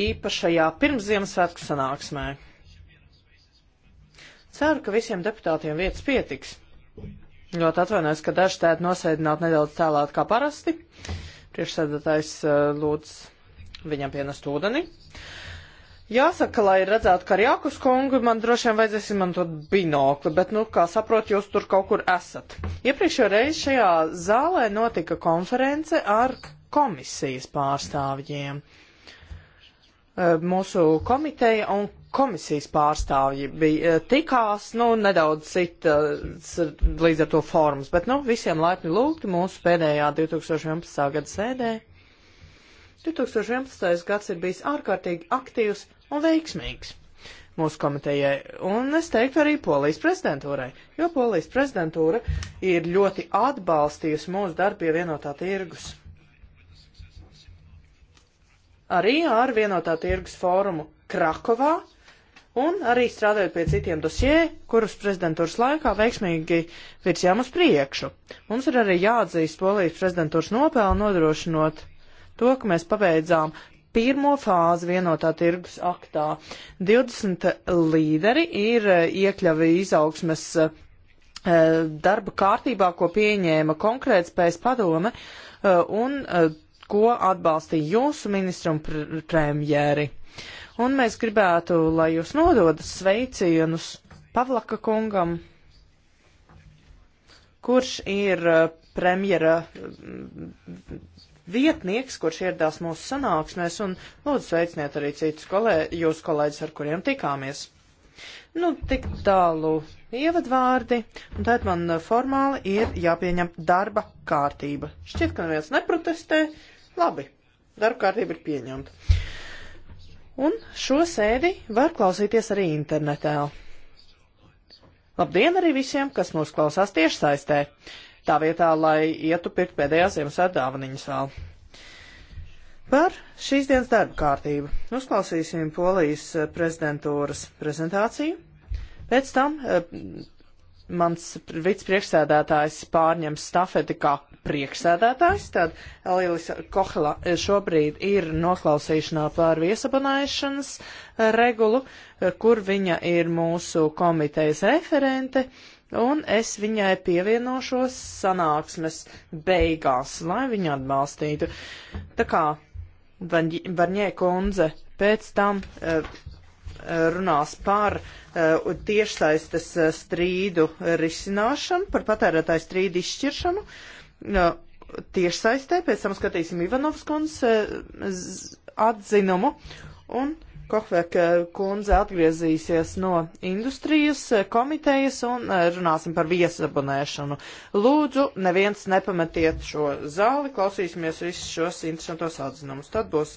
īpašajā pirmsziemassvētku sanāksmē. Ceru, ka visiem deputātiem vietas pietiks. Ļoti atvainojos, ka daži tēti nosēdināt nedaudz tālāk kā parasti. Priekšsēdētājs eh, lūdz viņam pienest ūdeni. Jāsaka, lai redzētu Karjakus kungu, man droši vien vajadzēs izmantot binokli, bet, nu, kā saprot, jūs tur kaut kur esat. Iepriekšējo reizi šajā zālē notika konference ar komisijas pārstāvjiem. Uh, Eh, mūsu komiteja un komisijas pārstāvji bija eh, tikās, nu, nedaudz citas eh, līdz ar to formas, bet, nu, visiem laipni lūgti mūsu pēdējā 2011. gada sēdē. 2011. gads ir bijis ārkārtīgi aktīvs un veiksmīgs mūsu komitejai, un es teiktu arī Polijas prezidentūrai, jo Polijas prezidentūra ir ļoti atbalstījusi mūsu darbu pie vienotā tirgus arī ar vienotā tirgus fórumu Krakovā un arī strādājot pie citiem dosjē, kurus prezidentūras laikā veiksmīgi virzjām uz priekšu. Mums ir arī jāatzīst Polijas prezidentūras nopelnu nodrošinot to, ka mēs pabeidzām pirmo fāzi vienotā tirgus aktā. 20 līderi ir eh, iekļavi izaugsmes eh, darba kārtībā, ko pieņēma konkrētspējas padome, eh, un ko atbalstīja jūsu ministru un pr premjeri. Un mēs gribētu, lai jūs nododat sveicienus Pavlaka kungam, kurš ir uh, premjera vietnieks, kurš ieradās mūsu sanāksmēs, un lūdzu sveiciniet arī citus kolē, jūsu kolēģis, ar kuriem tikāmies. Nu, tik tālu ievadvārdi, un tad man formāli ir jāpieņem darba kārtība. Šķiet, ka neviens neprotestē, Labi, darba kārtība ir pieņemta. Un šo sēdi var klausīties arī internetā. Labdien arī visiem, kas mūs klausās tieši saistē. Tā vietā, lai ietu pirkt pēdējās Ziemassvētku dāvaniņas vēl. Par šīs dienas darba kārtību uzklausīsim Polijas prezidentūras prezentāciju. Pēc tam eh, mans vicepriekšsēdētājs pārņem stafeti kā priekšsēdētājs, tad Lielis Kohla šobrīd ir noklausīšanā par viesapanēšanas eh, regulu, eh, kur viņa ir mūsu komitejas referente, un es viņai pievienošos sanāksmes beigās, lai viņu atbalstītu. Tā kā Varņē kundze pēc tam. Uh, runās par uh, tiešsaistes eh, strīdu risināšanu, par patērētāju strīdu izšķiršanu. Uh, tiešsaistē, pēc tam skatīsim Ivanovs kundzes uh, eh, atzinumu. Un Kohveka eh, kundze atgriezīsies no industrijas eh, komitejas un eh, runāsim par viesabonēšanu. Lūdzu, neviens nepametiet šo zāli, klausīsimies visus šos interesantos atzinumus. Tad būs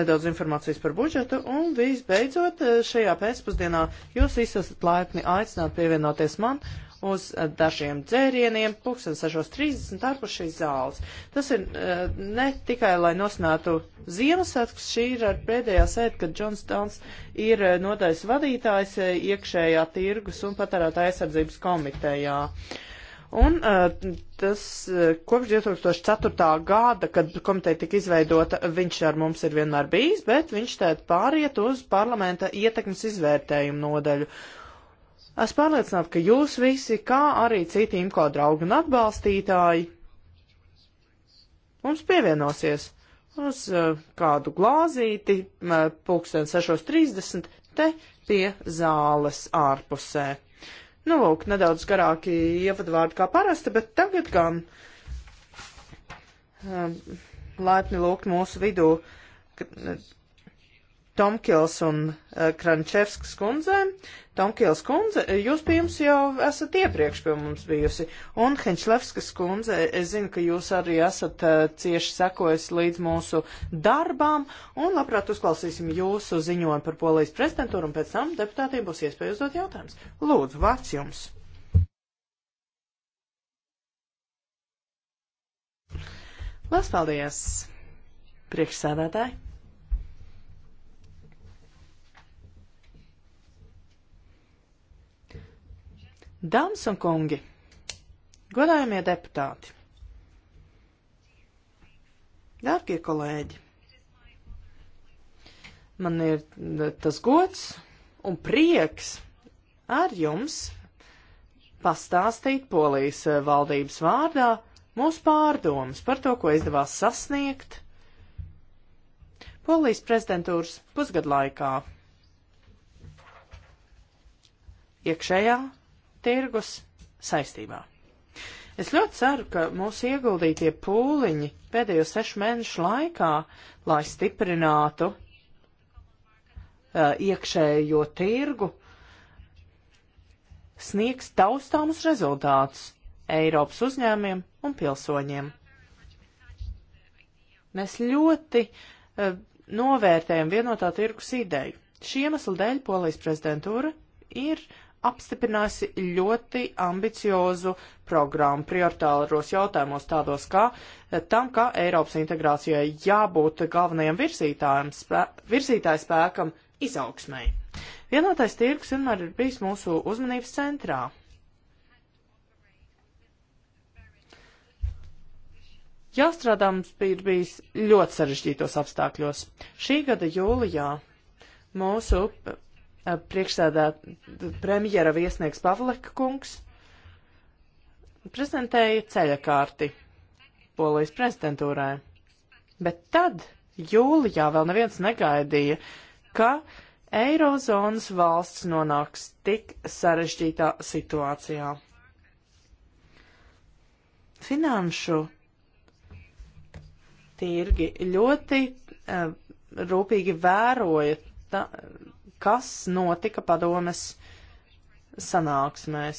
nedaudz informācijas par budžetu un visbeidzot šajā pēcpusdienā jūs visi esat laipni aicināt pievienoties man uz eh, dažiem dzērieniem, pulksten 6.30 ārpus šīs zāles. Tas ir eh, ne tikai, lai nosinātu Ziemassvētkus, šī ir pēdējā sēde, kad Džons Tans ir eh, nodaļas vadītājs iekšējā tirgus un patērētā aizsardzības komitejā. Un tas kopš 2004. gada, kad komiteja tika izveidota, viņš ar mums ir vienmēr bijis, bet viņš tēt pāriet uz parlamenta ietekmes izvērtējumu nodaļu. Es pārliecinātu, ka jūs visi, kā arī citi imko draugi un atbalstītāji, mums pievienosies uz uh, kādu glāzīti uh, pulksten 6.30 te pie zāles ārpusē. Nu, lūk, nedaudz garāki ievadvārdi kā parasti, bet tagad gan uh, laipni lūgt mūsu vidū Tomkils un eh, Krančevskas kundzēm. Tomkils kundze, jūs pie jums jau esat iepriekš pie mums bijusi, un Henčlevskas kundze, es zinu, ka jūs arī esat eh, cieši sekojis līdz mūsu darbām, un labprāt uzklausīsim jūsu ziņojumu par polijas prezidentūru, un pēc tam deputātiem būs iespēja uzdot jautājumus. Lūdzu, vārds jums! Lielas paldies, priekšsēdētāji! Dāmas un kungi, godājamie deputāti, dārgie kolēģi, man ir tas gods un prieks ar jums pastāstīt polijas valdības vārdā mūsu pārdomas par to, ko izdevās sasniegt polijas prezidentūras pusgadu laikā. Iekšējā tirgus saistībā. Es ļoti ceru, ka mūsu ieguldītie pūliņi pēdējo sešu mēnešu laikā, lai stiprinātu uh, iekšējo tirgu, sniegs taustāmus rezultātus Eiropas uzņēmiem un pilsoņiem. Mēs ļoti uh, novērtējam vienotā tirgus ideju. Šī iemesla dēļ Polijas prezidentūra ir uh, apstiprinājusi ļoti ambiciozu programmu prioritāros jautājumos tādos kā eh, tam, ka Eiropas integrācijai jābūt galvenajam virzītājam, spē, virzītāju spēkam izaugsmai. Vienotais tirgus vienmēr ir bijis mūsu uzmanības centrā. Jāstrādā mums bija bijis ļoti sarežģītos apstākļos. Šī gada jūlijā mūsu Eh, priekšsēdā premjera viesnieks Pavleka kungs prezentēja ceļakārti Polijas prezidentūrai. Bet tad, jūlijā, vēl neviens negaidīja, ka Eirozonas valsts nonāks tik sarežģītā situācijā. Finanšu tirgi ļoti uh, rūpīgi vēroja ta, kas notika padomes sanāksmēs.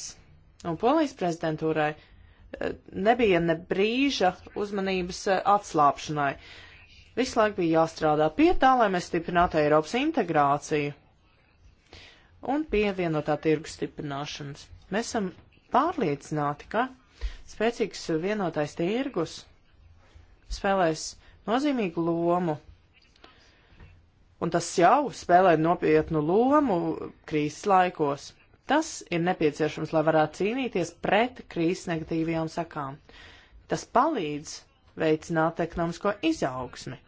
Un Polijas prezidentūrai eh, nebija ne brīža uzmanības eh, atslāpšanai. Visu laiku bija jāstrādā pie tā, lai mēs stiprinātu Eiropas integrāciju un pievienotā tirgus stiprināšanas. Mēs esam pārliecināti, ka spēcīgs vienotais tirgus spēlēs nozīmīgu lomu un tas jau spēlē nopietnu lomu krīzes laikos. Tas ir nepieciešams, lai varētu cīnīties pret krīzes negatīvajām sakām. Tas palīdz veicināt ekonomisko izaugsmi.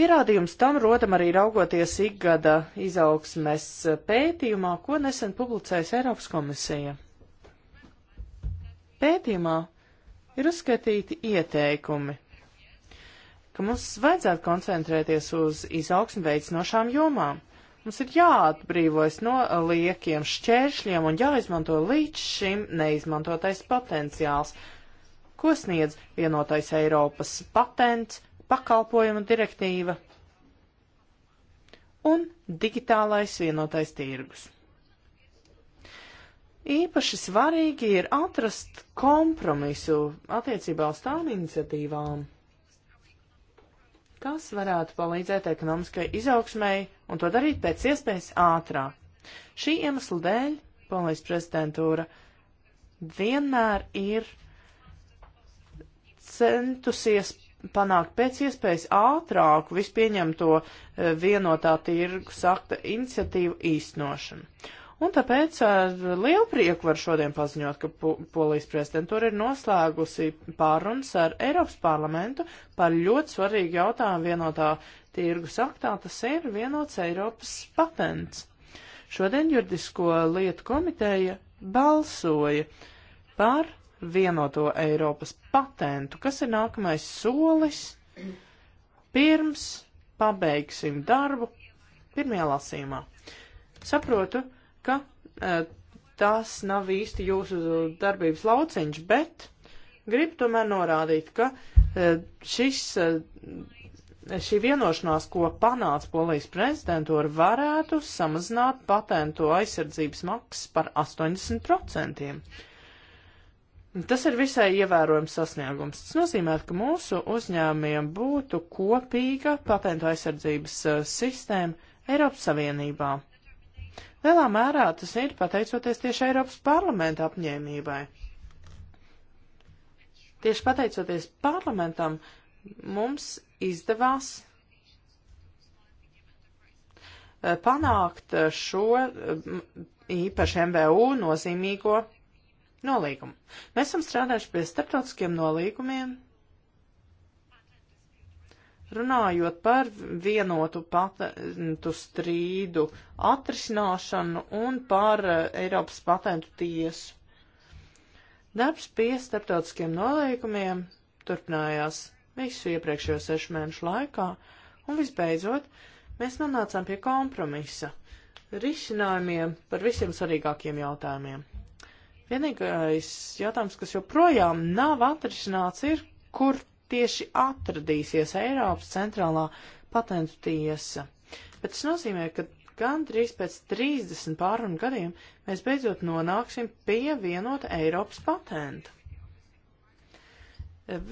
Pierādījums tam rodam arī raugoties ikgada izaugsmes pētījumā, ko nesen publicējas Eiropas komisija. Pētījumā ir uzskatīti ieteikumi ka mums vajadzētu koncentrēties uz izaugsmu veicinošām jomām. Mums ir jāatbrīvojas no liekiem šķēršļiem un jāizmanto līdz šim neizmantotais potenciāls, ko sniedz vienotais Eiropas patents, pakalpojuma direktīva un digitālais vienotais tirgus. Īpaši svarīgi ir atrast kompromisu attiecībā uz tām iniciatīvām, kas varētu palīdzēt ekonomiskai izaugsmai un to darīt pēc iespējas ātrāk. Šī iemesla dēļ Polijas prezidentūra vienmēr ir centusies panākt pēc iespējas ātrāku vispieņemto eh, vienotā tirgus akta iniciatīvu īstenošanu. Un tāpēc ar lielu prieku var šodien paziņot, ka po Polijas prezidentūra ir noslēgusi pārunas ar Eiropas parlamentu par ļoti svarīgu jautājumu vienotā tirgus aktā. Tas ir vienots Eiropas patents. Šodien juridisko lietu komiteja balsoja par vienoto Eiropas patentu, kas ir nākamais solis pirms pabeigsim darbu pirmajā lasīmā. Saprotu, ka eh, tas nav īsti jūsu darbības lauciņš, bet gribu tomēr norādīt, ka eh, šis, eh, šī vienošanās, ko panāca Polijas prezidentūra, varētu samazināt patentu aizsardzības maksas par 80%. Tas ir visai ievērojams sasniegums. Tas nozīmē, ka mūsu uzņēmiem būtu kopīga patentu aizsardzības sistēma Eiropas Savienībā. Lielā mērā tas ir pateicoties tieši Eiropas parlamenta apņēmībai. Tieši pateicoties parlamentam, mums izdevās eh, panākt eh, šo eh, īpaši MVU nozīmīgo nolīgumu. Mēs esam strādājuši pie starptautiskiem nolīgumiem Runājot par vienotu patentu strīdu atrisināšanu un par eh, Eiropas patentu tiesu. Darbs pie starptautiskiem nolīgumiem turpinājās visu iepriekšējo sešu mēnešu laikā, un visbeidzot, mēs nonācām pie kompromisa risinājumiem par visiem svarīgākiem jautājumiem. Vienīgais jautājums, kas joprojām nav atrisināts, ir, kur tieši atradīsies Eiropas centrālā patentu tiesa. Bet tas nozīmē, ka gandrīz pēc 30 pārunu gadiem mēs beidzot nonāksim pie vienota Eiropas patenta.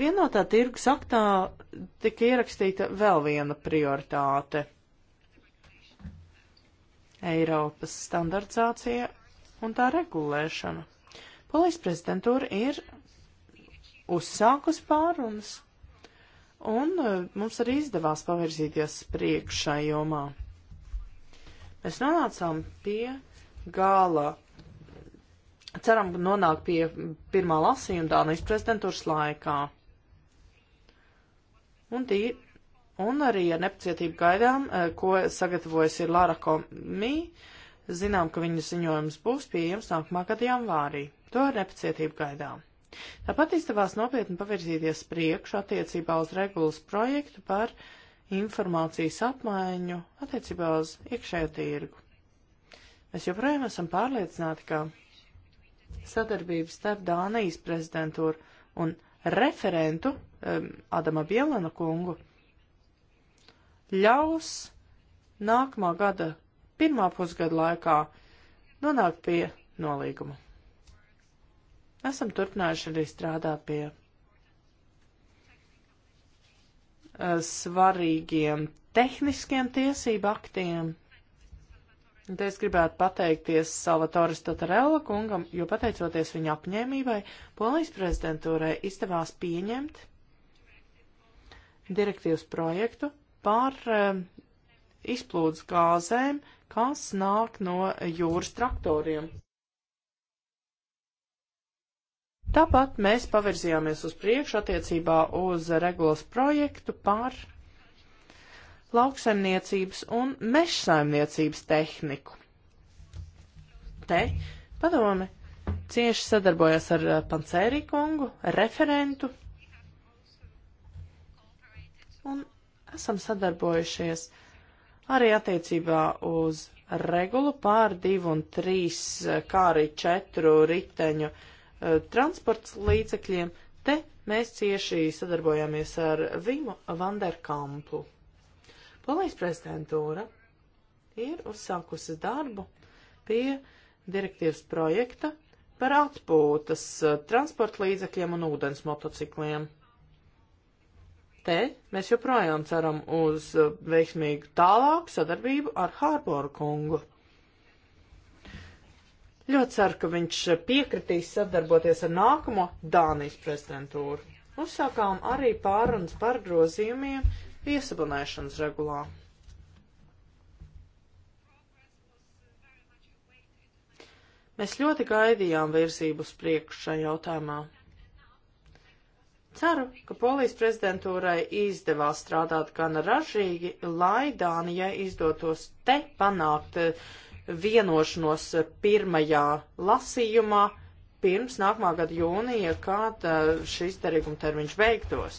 Vienotā tirgus aktā tika ierakstīta vēl viena prioritāte - Eiropas standardzācija un tā regulēšana. Polijas prezidentūra ir uzsākusi pārunas un e, mums arī izdevās pavirzīties priekšā jomā. Mēs nonācām pie gala. Ceram, nonāk pie pirmā lasījuma Dānijas prezidentūras laikā. Un, tī, un arī ar nepacietību gaidām, e, ko sagatavojas ir Lara Komī. Zinām, ka viņas ziņojums būs pieejams nākamā gada janvārī. To ar nepacietību gaidām. Tāpat izdevās nopietni pavirzīties priekšu attiecībā uz regulas projektu par informācijas apmaiņu attiecībā uz iekšējo tirgu. Mēs joprojām esam pārliecināti, ka sadarbības starp Dānijas prezidentūru un referentu um, Adama Bielana kungu ļaus nākamā gada pirmā pusgada laikā nonākt pie nolīguma. Esam turpinājuši arī strādāt pie eh, svarīgiem tehniskiem tiesību aktiem. Un te es gribētu pateikties Salvatoris Tatarella kungam, jo pateicoties viņa apņēmībai, Polijas prezidentūrai izdevās pieņemt direktīvas projektu par um, izplūdes gāzēm, kas nāk no jūras traktoriem. Tāpat mēs pavirzījāmies uz priekšu attiecībā uz regulas projektu par lauksaimniecības un mežsaimniecības tehniku. Te padome cieši sadarbojas ar eh, Pancēri kungu, referentu, un esam sadarbojušies arī attiecībā uz regulu pār divu un trīs, eh, kā arī četru riteņu uh, Eh, transports līdzekļiem. Te mēs cieši sadarbojāmies ar Vimu Vanderkampu. Polijas prezidentūra ir uzsākusi darbu pie direktīvas projekta par atpūtas eh, transporta līdzekļiem un ūdens motocikliem. Te mēs joprojām ceram uz eh, veiksmīgu tālāku sadarbību ar Hārboru kungu. Ļoti ceru, ka viņš piekritīs sadarboties ar nākamo Dānijas prezidentūru. Uzsākām arī pārunas par grozījumiem viesabunēšanas regulā. Mēs ļoti gaidījām virzību uz priekšu šajā jautājumā. Ceru, ka polijas prezidentūrai izdevās strādāt gana ražīgi, lai Dānijai izdotos te panākt eh, vienošanos pirmajā lasījumā pirms nākamā gada jūnija, kad eh, šis derīguma termiņš beigtos.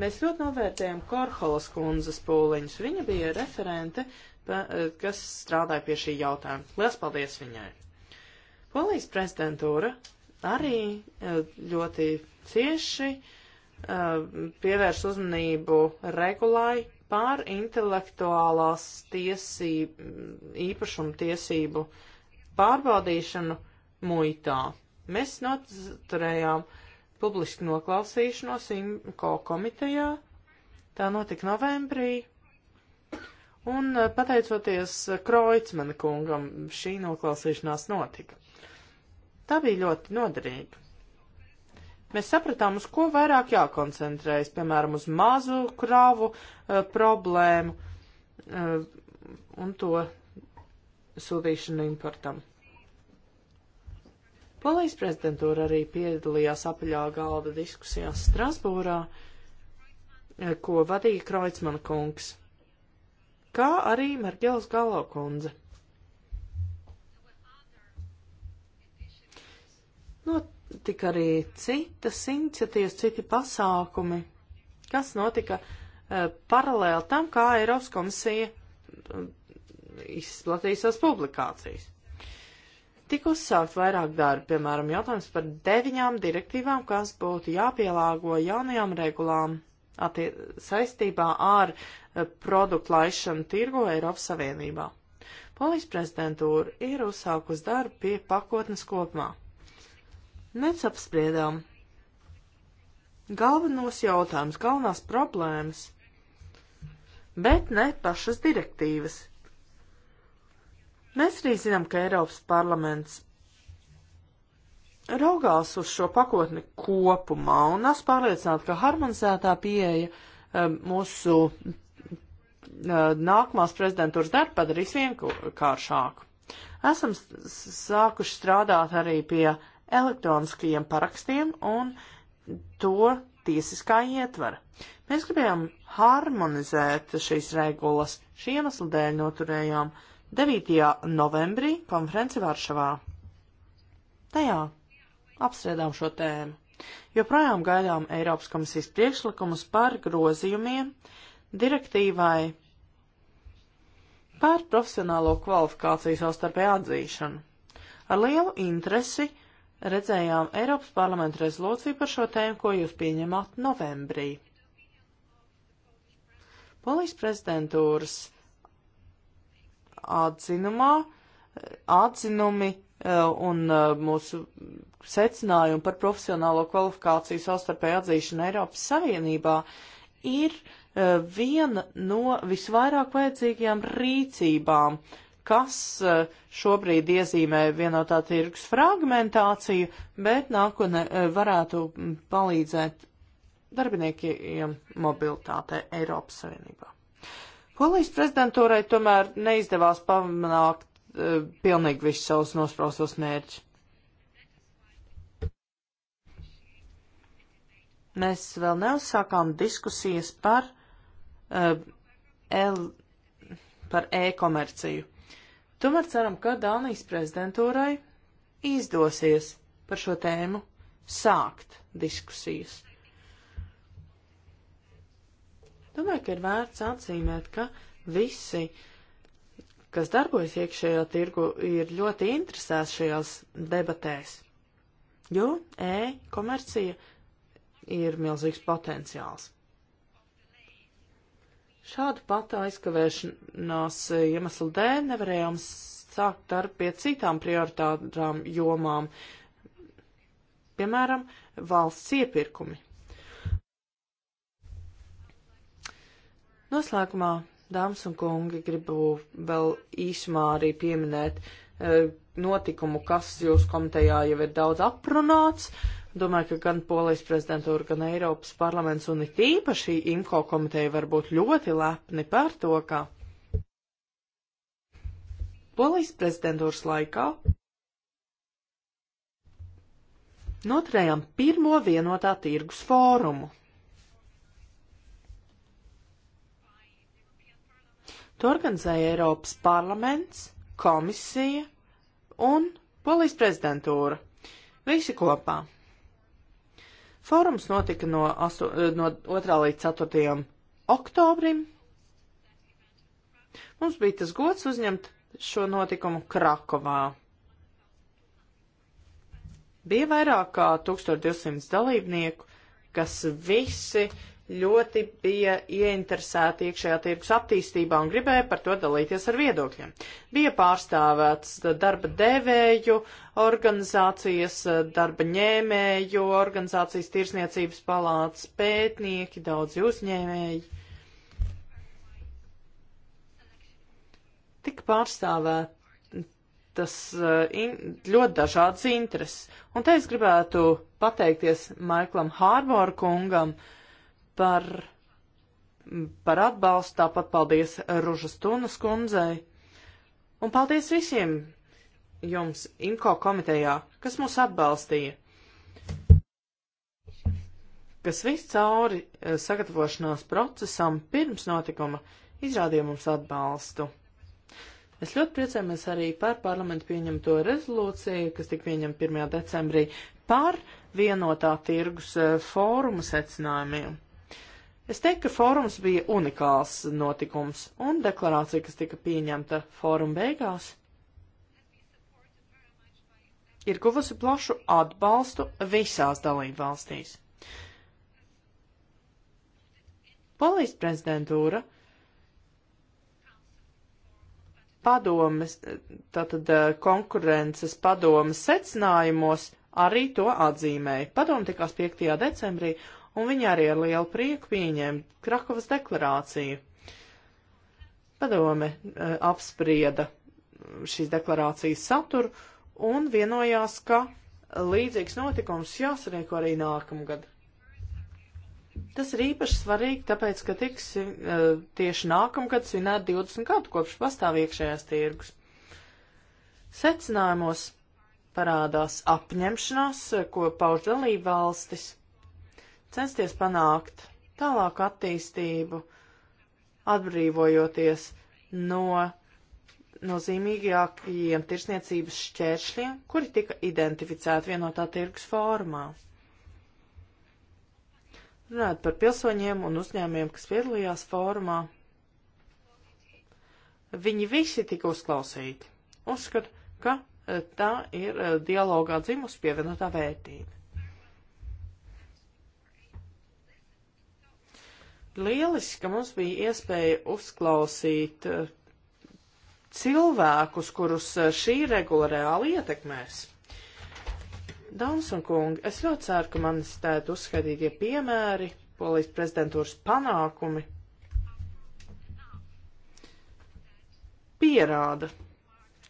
Mēs ļoti novērtējam Korholas kundzes pūliņus. Viņa bija referente, eh, kas strādāja pie šī jautājuma. Lielas paldies viņai! Polijas prezidentūra arī eh, ļoti cieši pievērš uzmanību regulai par intelektuālās tiesību, īpašumu tiesību pārbaudīšanu muitā. Mēs noturējām publisku noklausīšanos IMCO komitejā, tā notika novembrī, un eh, pateicoties Kroicmana kungam šī noklausīšanās notika. Tā bija ļoti noderīga mēs sapratām, uz ko vairāk jākoncentrējas, piemēram, uz mazu kravu uh, problēmu uh, un to sūtīšanu importam. Polijas prezidentūra arī piedalījās apaļā galda diskusijās Strasbūrā, uh, ko vadīja Kreutzmana kungs, kā arī Marģels Galo kundze. No tika arī citas iniciatīvas, citi pasākumi, kas notika uh, paralēli tam, kā Eiropas komisija uh, izplatīja savas publikācijas. Tika uzsākt vairāk darbi, piemēram, jautājums par deviņām direktīvām, kas būtu jāpielāgo jaunajām regulām attie, saistībā ar uh, produktu laišanu tirgo Eiropas Savienībā. Polijas prezidentūra ir uzsākus darbu pie pakotnes kopumā Mēs apspriedām galvenos jautājumus, galvenās problēmas, bet ne pašas direktīvas. Mēs arī zinām, ka Eiropas parlaments raugās uz šo pakotni kopumā un es pārliecināti, ka harmonizētā pieeja um, mūsu uh, nākamās prezidentūras darbu padarīs vienkāršāku. Esam sākuši strādāt arī pie uh, elektroniskajiem parakstiem un to tiesiskā ietvara. Mēs gribējām harmonizēt šīs regulas, šī iemesla dēļ noturējām 9. novembrī konferenci Varšavā. Tajā apspriedām šo tēmu. Joprojām gaidām Eiropas komisijas priekšlikumus par grozījumiem direktīvai par profesionālo kvalifikāciju savstarpēju atzīšanu. Ar lielu interesi uh, redzējām Eiropas parlamenta rezolūciju par šo tēmu, ko jūs pieņemat novembrī. Polijas prezidentūras atzinumā, atzinumi e, un e, mūsu secinājumi par profesionālo kvalifikāciju savstarpēju atzīšanu Eiropas Savienībā ir e, viena no visvairāk vajadzīgajām rīcībām kas eh, šobrīd iezīmē vienotā tirgus fragmentāciju, bet nākotnē eh, varētu palīdzēt darbiniekiem mobilitātē Eiropas Savienībā. Polijas prezidentūrai tomēr neizdevās pamanākt uh, pilnīgi visus savus nospraustos mērķus. Mēs vēl neuzsākām diskusijas par, uh, el, par e-komerciju. Tomēr ceram, ka Dānijas prezidentūrai izdosies par šo tēmu sākt diskusijas. Domāju, ka ir vērts atzīmēt, ka visi, kas darbojas iekšējā tirgu, ir ļoti interesēs šajās debatēs, jo e-komercija ir milzīgs potenciāls. Šādu patu aizkavēšanās iemeslu dēļ nevarējām sākt darbu pie citām prioritārām jomām, piemēram, valsts iepirkumi. Noslēgumā, dāmas un kungi, gribu vēl īsumā arī pieminēt eh, notikumu, kas jūsu komitejā jau ir daudz aprunāts. Uh, Domāju, ka gan Polijas prezidentūra, gan Eiropas parlaments un it īpaši IMCO komiteja var būt ļoti lepni par to, ka Polijas prezidentūras laikā noturējām pirmo vienotā tirgus fórumu. To organizēja Eiropas parlaments, komisija un Polijas prezidentūra. Visi kopā. Fórums notika no, 8, no 2. līdz 4. oktobrim. Mums bija tas gods uzņemt šo notikumu Krakovā. Bija vairāk kā 1200 dalībnieku, kas visi uh, ļoti bija ieinteresēti iekšējā tirgus attīstībā un gribēja par to dalīties ar viedokļiem. Bija pārstāvēts darba devēju organizācijas, darba ņēmēju organizācijas, tirsniecības palātas pētnieki, daudzi uzņēmēji. Tik pārstāvēt tas eh, in, ļoti dažādas intereses. Un te es gribētu pateikties Maiklam Hārbora kungam, uh, par, par atbalstu, tāpat paldies Ružas Tunas kundzei. Un paldies visiem jums IMCO komitejā, kas mūs atbalstīja kas viss cauri eh, sagatavošanās procesam pirms notikuma izrādīja mums atbalstu. Es ļoti priecājamies arī par parlamentu pieņemto rezolūciju, kas tika pieņemta 1. decembrī, par vienotā tirgus eh, fóruma secinājumiem. Es teiktu, ka fórums bija unikāls notikums, un deklarācija, kas tika pieņemta fóruma beigās, ir guvusi plašu atbalstu visās dalību valstīs. Polijas prezidentūra padomes, tātad eh, konkurences padomes secinājumos arī to atzīmēja. Padoma tikās 5. decembrī un viņi arī ar lielu prieku pieņēma Krakovas deklarāciju. Padome e, apsprieda šīs deklarācijas saturu un vienojās, ka līdzīgs notikums jāsarīko arī nākamgad. Tas ir īpaši svarīgi, tāpēc, ka tiks e, tieši nākamgad svinēt 20 gadu kopš pastāv iekšējās tirgus. Secinājumos parādās apņemšanās, e, ko pauž dalība valstis censties panākt tālāku attīstību, atbrīvojoties no nozīmīgākajiem tirsniecības šķēršļiem, kuri tika identificēti vienotā tirgus formā. Runājot par pilsoņiem un uzņēmiem, kas piedalījās formā, viņi visi tika uzklausīti. Uzskatu, ka eh, tā ir eh, dialogā dzimus pievienotā vērtība. Lieliski, ka mums bija iespēja uzklausīt eh, cilvēkus, kurus eh, šī regula reāli ietekmēs. Dāmas un kungi, es ļoti ceru, ka manis tēt uzskaitītie piemēri, polijas prezidentūras panākumi pierāda,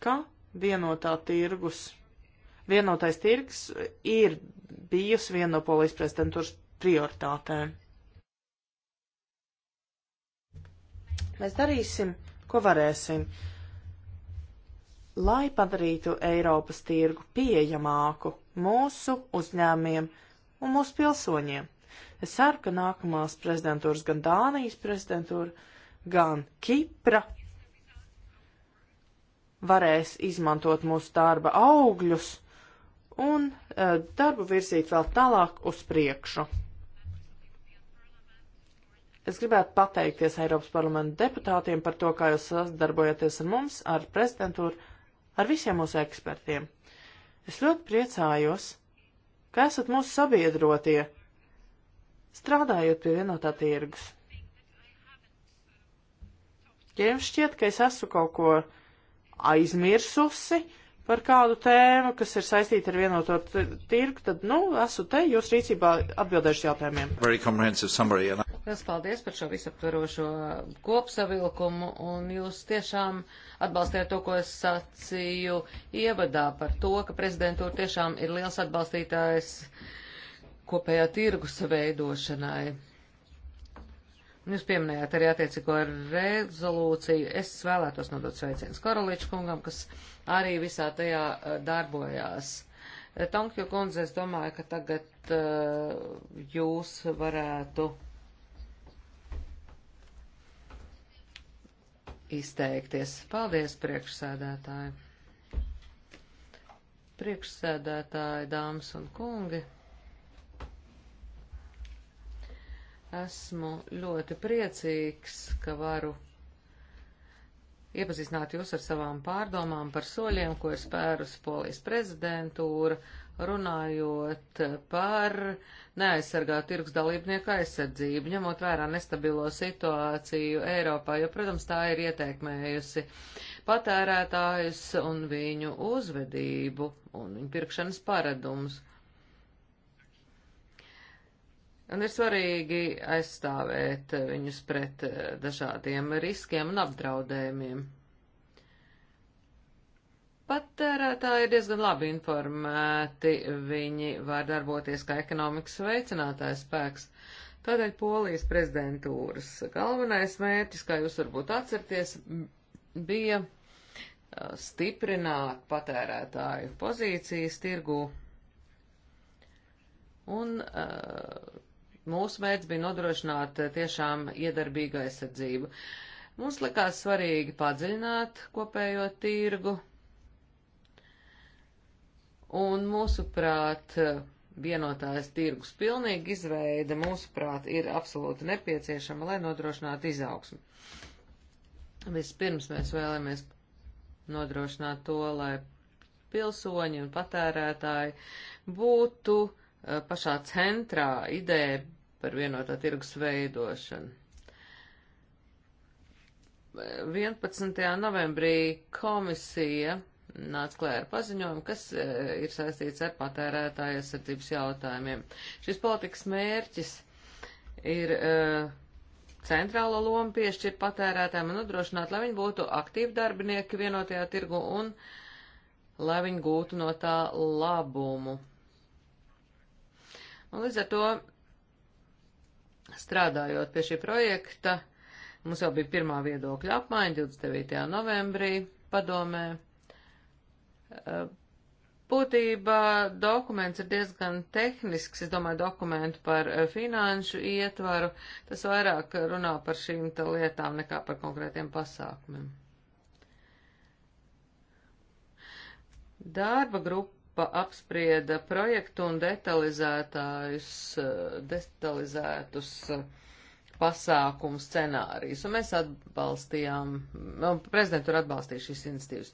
ka vienotā tirgus, vienotais tirgs ir bijusi viena no polijas prezidentūras prioritātēm. Mēs darīsim, ko varēsim, lai padarītu Eiropas tirgu pieejamāku mūsu uzņēmiem un mūsu pilsoņiem. Es ceru, ka nākamās prezidentūras gan Dānijas prezidentūra, gan Kipra varēs izmantot mūsu darba augļus un e, darbu virzīt vēl tālāk uz priekšu. Es gribētu pateikties Eiropas parlamenta deputātiem par to, kā jūs sadarbojaties ar mums, ar prezidentūru, ar visiem mūsu ekspertiem. Es ļoti priecājos, ka esat mūsu sabiedrotie, strādājot pie vienotā tirgus. Ja jums šķiet, ka es esmu kaut ko aizmirsusi, uh, par kādu tēmu, kas ir saistīta ar vienoto tirgu, tad, nu, esmu te jūs rīcībā atbildēšu jautājumiem. Liels paldies par šo visaptverošo kopsavilkumu, un jūs tiešām atbalstījāt to, ko es sacīju ievadā par to, ka prezidentūra tiešām ir liels atbalstītājs kopējā tirgus veidošanai. Jūs pieminējāt arī attiecīgo rezolūciju. Es vēlētos nodot sveicienus Karolīču kungam, kas arī visā tajā eh, darbojās. Eh, Tonkju kundze, es domāju, ka tagad uh, jūs varētu izteikties. Paldies, priekšsēdētāji! Priekšsēdētāji, dāmas un kungi! Esmu ļoti priecīgs, ka varu iepazīstināt jūs ar savām pārdomām par soļiem, ko ir spērus polijas prezidentūra, runājot par neaizsargātu tirgus dalībnieku aizsardzību, ņemot vērā nestabilo situāciju Eiropā, jo, protams, tā ir ietekmējusi patērētājus un viņu uzvedību un viņu pirkšanas paradumus. Un ir svarīgi aizstāvēt viņus pret eh, dažādiem riskiem un apdraudējumiem. Patērētāji ir diezgan labi informēti, viņi var darboties kā ekonomikas veicinātājs spēks. Tādēļ Polijas prezidentūras galvenais mērķis, kā jūs varbūt atcerties, bija eh, stiprināt patērētāju pozīcijas tirgu un uh, Mūsu mērķis bija nodrošināt eh, tiešām iedarbīgu aizsardzību. Mums likās svarīgi padziļināt kopējo tirgu, un mūsuprāt, vienotājs tirgus pilnīgi izveida, mūsuprāt, ir absolūti nepieciešama, lai nodrošinātu izaugsmu. Vispirms mēs vēlamies nodrošināt to, lai pilsoņi un patērētāji būtu uh, Eh, pašā centrā ideja par vienotā tirgus veidošanu. 11. novembrī komisija nāca klēra ar paziņojumu, kas eh, ir saistīts ar patērētāju aizsardzības jautājumiem. Šis politikas mērķis ir eh, centrālo lomu piešķirt patērētājiem un nodrošināt, lai viņi būtu aktīvi darbinieki vienotajā tirgu un lai viņi gūtu no tā labumu Un līdz ar to strādājot pie šī projekta, mums jau bija pirmā viedokļa apmaiņa 29. novembrī padomē. Būtībā dokuments ir diezgan tehnisks, es domāju, dokumentu par finanšu ietvaru. Tas vairāk runā par šīm lietām nekā par konkrētiem pasākumiem. Darba grupa grupa apsprieda projektu un detalizētājus, eh, detalizētus eh, pasākumu scenārijus, un mēs atbalstījām, un nu, prezidentūra atbalstīja šīs institīvas.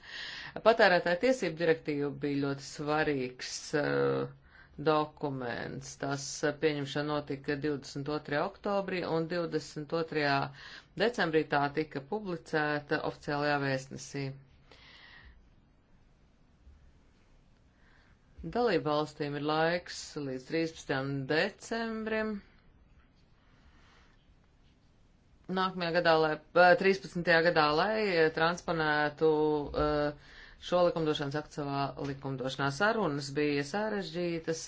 Patērētāja tiesību direktīva bija ļoti svarīgs uh, dokuments. Tas pieņemšana notika 22. oktobrī, un 22. decembrī tā tika publicēta oficiālajā vēstnesī. Dalība valstīm ir laiks līdz 13. decembrim. Nākamajā gadā, lai, 13. gadā, lai transponētu šo likumdošanas aktu savā likumdošanā sarunas bija sarežģītas,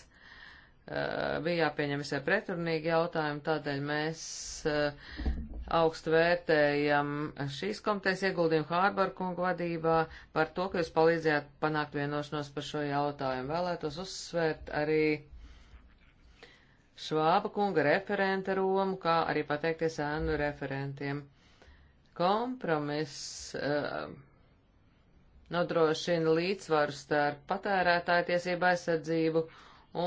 bija jāpieņem visai pretrunīgi jautājumi, tādēļ mēs augstu vērtējam šīs komitejas ieguldījumu Hārbaru kungu vadībā par to, ka jūs palīdzējāt panākt vienošanos par šo jautājumu. Vēlētos uzsvērt arī Švāba kunga referenta Romu, kā arī pateikties ēnu referentiem. Kompromiss uh, nodrošina līdzsvaru starp patērētāju tiesību aizsardzību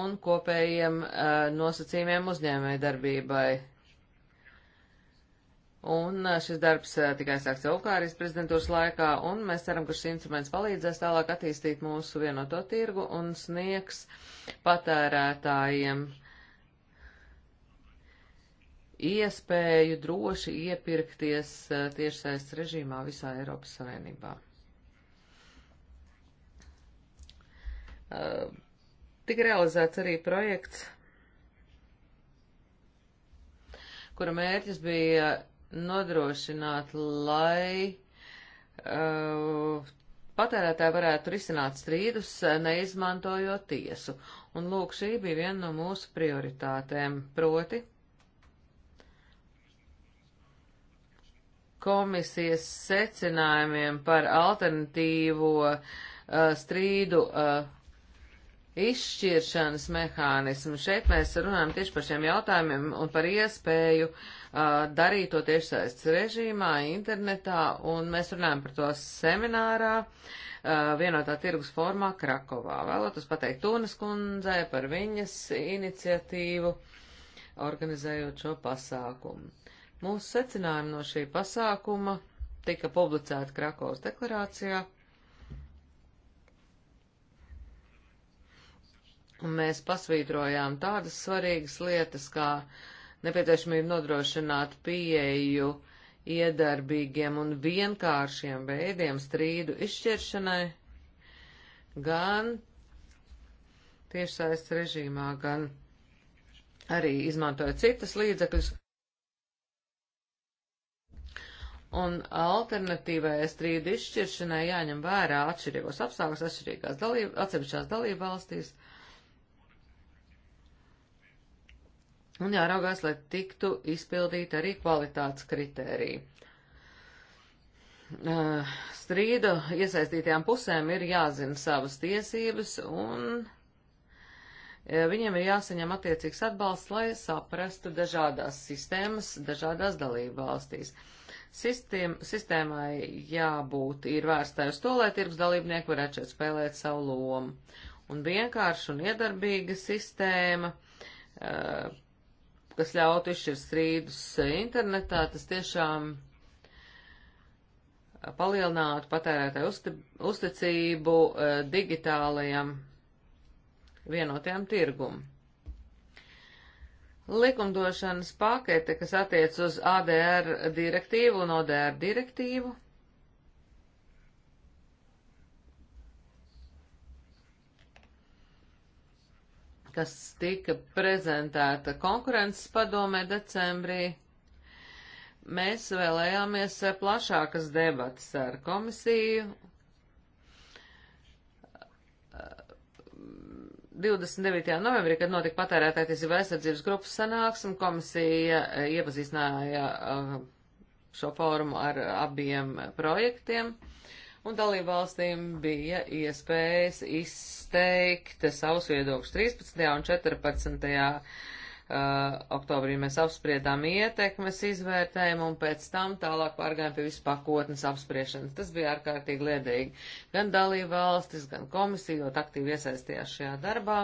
un kopējiem uh, nosacījumiem uzņēmējdarbībai. darbībai Un eh, šis darbs eh, tikai sāks Ungārijas prezidentūras laikā, un mēs ceram, ka šis instruments palīdzēs tālāk attīstīt mūsu vienoto tirgu un sniegs patērētājiem iespēju droši iepirkties eh, tiešsaistes režīmā visā Eiropas Savienībā. Tik realizēts arī projekts, kura mērķis bija nodrošināt, lai uh, patērētāji varētu risināt strīdus, neizmantojot tiesu. Un lūk, šī bija viena no mūsu prioritātēm, proti komisijas secinājumiem par alternatīvo uh, strīdu uh, izšķiršanas mehānismu. Šeit mēs runājam tieši par šiem jautājumiem un par iespēju uh, darīt to tiešsaistes režīmā, internetā, un mēs runājam par to seminārā uh, vienotā tirgus formā Krakovā. Vēlētos pateikt Tūnas kundzei par viņas iniciatīvu organizējot šo pasākumu. Mūsu secinājumi no šī pasākuma tika publicēti Krakovas deklarācijā Un mēs pasvītrojām tādas svarīgas lietas, kā nepieciešamību nodrošināt pieeju iedarbīgiem un vienkāršiem veidiem strīdu izšķiršanai, gan tiešsaistes režīmā, gan arī izmantojot citas līdzekļus. Un alternatīvai strīdu izšķiršanai jāņem vērā atšķirīgos apstākļos, atšķirīgās dalība, atsevišķās dalība valstīs. Uh, un jāraugās, lai tiktu izpildīti arī kvalitātes kritēriji. Strīda iesaistītajām pusēm ir jāzina savas tiesības un viņiem ir jāsaņem attiecīgs atbalsts, lai saprastu dažādās sistēmas, dažādās dalību valstīs. Sistēm, sistēmai jābūt ir vērstai uz to, lai tirgus dalībnieki varētu šeit spēlēt savu lomu. Un vienkārši un iedarbīga sistēma uh, kas ļautu izšķirt strīdus internetā, tas tiešām palielinātu patērētāju uzti, uzticību eh, digitālajam vienotajam tirgumam. Likumdošanas pakete, kas attiec uz ADR direktīvu un ODR direktīvu, kas tika prezentēta konkurences padomē decembrī. Mēs vēlējāmies plašākas debatas ar komisiju. 29. novembrī, kad notika patērētāja tiesība aizsardzības grupas sanāksme, komisija eh, iepazīstināja eh, šo fórumu ar eh, abiem projektiem un dalībvalstīm bija iespējas izteikt savus viedokļus 13. un 14. Uh, oktobrī mēs apspriedām ietekmes izvērtējumu un pēc tam tālāk pārgājām pie vispakotnes apspriešanas. Tas bija ārkārtīgi liederīgi. Gan dalībvalstis, gan komisija ļoti aktīvi iesaistījās šajā darbā.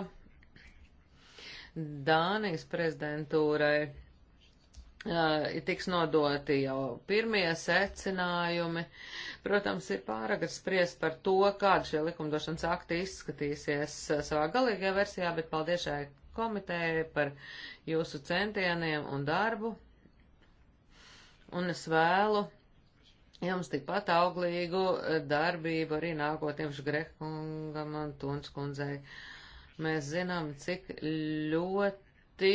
Dānijas prezidentūrai uh, tiks nodoti jau pirmie secinājumi. Uh, Protams, ir pāragri spriest par to, kāda šie likumdošanas akti izskatīsies eh, savā galīgajā versijā, bet paldies šai komitējai par jūsu centieniem un darbu. Un es vēlu jums tikpat auglīgu eh, darbību arī nākotniem Šgrehkungam un Tunskundzei. Mēs zinām, cik ļoti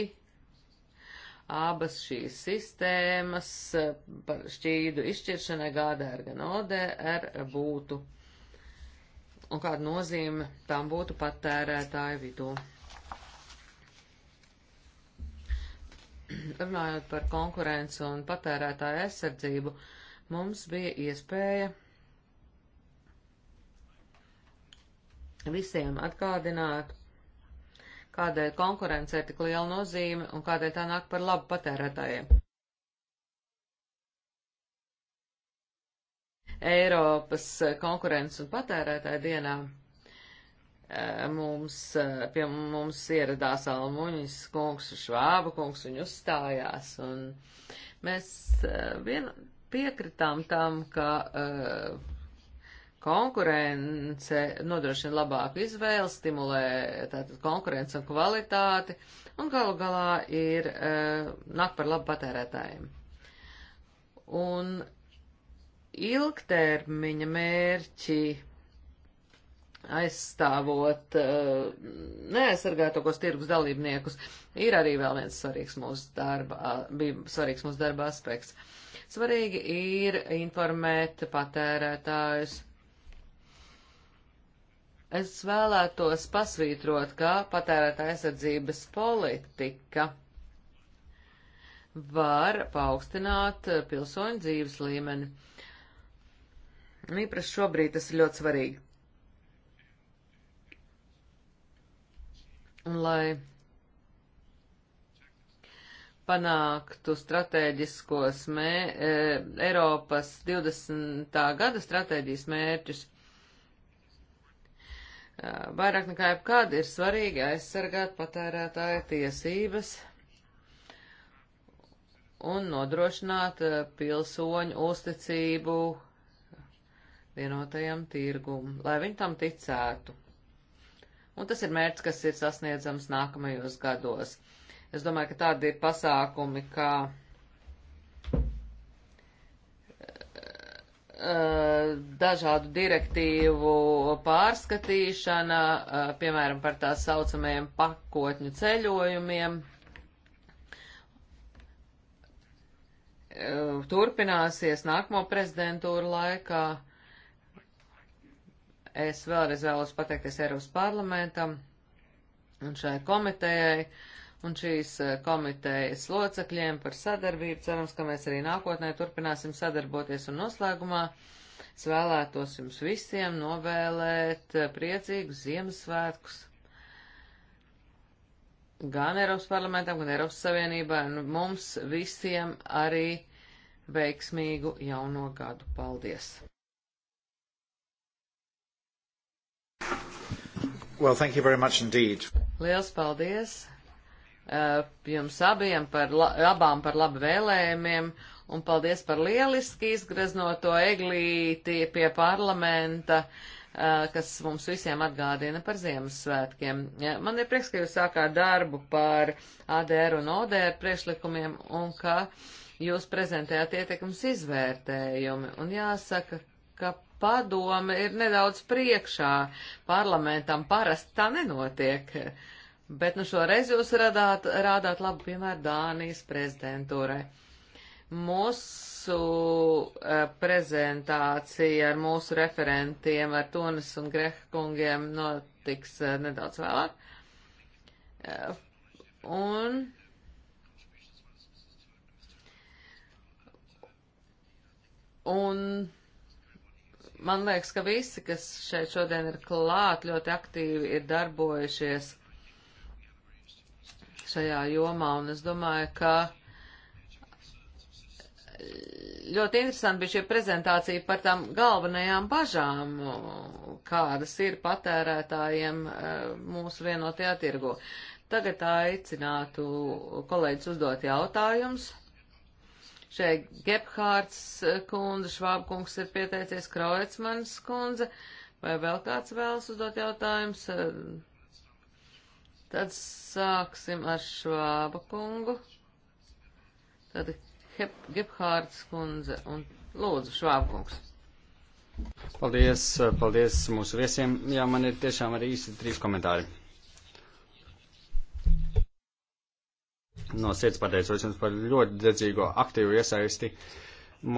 abas šīs sistēmas eh, par šķīdu izšķiršanai GDR gan ODR būtu un kāda nozīme tām būtu patērētāju vidū. Runājot par konkurenci un patērētāju aizsardzību, mums bija iespēja visiem atgādināt kādēļ konkurence ir tik liela nozīme un kādēļ tā nāk par labu patērētājiem. Eiropas konkurences un patērētāja dienā eh, mums, eh, pie mums ieradās Almuņas kungs, Švāba kungs, viņi uzstājās, un mēs eh, vien piekritām tam, ka uh, Konkurence nodrošina labāku izvēli, stimulē tātad konkurence un kvalitāti, un galu galā ir uh, nāk par labu patērētājiem. Un ilgtermiņa mērķi aizstāvot uh, neaizsargātokos tirgus dalībniekus, ir arī vēl viens svarīgs mūsu darba, bija svarīgs mūsu darba aspekts. Svarīgi ir informēt patērētājus Es vēlētos pasvītrot, ka patērētā aizsardzības politika var paaugstināt pilsoņu dzīves līmeni. Un īpaši šobrīd tas ir ļoti svarīgi. Un lai panāktu stratēģiskos mē, e, Eiropas 20. gada stratēģijas mērķus, Vairāk nekā jebkad ir svarīgi aizsargāt patērētāja tiesības un nodrošināt pilsoņu uzticību vienotajam tirgum, lai viņi tam ticētu. Un tas ir mērķis, kas ir sasniedzams nākamajos gados. Es domāju, ka tādi ir pasākumi, kā. Ka Eh, dažādu direktīvu pārskatīšana, eh, piemēram, par tā saucamajiem pakotņu ceļojumiem. Eh, turpināsies nākamo prezidentūru laikā. Es vēlreiz vēlos pateikties Eiropas parlamentam un šai komitejai. Uh, un šīs eh, komitejas locekļiem par sadarbību. Cerams, ka mēs arī nākotnē turpināsim sadarboties un noslēgumā. Es vēlētos jums visiem novēlēt eh, priecīgus Ziemassvētkus gan Eiropas parlamentam, gan Eiropas Savienībai, un mums visiem arī veiksmīgu jauno gadu. Paldies! Well, thank you very much indeed. Liels paldies! Eh, jums abiem par, la, abām par labu vēlējumiem un paldies par lieliski izgreznoto eglīti pie parlamenta, eh, kas mums visiem atgādina par Ziemassvētkiem. Man ir prieks, ka jūs sākāt darbu par ADR un ODR priekšlikumiem un ka jūs prezentējāt ietekmes izvērtējumi. Un jāsaka, ka padome ir nedaudz priekšā parlamentam, parasti tā nenotiek. Uh, Bet nu šoreiz jūs radāt, rādāt labu piemēru Dānijas prezidentūrai. Mūsu uh, prezentācija ar mūsu referentiem, ar Tonis un Greha kungiem notiks uh, nedaudz vēlāk. Uh, un Un man liekas, ka visi, kas šeit šodien ir klāt, ļoti aktīvi ir darbojušies šajā jomā, un es domāju, ka eh, ļoti interesanti bija šī prezentācija par tām galvenajām bažām, kādas ir patērētājiem eh, mūsu vienotajā tirgu. Tagad aicinātu kolēģis uzdot jautājumus. Šeit Gebhārds eh, kundze, Švābkungs ir pieteicies, Krauecmans kundze. Vai vēl kāds vēlas uzdot jautājumus? Tad sāksim ar Švāba kungu. Tad Gebhārds kundze un lūdzu Švāba kungs. Paldies, paldies mūsu viesiem. Jā, man ir tiešām arī īsi trīs komentāri. No sirds pateicos jums par ļoti dedzīgo aktīvu iesaisti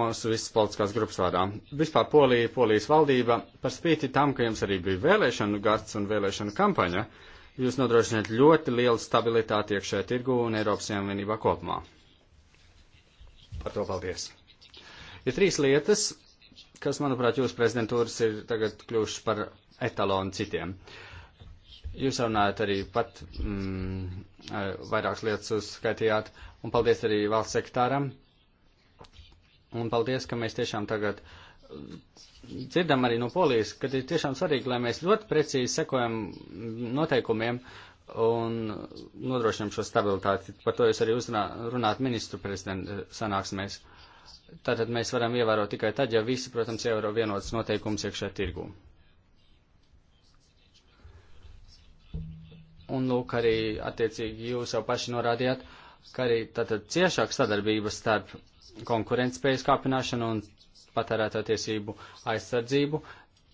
mūsu visas politiskās grupas vārdā. Vispār Polija, Polijas valdība, par spīti tam, ka jums arī bija vēlēšanu gads un vēlēšanu kampaņa, uh, jūs nodrošināt ļoti lielu stabilitāti iekšējā tirgu un Eiropas Savienībā kopumā. Par to paldies. Ir trīs lietas, kas, manuprāt, jūsu prezidentūras ir tagad kļuvušas par etalonu citiem. Jūs runājat arī pat mm, eh, vairākas lietas uzskaitījāt, un paldies arī valsts sektāram. Un paldies, ka mēs tiešām tagad uh, dzirdam arī no polijas, ka ir tiešām svarīgi, lai mēs ļoti precīzi sekojam noteikumiem un nodrošinam šo stabilitāti. Par to jūs arī runāt ministru prezidentu sanāksmēs. Tātad mēs varam ievērot tikai tad, ja visi, protams, ievēro vienotas noteikumus iekšā tirgū. Un lūk, arī attiecīgi jūs jau paši norādījāt, ka arī tātad ciešāk sadarbības starp konkurentspējas kāpināšanu un patērētā tiesību aizsardzību.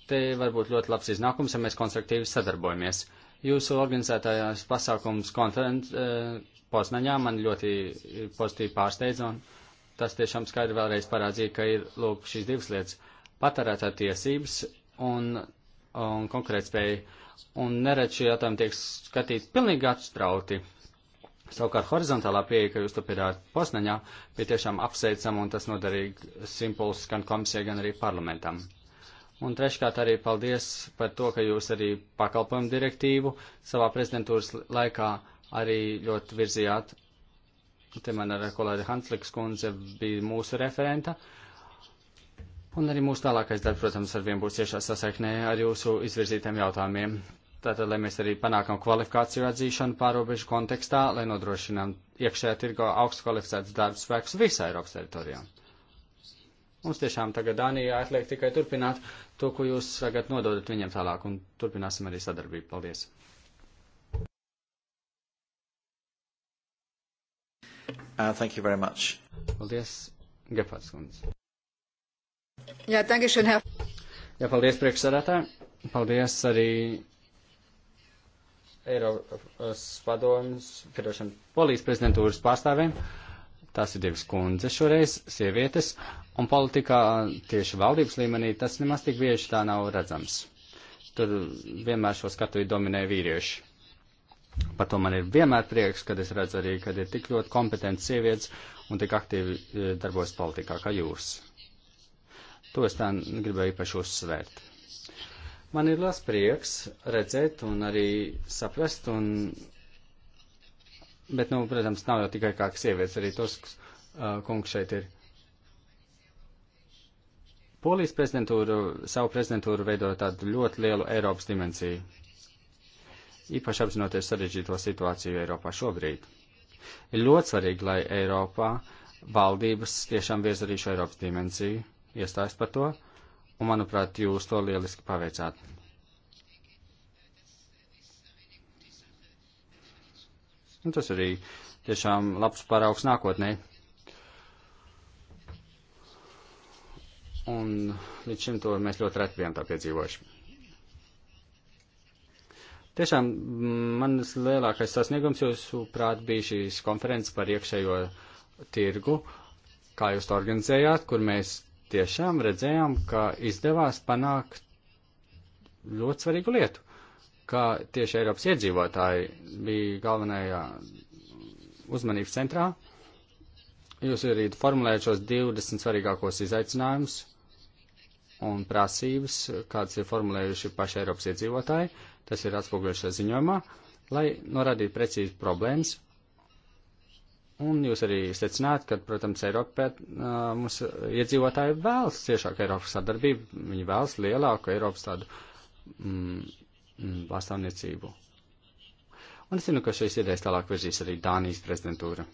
Te var būt ļoti labs iznākums, ja mēs konstruktīvi sadarbojamies. Jūsu organizētājās pasākums konferences eh, Poznaņā man ļoti pozitīvi pārsteidz, un tas tiešām skaidri vēlreiz parādīja, ka ir lūk šīs divas lietas - patērētā tiesības un, un konkurētspēja. Un neredz šie jautājumi tiek skatīti pilnīgi atstrauti. Savukārt horizontālā pieeja, ka jūs to piedāvājat Poznaņā, bija tiešām apsveicama un tas nodarīja impulsus gan komisijai, gan arī parlamentam. Un treškārt arī paldies par to, ka jūs arī pakalpojumu direktīvu savā prezidentūras laikā arī ļoti virzījāt. Te man ar kolēģi Hansliks kundze bija mūsu referenta. Un arī mūsu tālākais darbs, protams, ar vien būs ciešā sasaiknē ar jūsu izvirzītiem jautājumiem. Tātad, lai mēs arī panākam kvalifikāciju atzīšanu pārobežu kontekstā, lai nodrošinām iekšējā tirgo augstu kvalificētas darba spēkus visā Eiropas teritorijā. Mums tiešām tagad Dānijā atliek tikai turpināt to, ko jūs tagad nododat viņiem tālāk, un turpināsim arī sadarbību. Paldies! Uh, thank you very much. Paldies, Gepards kundze. Jā, tagad šodien. Jā, paldies priekšsarētāji. Paldies arī Eiropas padomus, piedošana, polijas prezidentūras pārstāvēm. Tās ir divas kundzes šoreiz, sievietes, un politikā tieši valdības līmenī tas nemaz tik bieži tā nav redzams. Tur vienmēr šo skatu dominē vīrieši. Par to man ir vienmēr prieks, kad es redzu arī, kad ir tik ļoti kompetents sievietes un tik aktīvi e, darbojas politikā kā jūs. To es tā gribēju īpaši uzsvērt. Man ir liels prieks redzēt un arī saprast, un, bet, nu, protams, nav jau tikai kā sievietes, arī Tusks uh, kungs šeit ir. Polijas prezidentūru, savu prezidentūru veido tādu ļoti lielu Eiropas dimensiju, īpaši apzinoties sarežģīto situāciju Eiropā šobrīd. Ir ļoti svarīgi, lai Eiropā valdības tiešām virz arī šo Eiropas dimensiju, iestājas par to, uh, un, manuprāt, jūs to lieliski paveicāt. Un tas arī tiešām labs paraugs nākotnē. Un līdz šim to mēs ļoti reti bijām tā piedzīvojuši. Tiešām manas lielākais sasniegums jūsu prāt bija šīs konferences par iekšējo tirgu, kā jūs to organizējāt, kur mēs tiešām redzējām, ka izdevās panākt ļoti svarīgu lietu, ka tieši Eiropas iedzīvotāji bija galvenajā uzmanības centrā. Jūs arī formulējat šos 20 svarīgākos izaicinājumus un prasības, kādas ir formulējuši paši Eiropas iedzīvotāji. Tas ir atspoguļošajā ziņojumā, lai norādītu precīzi problēmas Un jūs arī secināt, ka, protams, Eiropā mums iedzīvotāji vēlas ciešāku Eiropas sadarbību, viņi vēlas lielāku Eiropas tādu mm, pārstāvniecību. Un es zinu, ka šīs idejas tālāk virzīs arī Dānijas prezidentūra.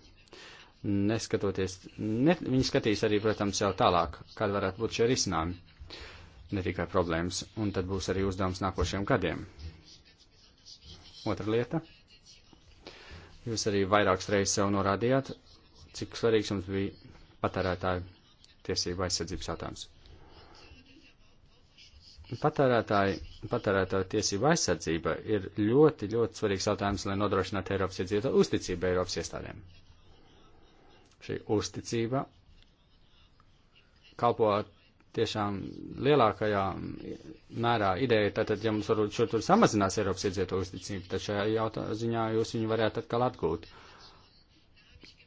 Neskatoties, ne, viņi skatīs arī, protams, jau tālāk, kāda varētu būt šie risinājumi, ne tikai problēmas, un tad būs arī uzdevums nākošiem gadiem. Otra lieta. Jūs arī vairākas reizes jau norādījāt, cik svarīgs jums bija patērētāju tiesību aizsardzības jautājums. Patērētāji, patērētāju tiesību aizsardzība ir ļoti, ļoti svarīgs jautājums, lai nodrošinātu Eiropas iedzīvotāju uzticību Eiropas iestādēm. Šī uzticība kalpot tiešām lielākajā mērā ideja, tātad, ja mums varbūt šur tur samazinās Eiropas iedzīvotāju uzticību, tad šajā jautā, ziņā jūs viņu varētu atkal atgūt.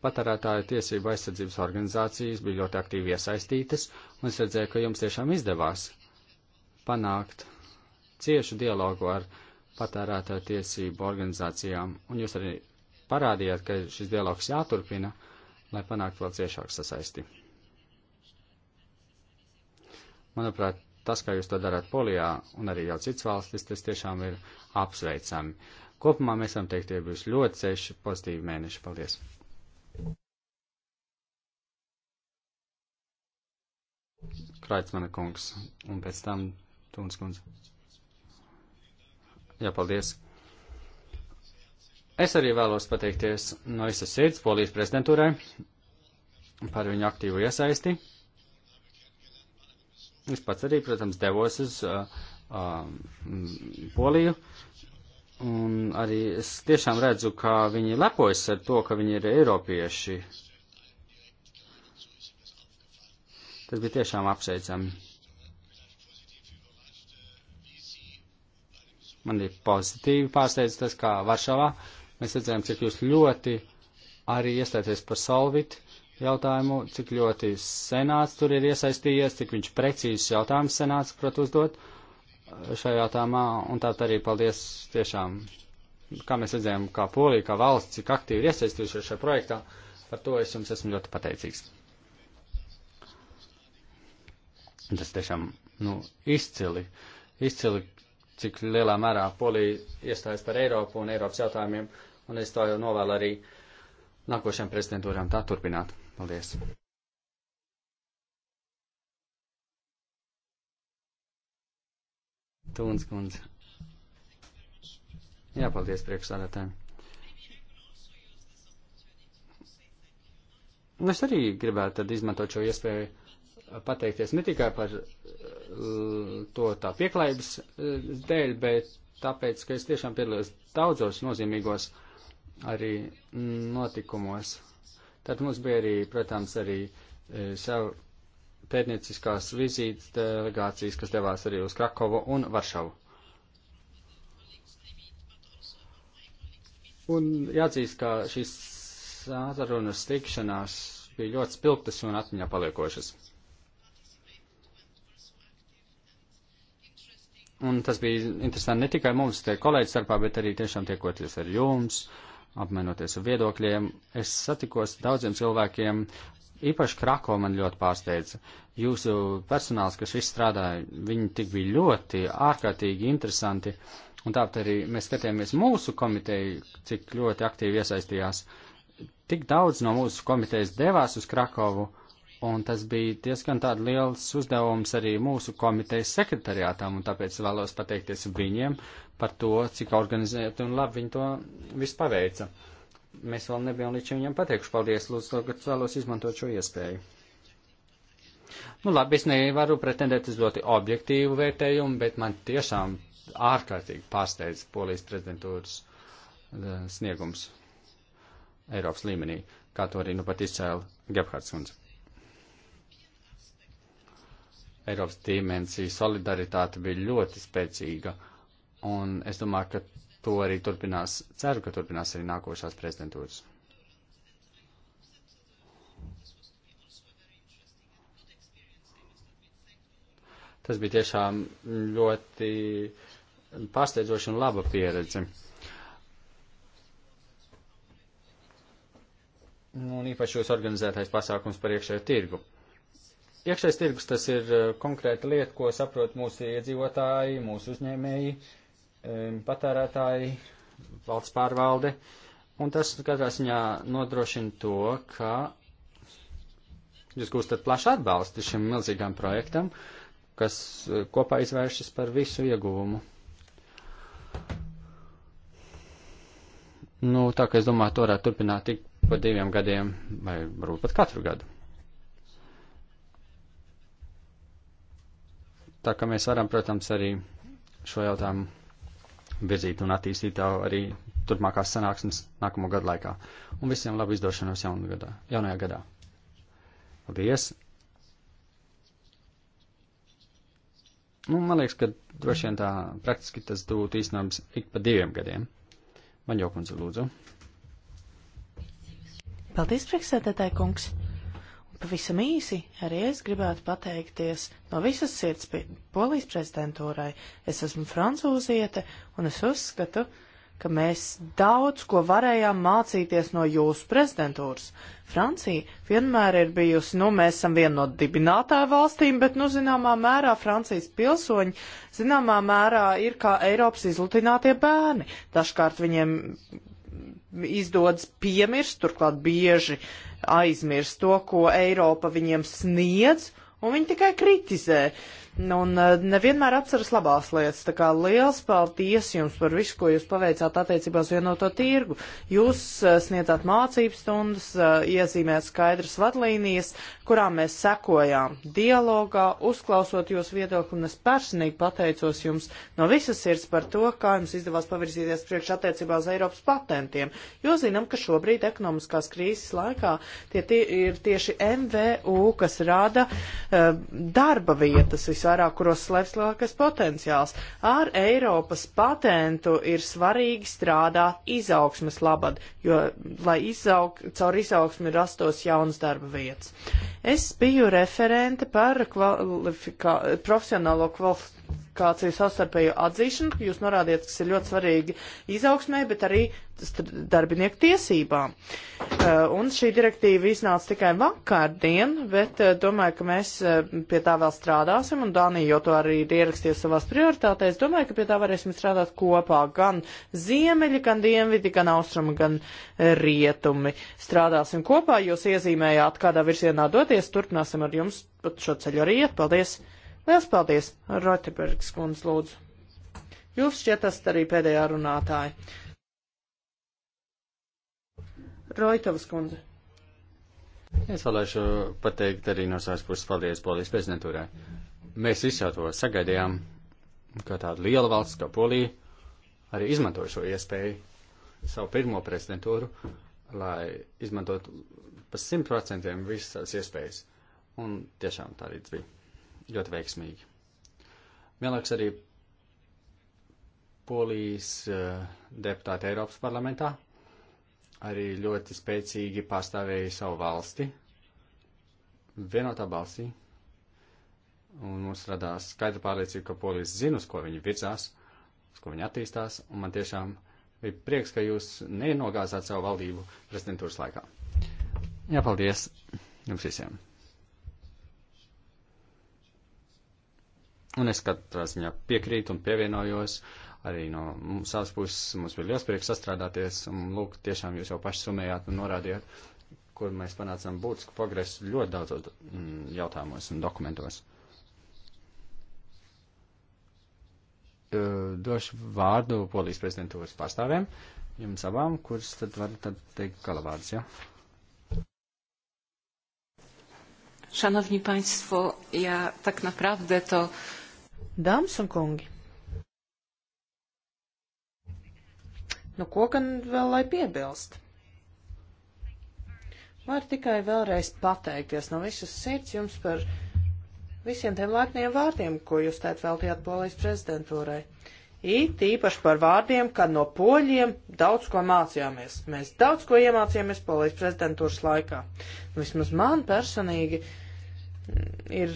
Patērētāju tiesību aizsardzības organizācijas bija ļoti aktīvi iesaistītas, un es redzēju, ka jums tiešām izdevās panākt ciešu dialogu ar patērētāju tiesību organizācijām, un jūs arī parādījāt, ka šis dialogs jāturpina, lai panāktu vēl ciešāku sasaisti. Manuprāt, tas, kā jūs to darāt Polijā un arī jau cits valstis, tas tiešām ir apsveicami. Kopumā mēs varam teikt, tie būs ļoti seši pozitīvi mēneši. Paldies! Kraicmana kungs un pēc tam Tūns kungs. Jā, paldies! Es arī vēlos pateikties no visas sirds Polijas prezidentūrai par viņu aktīvu iesaisti. Es pats arī, protams, devos uz uh, uh, Poliju. Un arī es tiešām redzu, ka viņi lepojas ar to, ka viņi ir eiropieši. Tas bija tiešām apsveicami. Man ir pozitīvi pārsteidz tas, kā Varšavā mēs redzējām, cik jūs ļoti arī iestāties par solvitu jautājumu, cik ļoti senāts tur ir iesaistījies, cik viņš precīzes jautājums senāts, prot, uzdot eh, šajā jautājumā, un tātad arī paldies tiešām, kā mēs redzējām, kā Polija, kā valsts, cik aktīvi ir iesaistījušies šajā projektā, par to es jums esmu ļoti pateicīgs. Tas tiešām, nu, izcili, izcili, cik lielā mērā Polija iestājas par Eiropu un Eiropas jautājumiem, un es to jau novēlu arī nākošajām prezidentūrām tā turpināt. Paldies! Tūns kundze. Jā, paldies priekšsādātājiem. Nu, es arī gribētu tad izmantot šo iespēju uh, pateikties ne tikai par uh, to tā pieklājības uh, dēļ, bet tāpēc, ka es tiešām piedalos daudzos nozīmīgos arī notikumos. Tad mums bija arī, protams, arī e, savu pērnieciskās vizītes delegācijas, kas devās arī uz Krakovu un Varšavu. Un jāatzīst, ka šīs sarunas tikšanās bija ļoti spilgtas un atmiņā paliekošas. Un tas bija interesanti ne tikai mums, te kolēģi starpā, bet arī tiešām tiekoties ar jums. Uh, apmainoties ar viedokļiem. Es satikos daudziem cilvēkiem, īpaši Krako man ļoti pārsteidza. Jūsu personāls, kas viss strādāja, viņi tik bija ļoti ārkārtīgi interesanti. Un tāpat arī mēs skatījāmies mūsu komiteju, cik ļoti aktīvi iesaistījās. Tik daudz no mūsu komitejas devās uz Krakovu, uh, Un tas bija diezgan tāds liels uzdevums arī mūsu komitejas sekretariātām, un tāpēc vēlos pateikties viņiem par to, cik organizēti un labi viņi to visu paveica. Mēs vēl nebijām līdz šim viņiem pateikuši paldies, lūdzu, tagad vēlos izmantot šo iespēju. Nu, labi, es nevaru pretendēt uz ļoti objektīvu vērtējumu, bet man tiešām ārkārtīgi pārsteidz polijas prezidentūras eh, sniegums Eiropas līmenī, kā to arī nu pat izcēla Gebhards kundze. Eiropas dimensija, solidaritāte bija ļoti spēcīga, un es domāju, ka to arī turpinās, ceru, ka turpinās arī nākošās prezidentūras. Tas bija tiešām ļoti pārsteidzoši un laba pieredze. Un īpaši jūs organizētais pasākums par iekšējo tirgu. Iekšējais tirgus tas ir eh, konkrēta lieta, ko saprot mūsu iedzīvotāji, mūsu uzņēmēji, patērētāji, valsts pārvalde. Un tas katrā ziņā nodrošina to, ka jūs gūstat plašu atbalstu šim milzīgam projektam, kas eh, kopā izvēršas par visu ieguvumu. Nu, tā kā es domāju, to varētu turpināt tik pa diviem gadiem vai varbūt pat katru gadu. Tā ka mēs varam, protams, arī šo jautājumu virzīt un attīstīt jau arī turpmākās sanāksmes nākamo gadu laikā. Un visiem labu izdošanos gadā, jaunajā gadā. Paldies! Nu, man liekas, ka droši vien tā praktiski tas būtu īstenojams ik pa diviem gadiem. Man jau kundze lūdzu. Paldies, priekšsēdētāji kungs. Pavisam īsi arī es gribētu pateikties no visas sirds polijas prezidentūrai. Es esmu francūziete un es uzskatu, ka mēs daudz ko varējām mācīties no jūsu prezidentūras. Francija vienmēr ir bijusi, nu, mēs esam viena no dibinātāju valstīm, bet, nu, zināmā mērā Francijas pilsoņi, zināmā mērā ir kā Eiropas izlutinātie bērni. Dažkārt viņiem izdodas piemirst, turklāt bieži aizmirst to, ko Eiropa viņiem sniedz, un viņi tikai kritizē. Uh, Nu, un eh, nevienmēr apceras labās lietas. Tā kā liels paldies jums par visu, ko jūs paveicāt attiecībā uz vienoto tirgu. Jūs eh, sniedzāt mācības stundas, eh, iezīmēt skaidras vadlīnijas, kurām mēs sekojām dialogā, uzklausot jūs viedokli, un es personīgi pateicos jums no visas sirds par to, kā jums izdevās pavirzīties priekš attiecībā uz Eiropas patentiem. Jo zinām, ka šobrīd ekonomiskās krīzes laikā tie, tie ir tieši MVU, kas rada uh, darba vietas visā visvairāk, kuros slēpjas lielākais potenciāls. Ar Eiropas patentu ir svarīgi strādāt izaugsmes labad, jo, lai izaug, caur izaugsmi rastos jaunas darba vietas. Es biju referente par kvalifika, profesionālo kvalifikāciju komunikāciju savstarpēju atzīšanu, ka jūs norādījat, kas ir ļoti svarīgi izaugsmē, bet arī darbinieku tiesībām. Eh, un šī direktīva iznāca tikai vakardien, bet eh, domāju, ka mēs eh, pie tā vēl strādāsim, un Dānija jau to arī ir ierakstījusi savās prioritātēs. Domāju, ka pie tā varēsim strādāt kopā gan ziemeļi, gan dienvidi, gan austrumi, gan rietumi. Strādāsim kopā, jūs iezīmējāt, kādā virzienā doties, turpināsim ar jums pat šo ceļu arī iet. Paldies! Liels paldies, Rotebergs kundz, lūdzu. Jūs šķiet esat arī pēdējā runātāja. Roitovas kundze. Es vēlēšu pateikt arī no savas puses paldies Polijas prezidentūrai. Mēs visu to sagaidījām, ka tāda liela valsts kā Polija arī izmanto šo iespēju savu pirmo prezidentūru, lai izmantotu pa simt procentiem visas iespējas. Un tiešām tā arī bija ļoti veiksmīgi. Vienlaiks arī Polijas eh, deputāti Eiropas parlamentā arī ļoti spēcīgi pārstāvēja savu valsti vienotā balsī. Un mums radās skaidra pārliecība, ka polijas zina, uz ko viņi virzās, uz ko viņi attīstās. Un man tiešām bija prieks, ka jūs nenogāzāt savu valdību prezidentūras laikā. Jā, paldies jums visiem! Un es katrā ziņā piekrītu un pievienojos. Arī no savas puses mums bija liels prieks sastrādāties. Un, lūk, tiešām jūs jau paši sumējāt un norādījāt, kur mēs panācām būtisku progresu ļoti daudzos mm, jautājumos un dokumentos. Došu vārdu polijas prezidentūras pārstāvēm, jums abām, kuras tad var tad teikt galavārdus, jā? Ja? Szanowni Państwo, ja tak naprawdę to Dāmas un kungi! Nu, ko gan vēl lai piebilst? Var tikai vēlreiz pateikties no visas sirds jums par visiem tiem laipniem vārdiem, ko jūs tēt veltījāt Polijas prezidentūrai. It īpaši par vārdiem, kad no poļiem daudz ko mācījāmies. Mēs daudz ko iemācījāmies Polijas prezidentūras laikā. Nu, vismaz man personīgi ir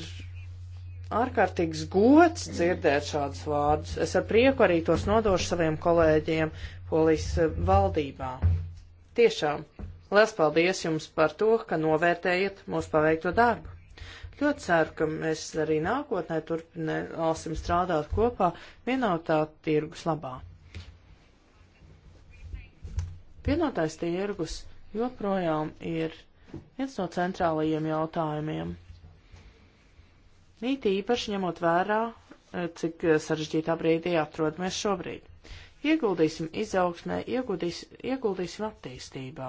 ārkārtīgs gods dzirdēt šādus vārdus. Es ar prieku arī tos nodošu saviem kolēģiem polijas eh, valdībā. Tiešām, liels paldies jums par to, ka novērtējat mūsu paveikto darbu. Ļoti ceru, ka mēs arī nākotnē turpināsim strādāt kopā vienotā tirgus labā. Vienotais tirgus joprojām ir viens no centrālajiem jautājumiem Nīt īpaši ņemot vērā, e, cik e, sarežģītā brīdī atrodamies šobrīd. Ieguldīsim izaugsmē, ieguldīs, ieguldīsim attīstībā.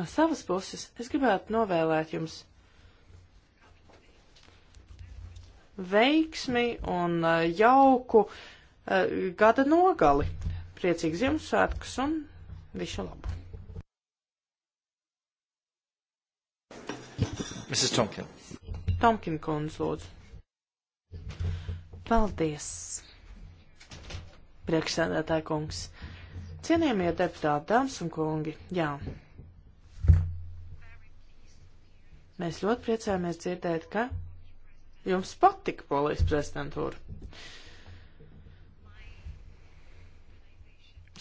No savas puses es gribētu novēlēt jums veiksmi un e, jauku uh, gada nogali. Priecīgs Ziemassvētkus un visu labu! Mrs. Tomkin. Tomkin kundze, lūdzu. Paldies, priekšsēdētāja kungs. Cienījamie deputāti, dāmas un kungi, jā. Mēs ļoti priecājamies dzirdēt, ka jums patika polijas prezidentūra.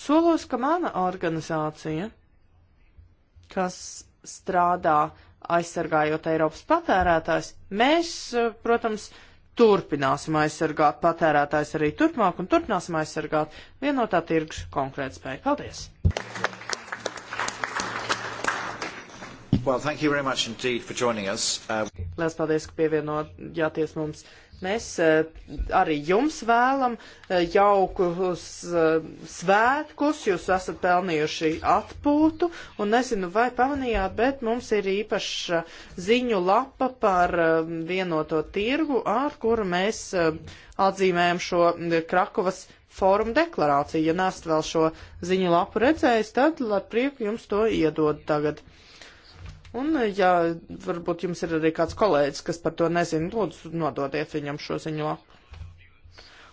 Solos, ka mana organizācija, kas strādā aizsargājot Eiropas patērētājs, mēs, eh, protams, turpināsim aizsargāt patērētājs arī turpmāk un turpināsim aizsargāt vienotā tirgus konkurētspēju. Paldies! Well, thank you very much indeed for joining us. Uh... Lielas paldies, ka pievienojāties mums. Mēs eh, arī jums vēlam eh, jaukus eh, svētkus, jūs esat pelnījuši atpūtu, un nezinu, vai pamanījāt, bet mums ir īpaša ziņu lapa par vienoto tirgu, ar kuru mēs atzīmējam šo Krakovas fóruma deklarāciju. Ja nesat vēl šo ziņu lapu redzējis, tad, lai prieku jums to iedod tagad. Un, ja varbūt jums ir arī kāds kolēģis, kas par to nezina, lūdzu nododiet viņam šo ziņo.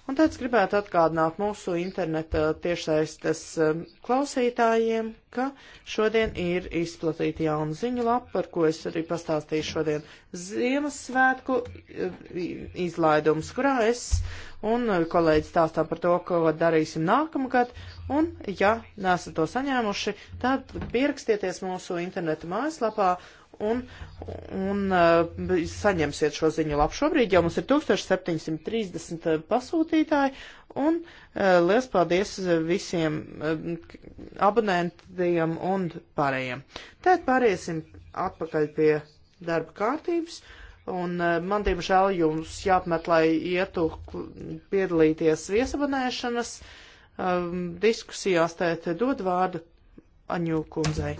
Un tāds gribētu atgādināt mūsu interneta tiešsaistes um, klausītājiem, ka šodien ir izplatīta jauna ziņu lapa, par ko es arī pastāstīšu šodien Ziemassvētku um, izlaidums, kurā es un uh, kolēģis stāstām par to, ko darīsim nākamgad, un, ja nesat to saņēmuši, tad pierakstieties mūsu interneta mājaslapā un, un uh, saņemsiet šo ziņu labu. Šobrīd jau mums ir 1730 uh, pasūtītāji, un uh, liels paldies visiem uh, abonentiem un pārējiem. Tad pāriesim atpakaļ pie darba kārtības. Un uh, man, diemžēl, jums jāapmet, lai ietu piedalīties viesabonēšanas uh, um, diskusijās, tēt dod vārdu Aņū kundzei.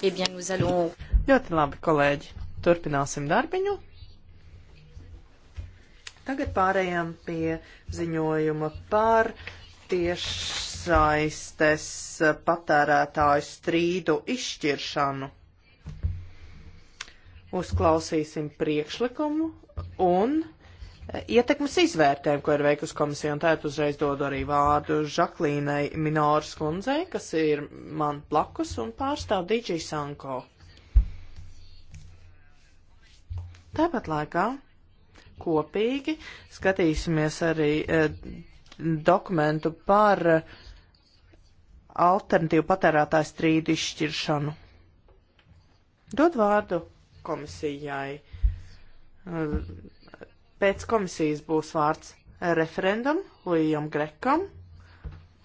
Eh bien, nous allons... Ļoti labi, kolēģi. Turpināsim darbiņu. Tagad pārējām pie ziņojuma par tiešsaistes patērētāju strīdu izšķiršanu. Uzklausīsim priekšlikumu un ietekmes izvērtējumu, ko ir veikusi komisija, un tēt uzreiz dodu arī vārdu Žaklīnai Minoras kundzei, kas ir man blakus un pārstāv DJ Sanko. Tāpat laikā kopīgi skatīsimies arī eh, dokumentu par eh, alternatīvu patērētāju strīdu izšķiršanu. Dod vārdu komisijai. Eh, Pēc komisijas būs vārds referendum Lijam Grekam,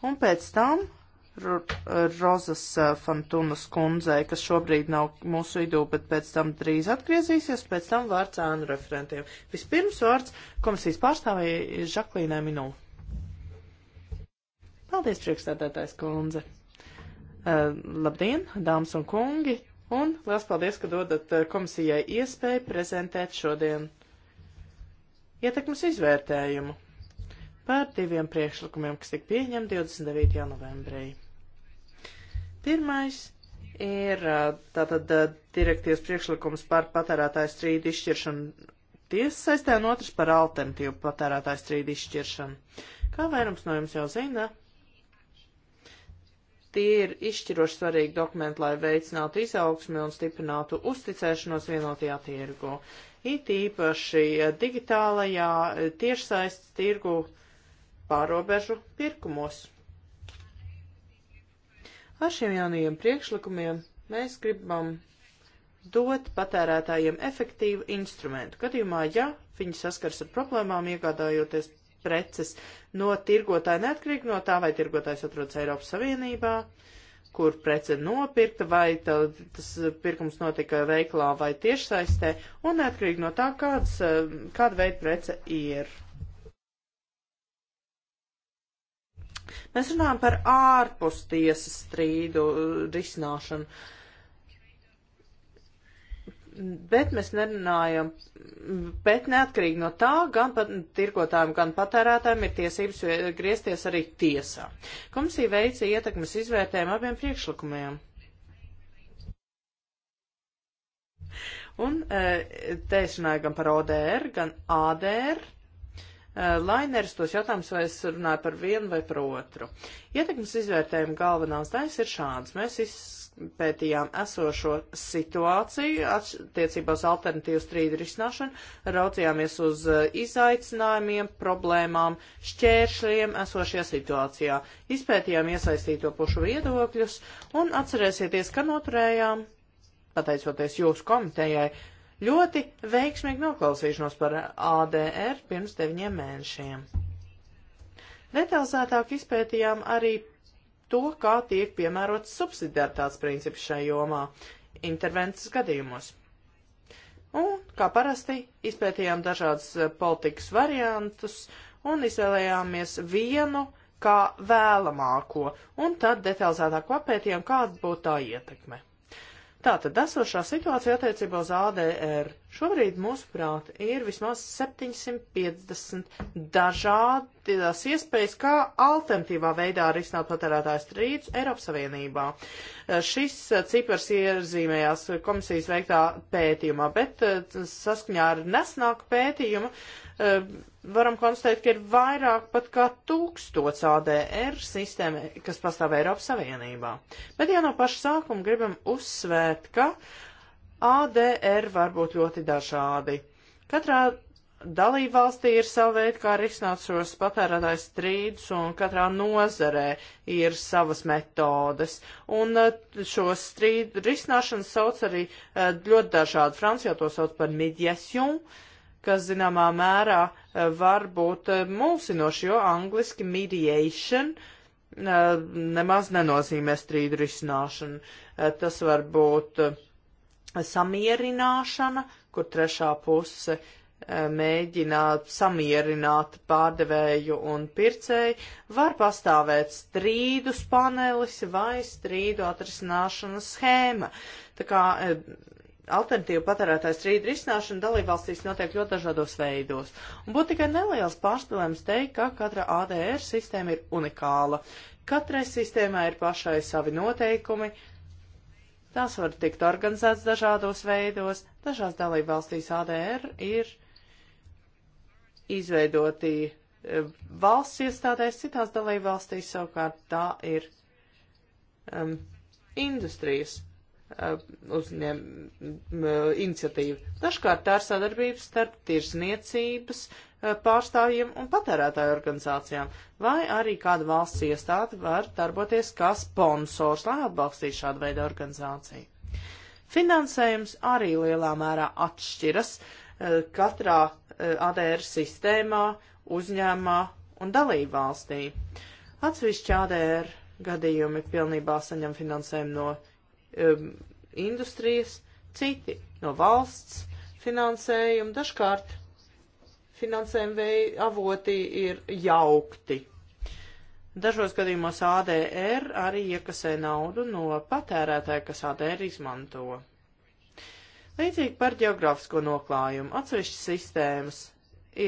un pēc tam R Rozas eh, Fantunas kundzei, kas šobrīd nav mūsu vidū, bet pēc tam drīz atgriezīsies, pēc tam vārds ēnu referentiem. Vispirms vārds komisijas pārstāvēja Žaklīnai Minū. Paldies, priekšstādātājs kundze. Uh, labdien, dāmas un kungi, un liels paldies, ka dodat eh, komisijai iespēju prezentēt šodien ietekmes izvērtējumu par diviem priekšlikumiem, kas tika pieņemti 29. novembrī. Pirmais ir tātad direktīvas priekšlikums par patērētāju strīdu izšķiršanu tiesas saistē, un otrs par alternatīvu patērētāju strīdu izšķiršanu. Kā vairums no jums jau zina, Tie ir izšķiroši svarīgi dokumenti, lai veicinātu izaugsmi un stiprinātu uzticēšanos vienotajā tirgu. It īpaši eh, digitālajā eh, tiešsaistes tirgu pārobežu pirkumos. Ar šiem jaunajiem priekšlikumiem mēs gribam dot patērētājiem efektīvu instrumentu. Gadījumā, ja viņi saskars ar problēmām iegādājoties preces no tirgotāja neatkarīgi no tā, vai tirgotājs atrodas Eiropas Savienībā, kur prece nopirkta, vai tā, tas pirkums notika veiklā vai tiešsaistē, un neatkarīgi no tā, kādas, kāda veida prece ir. Mēs runājam par ārpus tiesas strīdu risināšanu. Uh, Bet mēs nerunājam, bet neatkarīgi no tā, gan tirkotājiem, gan patērētājiem ir tiesības griezties arī tiesā. Komisija veica ietekmes izvērtējumu abiem priekšlikumiem. Un eh, te es runāju gan par ODR, gan ADR Eh, Laineris tos jautājums, vai es runāju par vienu vai par otru. Ietekmes izvērtējuma galvenās daļas ir šādas. Mēs izpētījām esošo situāciju attiecībā uz alternatīvu strīdu risināšanu, raucījāmies uz eh, izaicinājumiem, problēmām, šķēršļiem esošajā situācijā, izpētījām iesaistīto pušu viedokļus un atcerēsieties, ka noturējām pateicoties jūsu komitejai, ļoti veiksmīgu noklausīšanos par ADR pirms deviņiem mēnešiem. Detalizētāk izpētījām arī to, kā tiek piemērots subsidiaritātes princips šai jomā intervences gadījumos. Un, kā parasti, izpētījām dažādas eh, politikas variantus un izvēlējāmies vienu kā vēlamāko, un tad detalizētāk papētījām, kāda būtu tā ietekme. Tātad esošā situācija attiecībā uz ADR. Šobrīd, mūsuprāt, ir vismaz 750 dažādas iespējas, kā alternatīvā veidā risināt patērētājs strīdus Eiropas Savienībā. Eh, šis eh, cipars iezīmējās komisijas veiktā pētījumā, bet eh, saskaņā ar nesnāku pētījumu varam konstatēt, ka ir vairāk pat kā tūkstots ADR sistēma, kas pastāv Eiropas Savienībā. Bet jau no paša sākuma gribam uzsvērt, ka ADR var būt ļoti dažādi. Katrā dalībvalstī ir sava veida, kā risināt šos patērētājs strīdus, un katrā nozarē ir savas metodes. Un uh, šo strīdu risināšanu sauc arī uh, ļoti dažādi. Francijā to sauc par mediation. Uh, kas zināmā mērā eh, var būt eh, mulsinoši, jo angliski mediation eh, nemaz nenozīmē strīdu risināšanu. Tas var būt samierināšana, kur trešā puse mēģina samierināt pārdevēju un pircēju, var pastāvēt strīdus panelis vai strīdu atrisināšanas schēma. Tā kā Alternatīva patērētāja strīda risināšana dalībvalstīs notiek ļoti dažādos veidos. Un būtu tikai neliels pārspīlējums teikt, ka katra ADR sistēma ir unikāla. Katrai sistēmai ir pašai savi noteikumi, tās var tikt organizētas dažādos veidos, dažās dalībvalstīs ADR ir izveidoti e, valsts iestādēs, citās dalībvalstīs savukārt tā ir um, industrijas Uh, uzņem uh, iniciatīvu. Dažkārt tā ir sadarbības starp tirsniecības uh, pārstāvjiem un patērētāju organizācijām, vai arī kāda valsts iestāde var darboties kā sponsors, lai atbalstītu šādu veidu organizāciju. Finansējums arī lielā mērā atšķiras katrā ADR sistēmā, uzņēmumā un dalībvalstī. Atsevišķi ADR gadījumi pilnībā saņem finansējumu no um, industrijas, citi no valsts finansējuma. Dažkārt finansējuma veidi avoti ir jaukti. Dažos gadījumos ADR arī iekasē naudu no patērētāja, kas ADR izmanto. Līdzīgi par geogrāfisko noklājumu atsevišķas sistēmas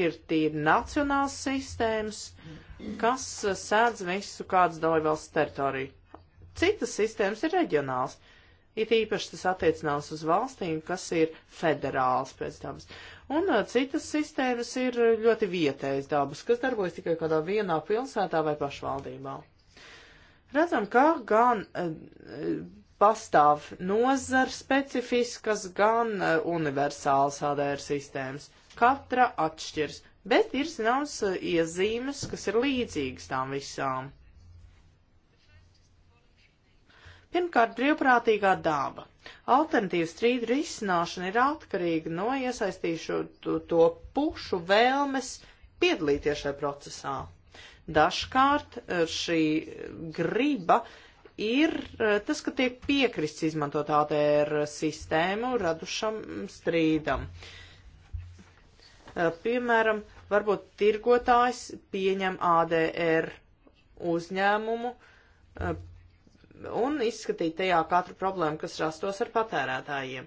ir tīri nacionāls sistēmas, kas sēdz visu kādas dalībvalsts teritoriju. Citas sistēmas ir reģionāls. It īpaši tas attiecinās uz valstīm, kas ir federāls pēc dabas. Un uh, citas sistēmas ir ļoti vietējas dabas, kas darbojas tikai kādā vienā pilsētā vai pašvaldībā. Redzam, kā gan uh, pastāv nozar specifiskas, gan uh, universālas ADR sistēmas. Katra atšķirs, bet ir zināms uh, iezīmes, kas ir līdzīgas tām visām. Pirmkārt, brīvprātīgā daba. Alternatīva strīdu risināšana ir atkarīga no iesaistīšu to, to pušu vēlmes piedalīties šajā procesā. Dažkārt eh, šī griba ir eh, tas, ka tiek piekrists izmantot ATR sistēmu radušam strīdam. Eh, piemēram, varbūt tirgotājs pieņem ADR uzņēmumu un izskatīt tajā katru problēmu, kas rastos ar patērētājiem.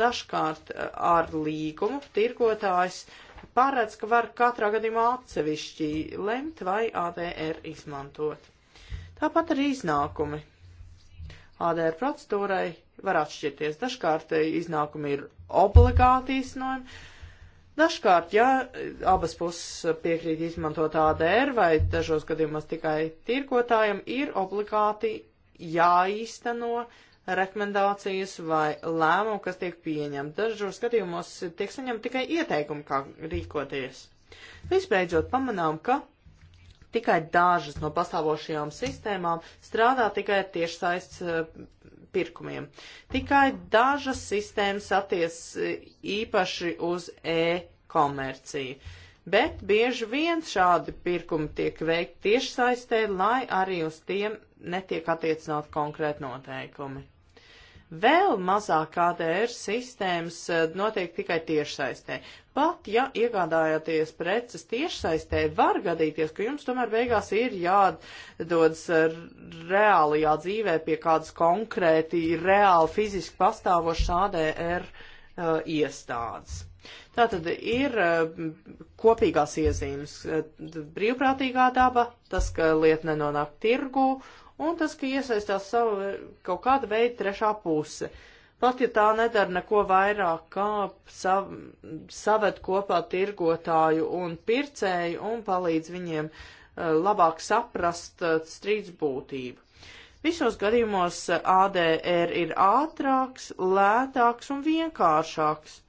Dažkārt eh, ar līgumu tirgotājs paredz, ka var katrā gadījumā atsevišķi lemt vai ADR izmantot. Tāpat arī iznākumi. ADR procedūrai var atšķirties. Dažkārt eh, iznākumi ir obligāti iznojumi, Dažkārt, ja abas puses piekrīt izmantot ADR vai dažos gadījumos tikai tirkotājiem, ir obligāti jāīsteno rekomendācijas vai lēmumu, kas tiek pieņemti. Dažos gadījumos tiek saņemti tikai ieteikumi, kā rīkoties. Visbeidzot, pamanām, ka tikai dažas no pastāvošajām sistēmām strādā tikai tiešsaistes pirkumiem. Tikai dažas sistēmas attiec e, īpaši uz e-komerciju, bet bieži vien šādi pirkumi tiek veikti tiešsaistē, lai arī uz tiem netiek attiecināt konkrēti noteikumi. Vēl mazāk ADR sistēmas eh, notiek tikai tiešsaistē. Pat ja iegādājāties preces tiešsaistē, var gadīties, ka jums tomēr beigās ir jādodas eh, reālajā dzīvē pie kādas konkrēti reāli fiziski pastāvošas ADR uh, eh, iestādes. Tā tad ir kopīgās iezīmes. Brīvprātīgā daba, tas, ka lieta nenonāk tirgu un tas, ka iesaistās savu kaut kāda veida trešā puse. Pat ja tā nedara neko vairāk kā sav, saved kopā tirgotāju un pircēju un palīdz viņiem uh, labāk saprast uh, eh, strīds būtību. Visos gadījumos eh, ADR ir ātrāks, lētāks un vienkāršāks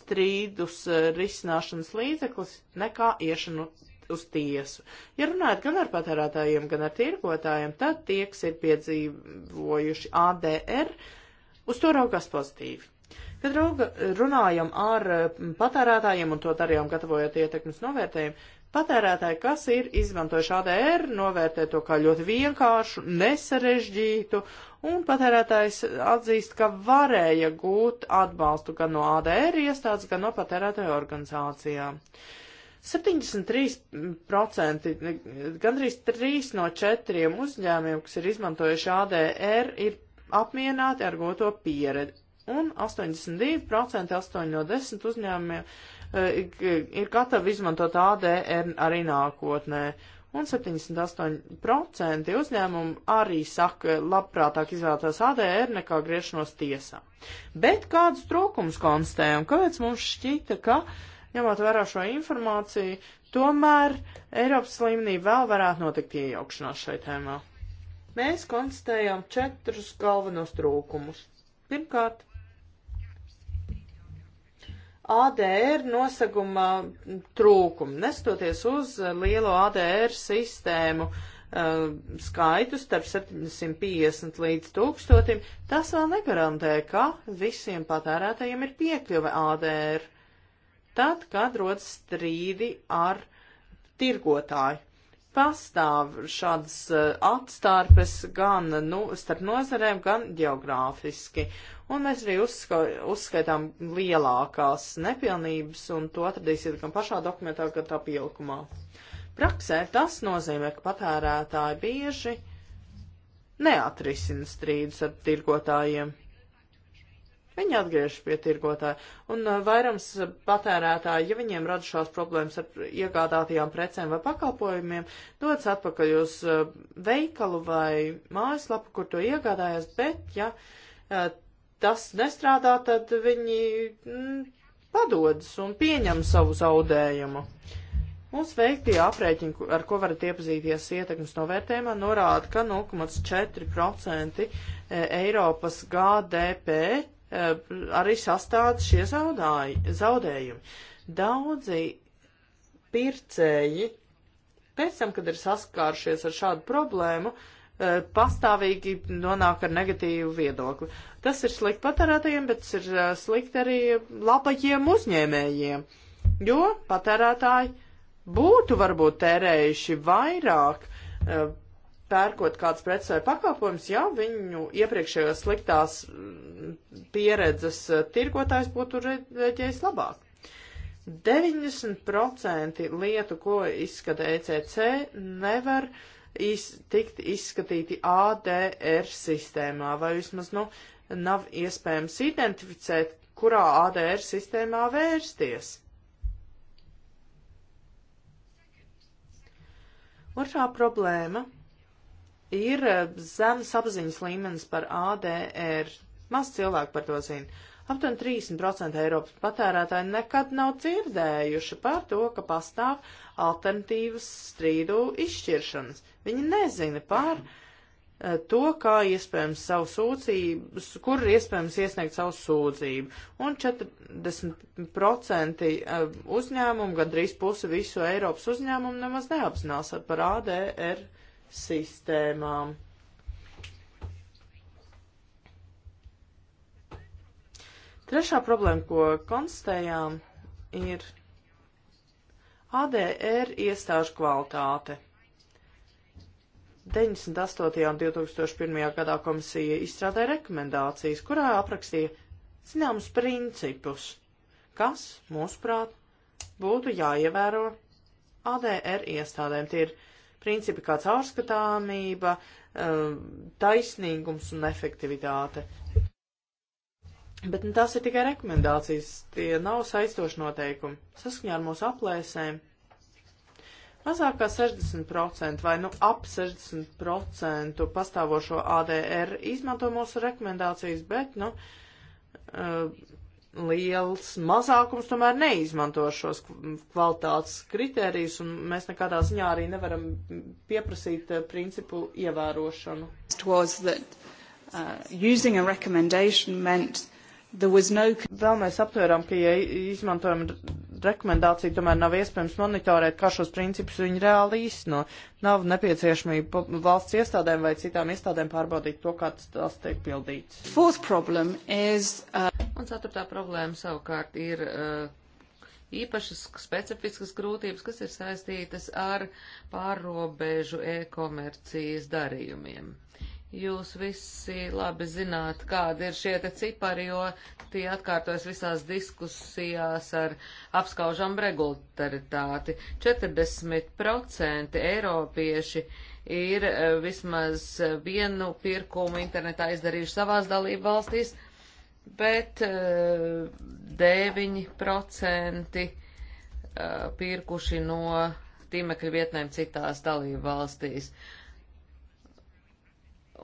strīdus risināšanas līdzeklis nekā iešanu uz tiesu. Ja runājat gan ar patērētājiem, gan ar tirgotājiem, tad tie, kas ir piedzīvojuši ADR, uz to raugās pozitīvi. Kad rauga, runājam ar patērētājiem, un to darījām gatavojot ietekmes novērtējumu, patērētāji, kas ir izmantojuši ADR, novērtē to kā ļoti vienkāršu, nesarežģītu, un patērētājs atzīst, ka varēja gūt atbalstu gan no ADR iestādes, gan no patērētāju organizācijām. Uh, 73% gandrīz 3 no 4 uzņēmiem, kas ir izmantojuši ADR, ir apmierināti ar goto pieredzi. Un 82% 8 no 10 uzņēmumiem e, ir gatavi izmantot ADR arī nākotnē. Un 78% uzņēmumu arī saka, labprātāk izvēlētos ADR nekā griešanos tiesā. Bet kādus trūkumus konstatējam? Kāpēc mums šķita, ka uh, Ņemot vērā šo informāciju, tomēr Eiropas līmenī vēl varētu notikt iejaukšanās šai tēmā. Mēs konstatējām četrus galvenos trūkumus. Pirmkārt, ADR nosaguma trūkumu, nestoties uz lielo ADR sistēmu uh, skaitu starp 750 līdz 1000, tas vēl negarantē, ka visiem patērētājiem ir piekļuve ADR tad, kad rodas strīdi ar tirgotāju. Pastāv šādas e, atstārpes gan nu, starp nozarēm, gan geogrāfiski. Un mēs arī uzska uzskaitām lielākās nepilnības, un to atradīsiet gan pašā dokumentā, gan tā pielikumā. Praksē tas nozīmē, ka patērētāji bieži neatrisina strīdus ar tirgotājiem Viņi atgriežas pie tirgotāja. Un uh, vairums uh, patērētāji, ja viņiem radušās problēmas ar iegādātajām precēm vai pakalpojumiem, dodas atpakaļ uz uh, veikalu vai mājaslapu, kur to iegādājas, bet ja tas nestrādā, tad viņi mm, padodas un pieņem savu zaudējumu. Mūsu veiktie aprēķini, ar ko varat iepazīties ietekmes novērtējumā, norāda, ka 0,4% e, Eiropas GDP Eh, arī sastāda šie zaudāji, zaudējumi. Daudzi pircēji pēc tam, kad ir saskārušies ar šādu problēmu, eh, pastāvīgi nonāk ar negatīvu viedokli. Tas ir slikti patērētājiem, bet tas ir eh, slikti arī labajiem uzņēmējiem, jo patērētāji būtu varbūt tērējuši vairāk pērkot kāds preces vai pakalpojums, ja viņu iepriekšējos sliktās mm, pieredzes eh, tirgotājs būtu reģējis labāk. 90% lietu, ko izskata ECC, nevar iz, tikt izskatīti ADR sistēmā, vai vismaz nu, nav iespējams identificēt, kurā ADR sistēmā vērsties. Otrā problēma ir eh, zemes apziņas līmenis par ADR. Maz cilvēku par to zina. Aptuveni 30% Eiropas patērētāji nekad nav dzirdējuši par to, ka pastāv alternatīvas strīdu izšķiršanas. Viņi nezina par eh, to, kā iespējams savu sūdzību, kur ir iespējams iesniegt savu sūdzību. Un 40% eh, uzņēmumu, gandrīz puse visu Eiropas uzņēmumu nemaz neapzinās par ADR sistēmām. Trešā problēma, ko konstatējām, ir ADR iestāžu kvalitāte. 98. un 2001. gadā komisija izstrādāja rekomendācijas, kurā aprakstīja zināmus principus, kas, mūsuprāt, būtu jāievēro ADR iestādēm. Tie ir principi kā caurskatāmība, um, taisnīgums un efektivitāte. Bet nu, tās ir tikai rekomendācijas, tie nav saistoši noteikumi. Saskaņā ar mūsu aplēsēm mazāk kā 60% vai nu ap 60% pastāvošo ADR izmanto mūsu rekomendācijas, bet nu, uh, liels mazākums tomēr neizmanto šos kvalitātes kritērijus, un mēs nekādā ziņā arī nevaram pieprasīt eh, principu ievērošanu. That, uh, no... Vēl mēs aptvērām, ka, ja izmantojam rekomendāciju tomēr nav iespējams monitorēt, kā šos principus viņi reāli īsno. Nav nepieciešamība valsts iestādēm vai citām iestādēm pārbaudīt to, kā tas tiek pildīts. Is, uh... Un ceturtā problēma savukārt ir uh, īpašas specifiskas grūtības, kas ir saistītas ar pārrobežu e-komercijas darījumiem. Uh, Jūs visi labi zināt, kādi ir šie te cipari, jo tie atkārtojas visās diskusijās ar apskaužam regularitāti. 40% eiropieši ir eh, vismaz vienu pirkumu internetā izdarījuši savās dalību valstīs, bet 9% eh, eh, pirkuši no tīmekļa vietnēm citās dalību valstīs. Uh,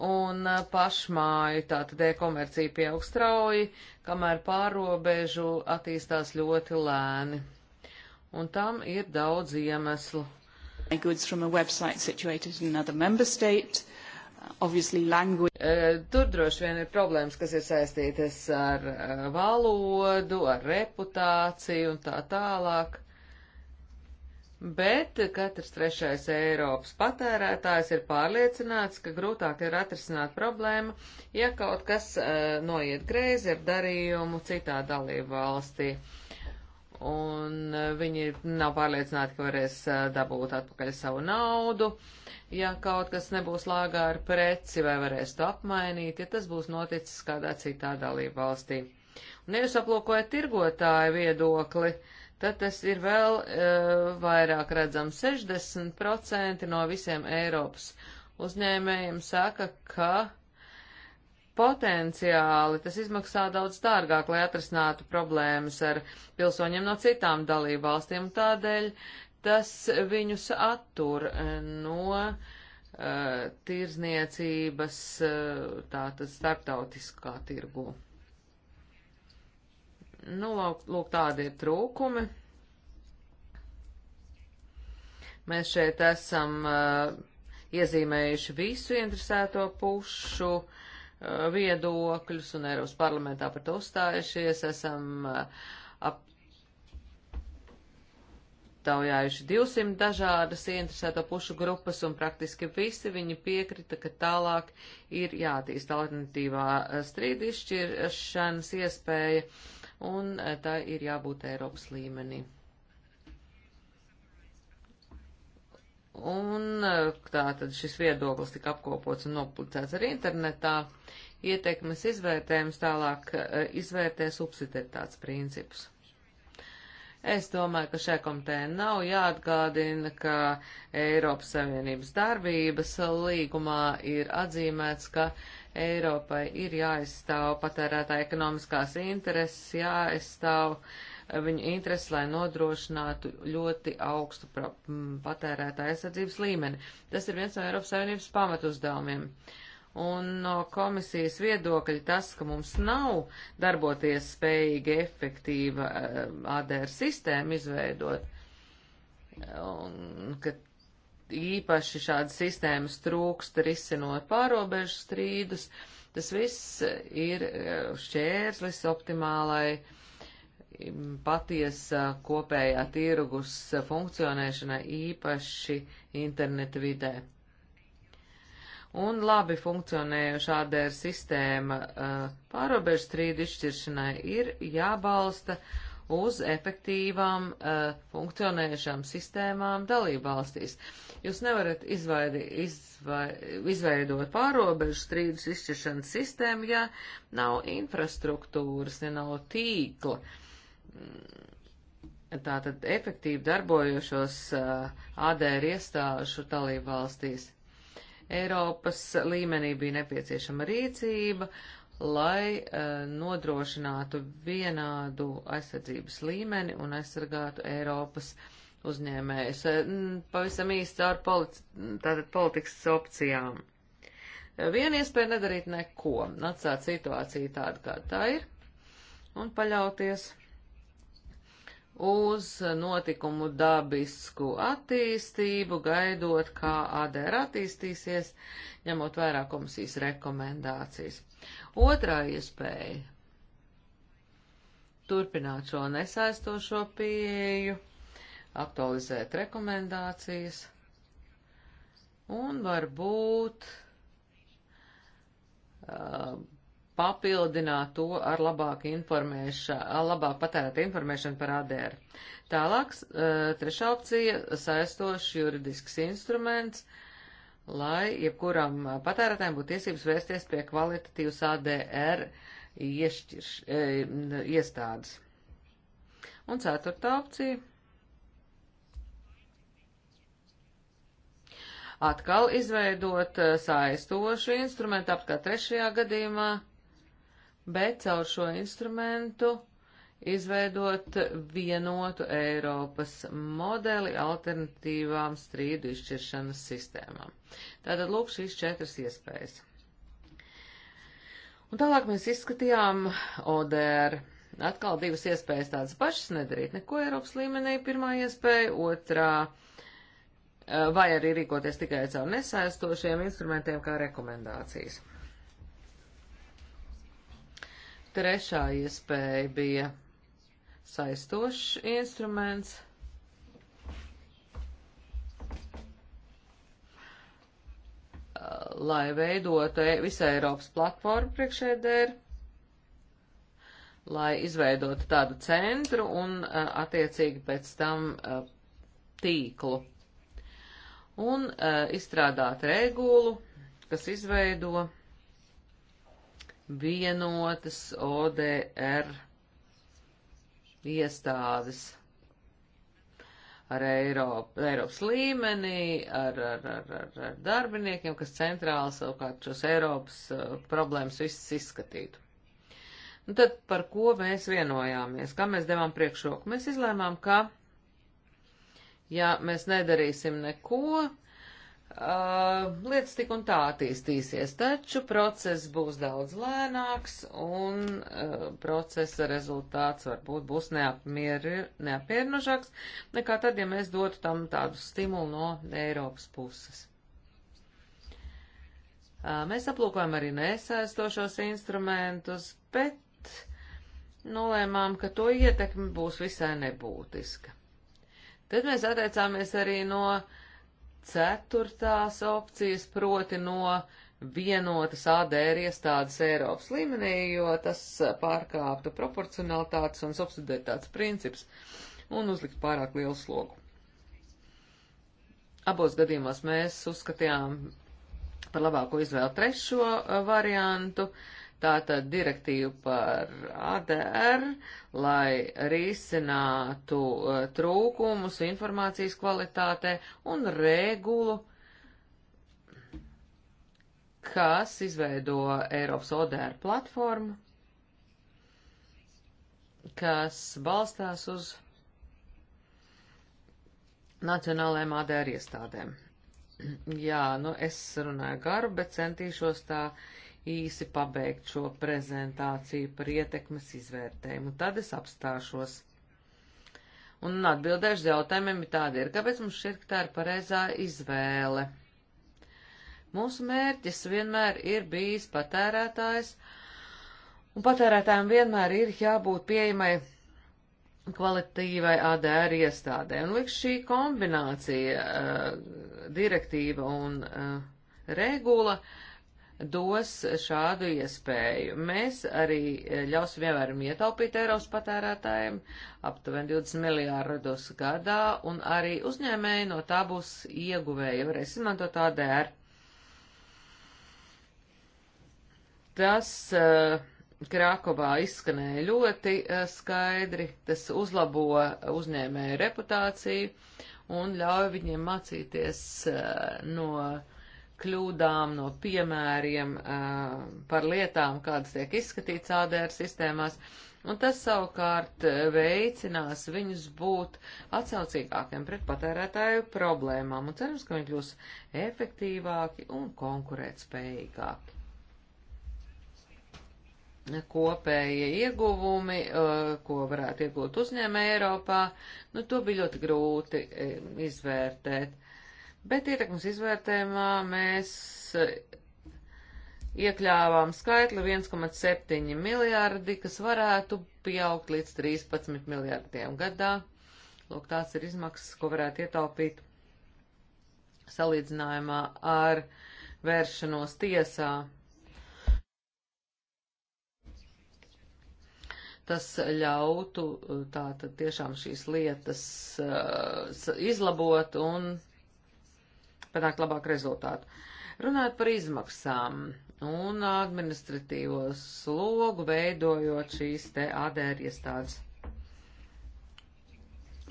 un uh, pašmāju, tātad e-komercija pieaug strauji, kamēr pārobežu attīstās ļoti lēni. Un tam ir daudz iemeslu. Goods from a website situated in another member state. Uh, obviously language. Uh, tur droši vien ir problēmas, kas ir saistītas ar valodu, ar reputāciju un tā tālāk bet katrs trešais Eiropas patērētājs ir pārliecināts, ka grūtāk ir atrisināt problēmu, ja kaut kas uh, noiet greizi ar darījumu citā dalību valstī. Un uh, viņi nav pārliecināti, ka varēs uh, dabūt atpakaļ savu naudu, ja kaut kas nebūs lāgā ar preci vai varēs to apmainīt, ja tas būs noticis kādā citā dalību valstī. Un, ja jūs aplūkojat tirgotāju viedokli, uh, tad tas ir vēl uh, vairāk redzams. 60% no visiem Eiropas uzņēmējiem saka, ka potenciāli tas izmaksā daudz dārgāk, lai atrisinātu problēmas ar pilsoņiem no citām dalību valstīm. Tādēļ tas viņus attur eh, no uh, tirzniecības uh, tātad starptautiskā tirgu. Nu, lūk, lūk tādi ir trūkumi. Mēs šeit esam uh, iezīmējuši visu interesēto pušu uh, viedokļus un Eiropas parlamentā par to uzstājušies. Esam uh, aptaujājuši 200 dažādas interesēto pušu grupas un praktiski visi viņi piekrita, ka tālāk ir jātīst alternatīvā uh, strīdišķiršanas iespēja. Uh, un e, tā ir jābūt Eiropas līmenī. Un e, tā tad šis viedoklis tika apkopots un nopublicēts arī internetā. Ietekmes izvērtējums tālāk e, izvērtē subsidiaritātes principus. Es domāju, ka šai komitejai nav jāatgādina, ka Eiropas Savienības darbības līgumā ir atzīmēts, ka Eiropai ir jāizstāv patērētāja ekonomiskās intereses, jāizstāv viņu intereses, lai nodrošinātu ļoti augstu patērētāja aizsardzības līmeni. Tas ir viens no Eiropas Savienības pamatuzdevumiem. Uh, Un no komisijas viedokļa tas, ka mums nav darboties spējīga, efektīva eh, ADR sistēma izveidot, un ka īpaši šādas sistēmas trūkst risinot pārobežu strīdus, tas viss ir eh, šķērslis optimālai patiesa kopējā tirgus eh, funkcionēšanai īpaši interneta vidē un labi funkcionējoša ADR sistēma eh, pārobežu strīdu izšķiršanai ir jābalsta uz efektīvām eh, funkcionējušām sistēmām dalībvalstīs. Jūs nevarat izvaidi, izvai, izveidot pārobežu strīdus izšķiršanas sistēmu, ja nav infrastruktūras, ja nav tīkla mm, tātad efektīvi darbojošos eh, ADR iestāžu dalībvalstīs. Eiropas līmenī bija nepieciešama rīcība, lai uh, nodrošinātu vienādu aizsardzības līmeni un aizsargātu Eiropas uzņēmējus. Eh, pavisam īsti caur politi politikas opcijām. Eh, viena iespēja nedarīt neko, atstāt situāciju tādu, kāda tā ir, un paļauties uz notikumu dabisku attīstību, gaidot, kā ADR attīstīsies, ņemot vērā komisijas rekomendācijas. Otrā iespēja - turpināt šo nesaistošo pieeju, aktualizēt rekomendācijas un varbūt uh, papildināt to ar labāku informēšanu, labāk patērēt informēšanu par ADR. Tālāk, e, trešā opcija - saistošs juridisks instruments, lai jebkuram patērētājiem būtu tiesības vērsties pie kvalitatīvas ADR iešķirš, e, iestādes. Un ceturtā opcija. Atkal izveidot e, saistošu instrumentu, apkārt trešajā gadījumā bet caur šo instrumentu izveidot vienotu Eiropas modeli alternatīvām strīdu izšķiršanas sistēmām. Tātad lūk šīs četras iespējas. Un tālāk mēs izskatījām ODR. Atkal divas iespējas tādas pašas nedarīt neko Eiropas līmenī. Pirmā iespēja, otrā, eh, vai arī rīkoties tikai caur nesaistošiem instrumentiem kā rekomendācijas. Trešā iespēja bija saistošs instruments. lai veidotu e- visu Eiropas platformu priekšēdēru, lai izveidotu tādu centru un attiecīgi pēc tam tīklu. Un izstrādāt regulu, kas izveido vienotas ODR iestādes ar Eiropu, Eiropas līmenī, ar, ar, ar, ar, ar darbiniekiem, kas centrāli savukārt šos Eiropas uh, problēmas visas izskatītu. Un tad par ko mēs vienojāmies, kā mēs devām priekšroku? Mēs izlēmām, ka, ja mēs nedarīsim neko, Uh, lietas tik un tā attīstīsies, taču process būs daudz lēnāks un uh, procesa rezultāts varbūt būs neapmierinošāks nekā tad, ja mēs dotu tam tādu stimulu no Eiropas puses. Uh, mēs aplūkojam arī nesaistošos instrumentus, bet nolēmām, ka to ietekme būs visai nebūtiska. Tad mēs atteicāmies arī no uh, ceturtās opcijas, proti no vienotas ADR iestādes Eiropas līmenī, jo tas pārkāptu proporcionalitātes un subsidētātes princips un uzlikt pārāk lielu slogu. Abos gadījumos mēs uzskatījām par labāko izvēlu trešo eh, variantu. Uh, tātad direktīvu par ADR, lai risinātu uh, trūkumus informācijas kvalitātē un regulu, kas izveido Eiropas ODR platformu, kas balstās uz nacionālajām ADR iestādēm. Jā, nu es runāju garu, bet centīšos tā uh, īsi pabeigt šo prezentāciju par ietekmes izvērtējumu, tad es apstāšos. Un atbildēšu jautājumiem ir tādi ir, kāpēc mums šķiet, ka tā ir pareizā izvēle. Mūsu mērķis vienmēr ir bijis patērētājs, un patērētājiem vienmēr ir jābūt pieejamai kvalitīvai ADR iestādē. Un liks šī kombinācija, uh, direktīva un uh, regula, uh, dos šādu iespēju. Mēs arī eh, ļausim ievēram ietaupīt Eiropas patērētājiem aptuveni 20 miljārdus gadā, un arī uzņēmēji no tā būs ieguvēji, varēs izmantot ADR. Tas uh, eh, Krākovā izskanēja ļoti uh, skaidri, tas uzlabo uzņēmēju reputāciju un ļauj viņiem mācīties uh, no kļūdām, no piemēriem par lietām, kādas tiek izskatīts ADR sistēmās, un tas savukārt veicinās viņus būt atsaucīgākiem pret patērētāju problēmām, un cerams, ka viņi kļūs efektīvāki un konkurētspējīgāki. Kopējie ieguvumi, ko varētu iegūt uzņēmē Eiropā, nu to bija ļoti grūti izvērtēt bet ietekmes izvērtējumā mēs eh, iekļāvām skaitli 1,7 miljārdi, kas varētu pieaugt līdz 13 miljārdiem gadā. Lūk, tāds ir izmaksas, ko varētu ietaupīt salīdzinājumā ar vēršanos tiesā. Tas ļautu eh, tātad tiešām šīs lietas uh, izlabot un panākt labāku rezultātu. Runājot par izmaksām un administratīvo slogu, veidojot šīs te ADR iestādes.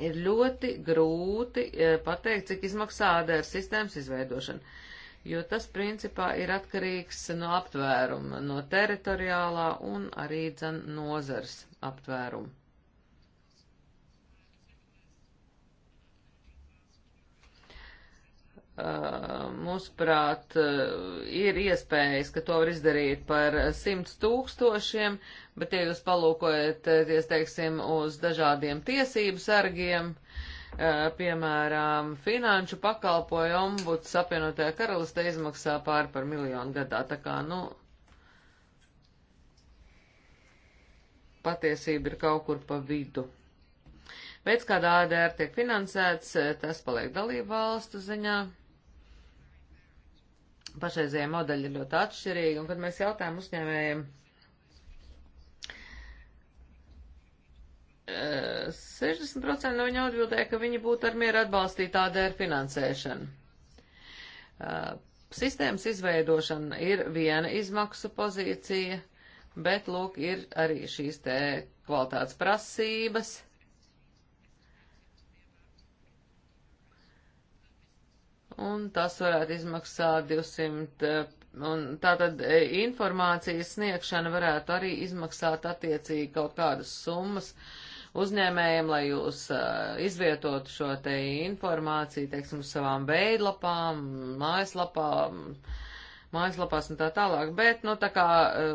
Ir ļoti grūti e, pateikt, cik izmaksā ADR sistēmas izveidošana, jo tas principā ir atkarīgs no aptvēruma, no teritoriālā un arī dzen nozars aptvēruma. Uh, mūsuprāt, uh, ir iespējas, ka to var izdarīt par simts tūkstošiem, bet, ja jūs palūkojaties, teiksim, uz dažādiem tiesību sargiem, uh, piemēram, finanšu pakalpoju ombuds apvienotajā karalistē izmaksā pār par miljonu gadā, tā kā, nu, patiesība ir kaut kur pa vidu. Veids, kādā ADR tiek finansēts, tas paliek dalību valstu ziņā pašreizie modeļi ir ļoti atšķirīgi, un kad mēs jautājam uzņēmējiem, uh, eh, 60% no viņu atbildēja, ka viņi būtu ar mieru atbalstīt ADR finansēšanu. Uh, sistēmas izveidošana ir viena izmaksu pozīcija, bet, lūk, ir arī šīs te kvalitātes prasības – un tas varētu izmaksāt 200, eh, un tātad eh, informācijas sniegšana varētu arī izmaksāt attiecīgi kaut kādas summas uzņēmējiem, lai jūs eh, izvietotu šo te informāciju, teiksim, uz savām veidlapām, mājaslapām, mājaslapās un tā tālāk, bet, nu, tā kā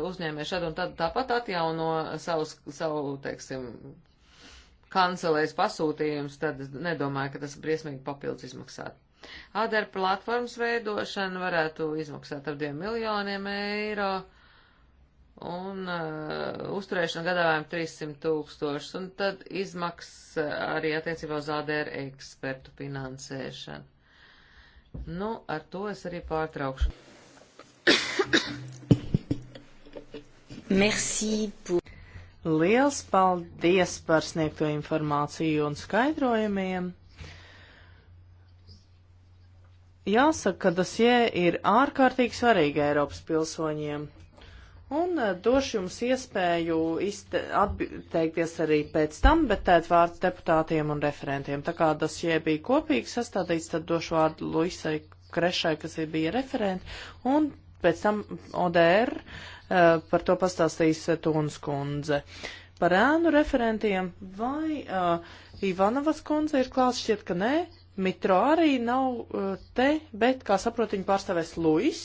uzņēmēji šad un tad tāpat atjauno savus, savu, teiksim, kancelēs pasūtījums, tad nedomāju, ka tas briesmīgi papildus izmaksātu. Adara platformas veidošana varētu izmaksāt ap 2 miljoniem eiro un uh, uzturēšana gadāvājam 300 tūkstošus, un tad izmaksas uh, arī attiecībā uz ADR ekspertu finansēšanu. Nu, ar to es arī pārtraukšu. Merci pour... Liels paldies par sniegto informāciju un skaidrojumiem. Jāsaka, ka dosie ir ārkārtīgi svarīgi Eiropas pilsoņiem. Un eh, došu jums iespēju atteikties arī pēc tam, bet tēt vārds deputātiem un referentiem. Tā kā dosie bija kopīgi sastādīts, tad došu vārdu Luisai Krešai, kas bija referenti, un pēc tam ODR eh, par to pastāstīs eh, Tūnas kundze. Par ēnu referentiem vai uh, Ivanovas kundze ir klāts, šķiet, ka nē, Mitro arī nav eh, te, bet, kā saprotu, viņu pārstāvēs Luis.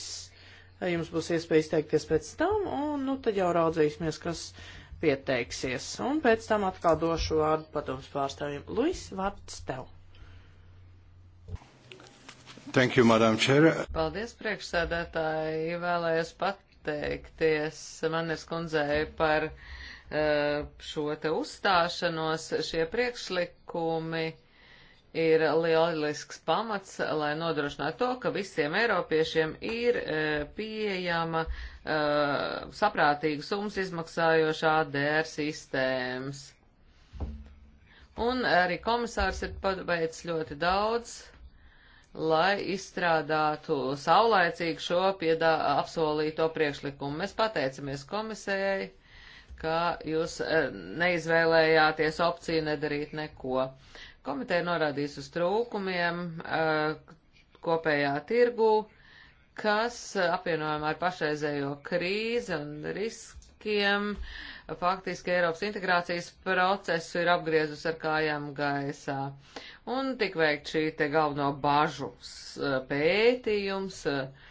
Eh, jums būs iespēja izteikties pēc tam, un nu tad jau raudzīsimies, kas pieteiksies. Un pēc tam atkal došu vārdu padomus pārstāvjiem. Luis, vārds tev. Thank you, Madam Chair. Paldies, priekšsēdētāji. Vēlējos pateikties Manis kundzei par uh, šo te uzstāšanos. Šie priekšlikumi ir lielisks pamats, lai nodrošinātu to, ka visiem eiropiešiem ir e, pieejama e, saprātīga summas izmaksājošā DR sistēmas. Un arī komisārs ir paveicis ļoti daudz, lai izstrādātu saulēcīgu šo piedā apsolīto priekšlikumu. Mēs pateicamies komisējai, ka jūs e, neizvēlējāties opciju nedarīt neko. Uh, Komiteja norādīs uz trūkumiem eh, kopējā tirgū, kas apvienojumā ar pašreizējo krīzi un riskiem faktiski Eiropas integrācijas procesu ir apgriezus ar kājām gaisā. Un tik veikt šī te galveno bažu eh, pētījums. Uh,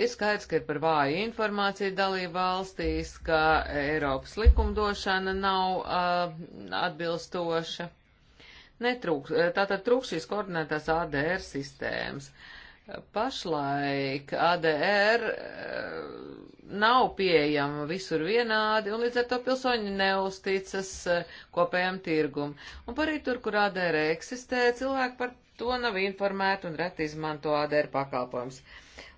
Ir skaidrs, ka ir par vāju informāciju dalību valstīs, ka Eiropas likumdošana nav uh, atbilstoša. Netrūks, eh, tātad trūks šīs koordinētās ADR sistēmas. Pašlaik ADR uh, eh, nav pieejama visur vienādi, un līdz ar to pilsoņi neusticas eh, kopējam tirgum. Un arī tur, kur ADR eksistē, cilvēki par to nav informēti un reti izmanto ADR pakalpojums.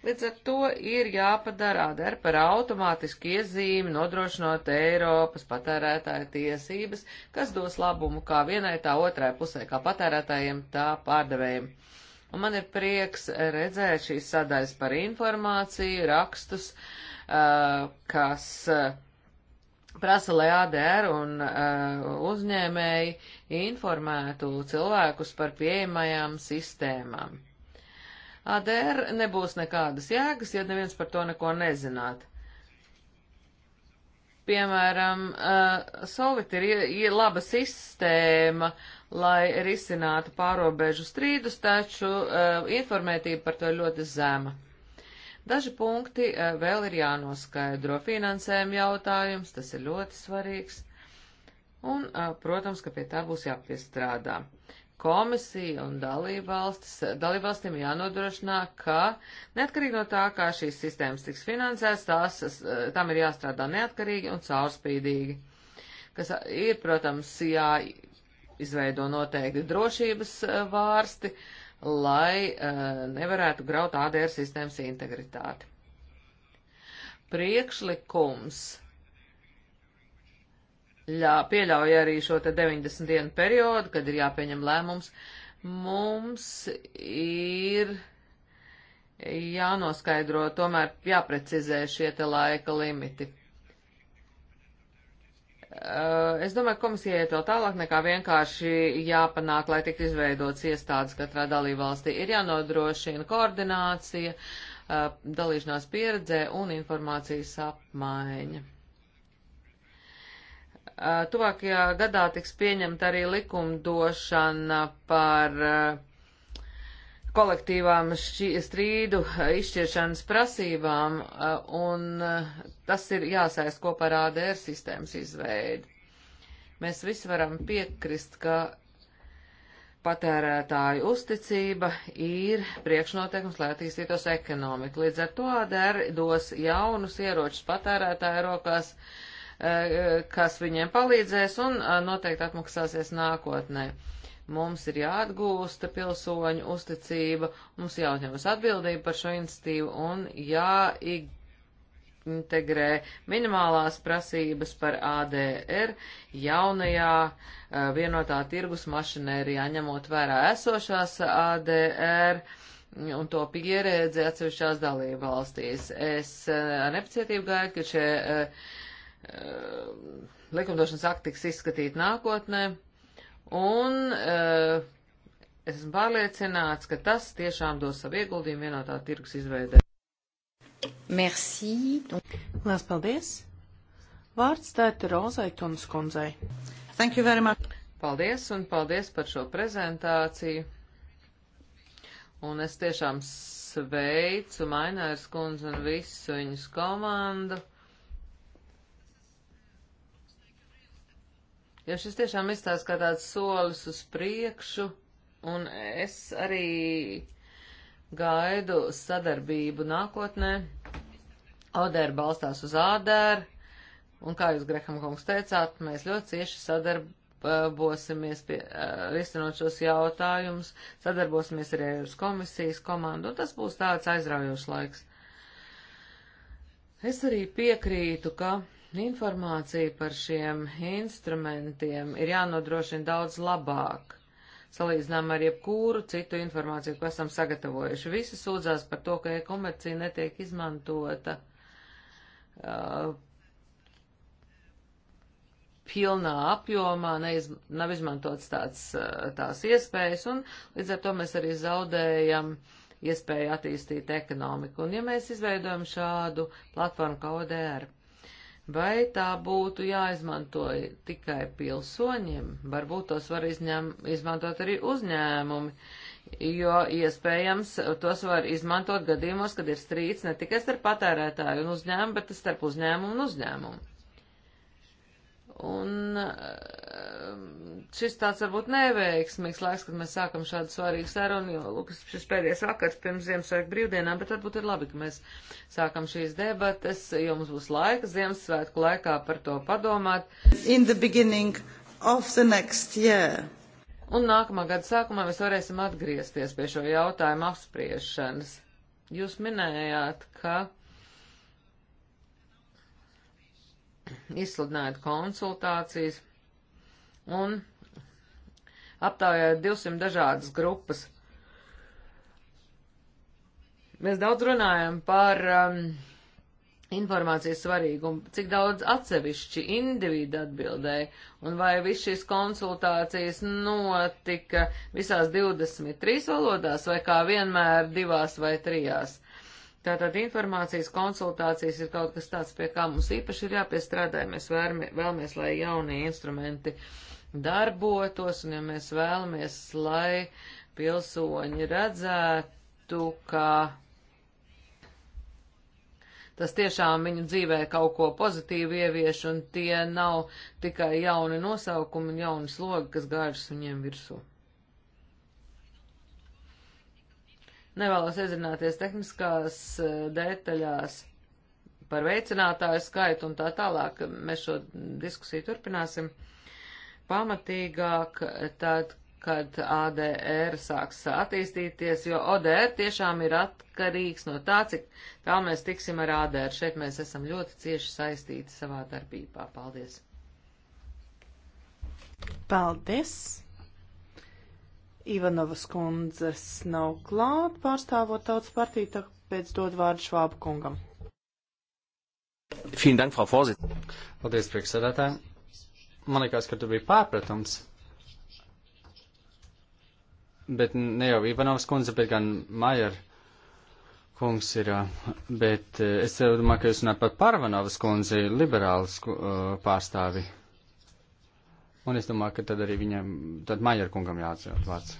Līdz ar to ir jāpadara ADR par automātisku iezīmi, nodrošinot Eiropas patērētāju tiesības, kas dos labumu kā vienai tā otrai pusē, kā patērētājiem, tā pārdevējiem. Un man ir prieks redzēt šīs sadaļas par informāciju, rakstus, eh, kas eh, prasa, lai ADR un uh, uzņēmēji informētu cilvēkus par pieejamajām sistēmām. ADR nebūs nekādas jēgas, ja neviens par to neko nezināt. Piemēram, uh, Solvit ir, ir laba sistēma, lai risinātu pārobežu strīdus, taču uh, informētība par to ir ļoti zema. Daži punkti uh, vēl ir jānoskaidro. Finansējuma jautājums, tas ir ļoti svarīgs. Un, uh, protams, ka pie tā būs jāpiestrādā komisija un dalībvalstīm jānodrošinā, ka neatkarīgi no tā, kā šīs sistēmas tiks finansētas, tās, tam ir jāstrādā neatkarīgi un caurspīdīgi, kas ir, protams, jāizveido noteikti drošības eh, vārsti, lai eh, nevarētu graut ADR sistēmas integritāti. Priekšlikums ļā, pieļauj arī šo te 90 dienu periodu, kad ir jāpieņem lēmums. Mums ir jānoskaidro, tomēr jāprecizē šie te laika limiti. Uh, es domāju, komisija iet vēl tālāk nekā vienkārši jāpanāk, lai tiktu izveidots iestādes katrā dalībvalstī. Ir jānodrošina koordinācija, uh, dalīšanās pieredzē un informācijas apmaiņa. Tuvākajā gadā tiks pieņemta arī likumdošana par kolektīvām šķi, strīdu izšķiršanas prasībām, un tas ir jāsaist kopā ar ADR er sistēmas izveidi. Mēs visi varam piekrist, ka patērētāju uzticība ir priekšnoteikums, lai attīstītos ekonomika. Līdz ar to ADR er dos jaunus ieročus patērētāju rokās, uh, Eh, kas viņiem palīdzēs un eh, noteikti atmaksāsies nākotnē. Mums ir jāatgūst pilsoņu uzticība, mums jāuzņemas atbildība par šo institīvu un jāig integrē minimālās prasības par ADR jaunajā eh, vienotā tirgus mašinērijā, ņemot vērā esošās ADR un to pieredzi atsevišķās dalību valstīs. Es ar nepacietību gaidu, ka šie uh, Ehm, likumdošanas akti tiks izskatīti nākotnē, un ehm, esmu pārliecināts, ka tas tiešām dos savu ieguldījumu vienotā tirgus izveidē. Merci. Lielas paldies. Vārds tēta Rozai Tunskundzei. Thank you very much. Paldies un paldies par šo prezentāciju. Un es tiešām sveicu Mainārs kundzi un visu viņas komandu. jo šis tiešām izstāsta kā tāds solis uz priekšu, un es arī gaidu sadarbību nākotnē. Odēra balstās uz ādēru, un kā jūs, Greham kungs, teicāt, mēs ļoti cieši sadarbosimies pie, uh, risinot šos jautājumus, sadarbosimies arī ar komisijas komandu, un tas būs tāds aizraujošs laiks. Es arī piekrītu, ka Informācija par šiem instrumentiem ir jānodrošina daudz labāk, salīdzinām ar jebkuru citu informāciju, ko esam sagatavojuši. Visi sūdzās par to, ka e-komercija netiek izmantota uh, pilnā apjomā neiz, nav izmantots tāds, uh, tās iespējas, un līdz ar to mēs arī zaudējam iespēju attīstīt ekonomiku. Un ja mēs izveidojam šādu platformu kā ODR, Vai tā būtu jāizmanto tikai pilsoņiem? Varbūt tos var izņem, izmantot arī uzņēmumi, jo iespējams tos var izmantot gadījumos, kad ir strīds ne tikai starp patērētāju un uzņēmumu, bet starp uzņēmumu un uzņēmumu. Un šis tāds varbūt neveiksmīgs laiks, kad mēs sākam šādu svarīgu sarunu, jo Lukas šis pēdējais vakars pirms Ziemassvētku brīvdienām, bet varbūt ir labi, ka mēs sākam šīs debates, jo mums būs laika Ziemassvētku laikā par to padomāt. In the beginning of the next year. Un nākamā gada sākumā mēs varēsim atgriezties pie šo jautājumu apspriešanas. Jūs minējāt, ka. izsludināt konsultācijas un aptaujājot 200 dažādas grupas. Mēs daudz runājam par um, informācijas svarīgumu, cik daudz atsevišķi individu atbildēja, un vai viss šīs konsultācijas notika visās 23 valodās, vai kā vienmēr divās vai trijās. Tātad informācijas konsultācijas ir kaut kas tāds, pie kā mums īpaši ir jāpiestrādā, ja mēs vēlamies, lai jaunie instrumenti uh, darbotos, un ja mēs vēlamies, lai pilsoņi redzētu, ka tas tiešām viņu dzīvē kaut ko pozitīvu ievieš, un tie nav tikai jauni nosaukumi un jauni slogi, kas gāžas viņiem virsū. Nevēlos iezināties tehniskās eh, detaļās par veicinātāju skaitu un tā tālāk. Mēs šo diskusiju turpināsim pamatīgāk tad, kad ADR sāks attīstīties, jo ODR tiešām ir atkarīgs no tā, cik tā mēs tiksim ar ADR. Šeit mēs esam ļoti cieši saistīti savā darbībā. Paldies! Paldies! Ivanovas kundzes nav klāt pārstāvot tautas partiju, tāpēc dod vārdu Švābu kungam. Vielen Dank, Frau Vorsitzende. Paldies, priekšsēdētāji man liekas, ka tur bija pārpratums. Bet ne jau Ivanovs kundze, bet gan Majer kungs ir. Bet es domāju, ka jūs runājat par Parvanovas kundzi, liberālas pārstāvi. Un es domāju, ka tad arī viņam, tad Majer kungam jāatzīst vārds.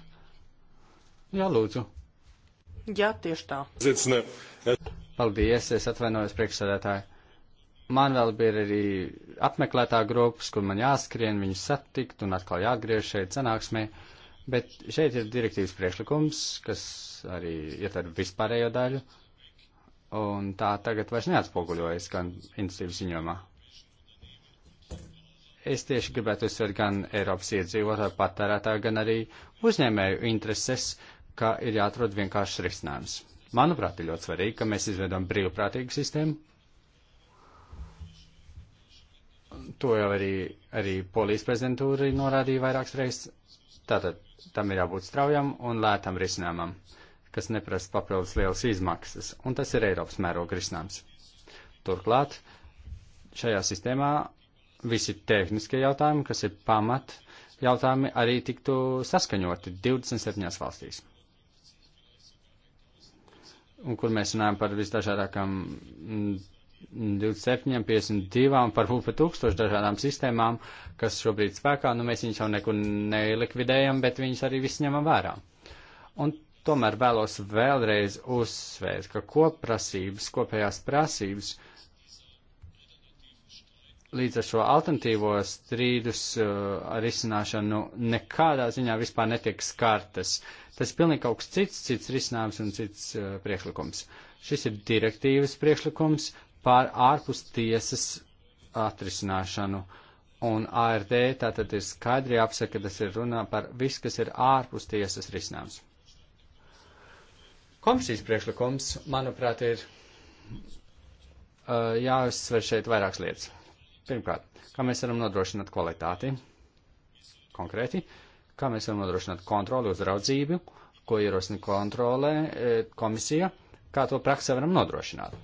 Jā, lūdzu. Jā, tieši tā. Paldies, es atvainojos priekšsēdētāju man vēl bija arī apmeklētā grupas, kur man jāskrien, viņus satikt un atkal jāatgriež šeit sanāksmē. Bet šeit ir direktīvas priekšlikums, kas arī ietver vispārējo daļu, un tā tagad vairs neatspoguļojas gan institīvas ziņojumā. Es tieši gribētu uzsvērt gan Eiropas iedzīvotāju patērētāju, gan arī uzņēmēju intereses, ka ir jāatrod vienkāršs risinājums. Manuprāt, ir ļoti svarīgi, ka mēs izveidām brīvprātīgu sistēmu, to jau arī, arī polijas prezidentūra norādīja vairākas reizes. Tātad tam ir jābūt straujam un lētam risinājumam, kas neprasa papildus lielas izmaksas, un tas ir Eiropas mēroga risinājums. Turklāt šajā sistēmā visi tehniskie jautājumi, kas ir pamat jautājumi, arī tiktu saskaņoti 27 valstīs. Un kur mēs runājam par visdažādākam 27, 52 par hupa tūkstošu dažādām sistēmām, kas šobrīd spēkā, nu mēs viņus jau nekur nelikvidējam, bet viņus arī viss ņemam vērā. Un tomēr vēlos vēlreiz uzsvērt, ka koprasības, kopējās prasības līdz ar šo alternatīvo strīdus uh, risināšanu nu, nekādā ziņā vispār netiek skartas. Tas ir pilnīgi kaut kas cits, cits risinājums un cits uh, priekšlikums. Šis ir direktīvas priekšlikums, pār ārpus tiesas atrisināšanu. Un ARD tātad ir skaidri apsaka, ka tas ir runā par viss, kas ir ārpus tiesas risinājums. Komisijas priekšlikums, manuprāt, ir uh, jāuzsver šeit vairākas lietas. Pirmkārt, kā mēs varam nodrošināt kvalitāti konkrēti, kā mēs varam nodrošināt kontroli uzraudzību, ko ierosina kontrolē eh, komisija, kā to praksē varam nodrošināt.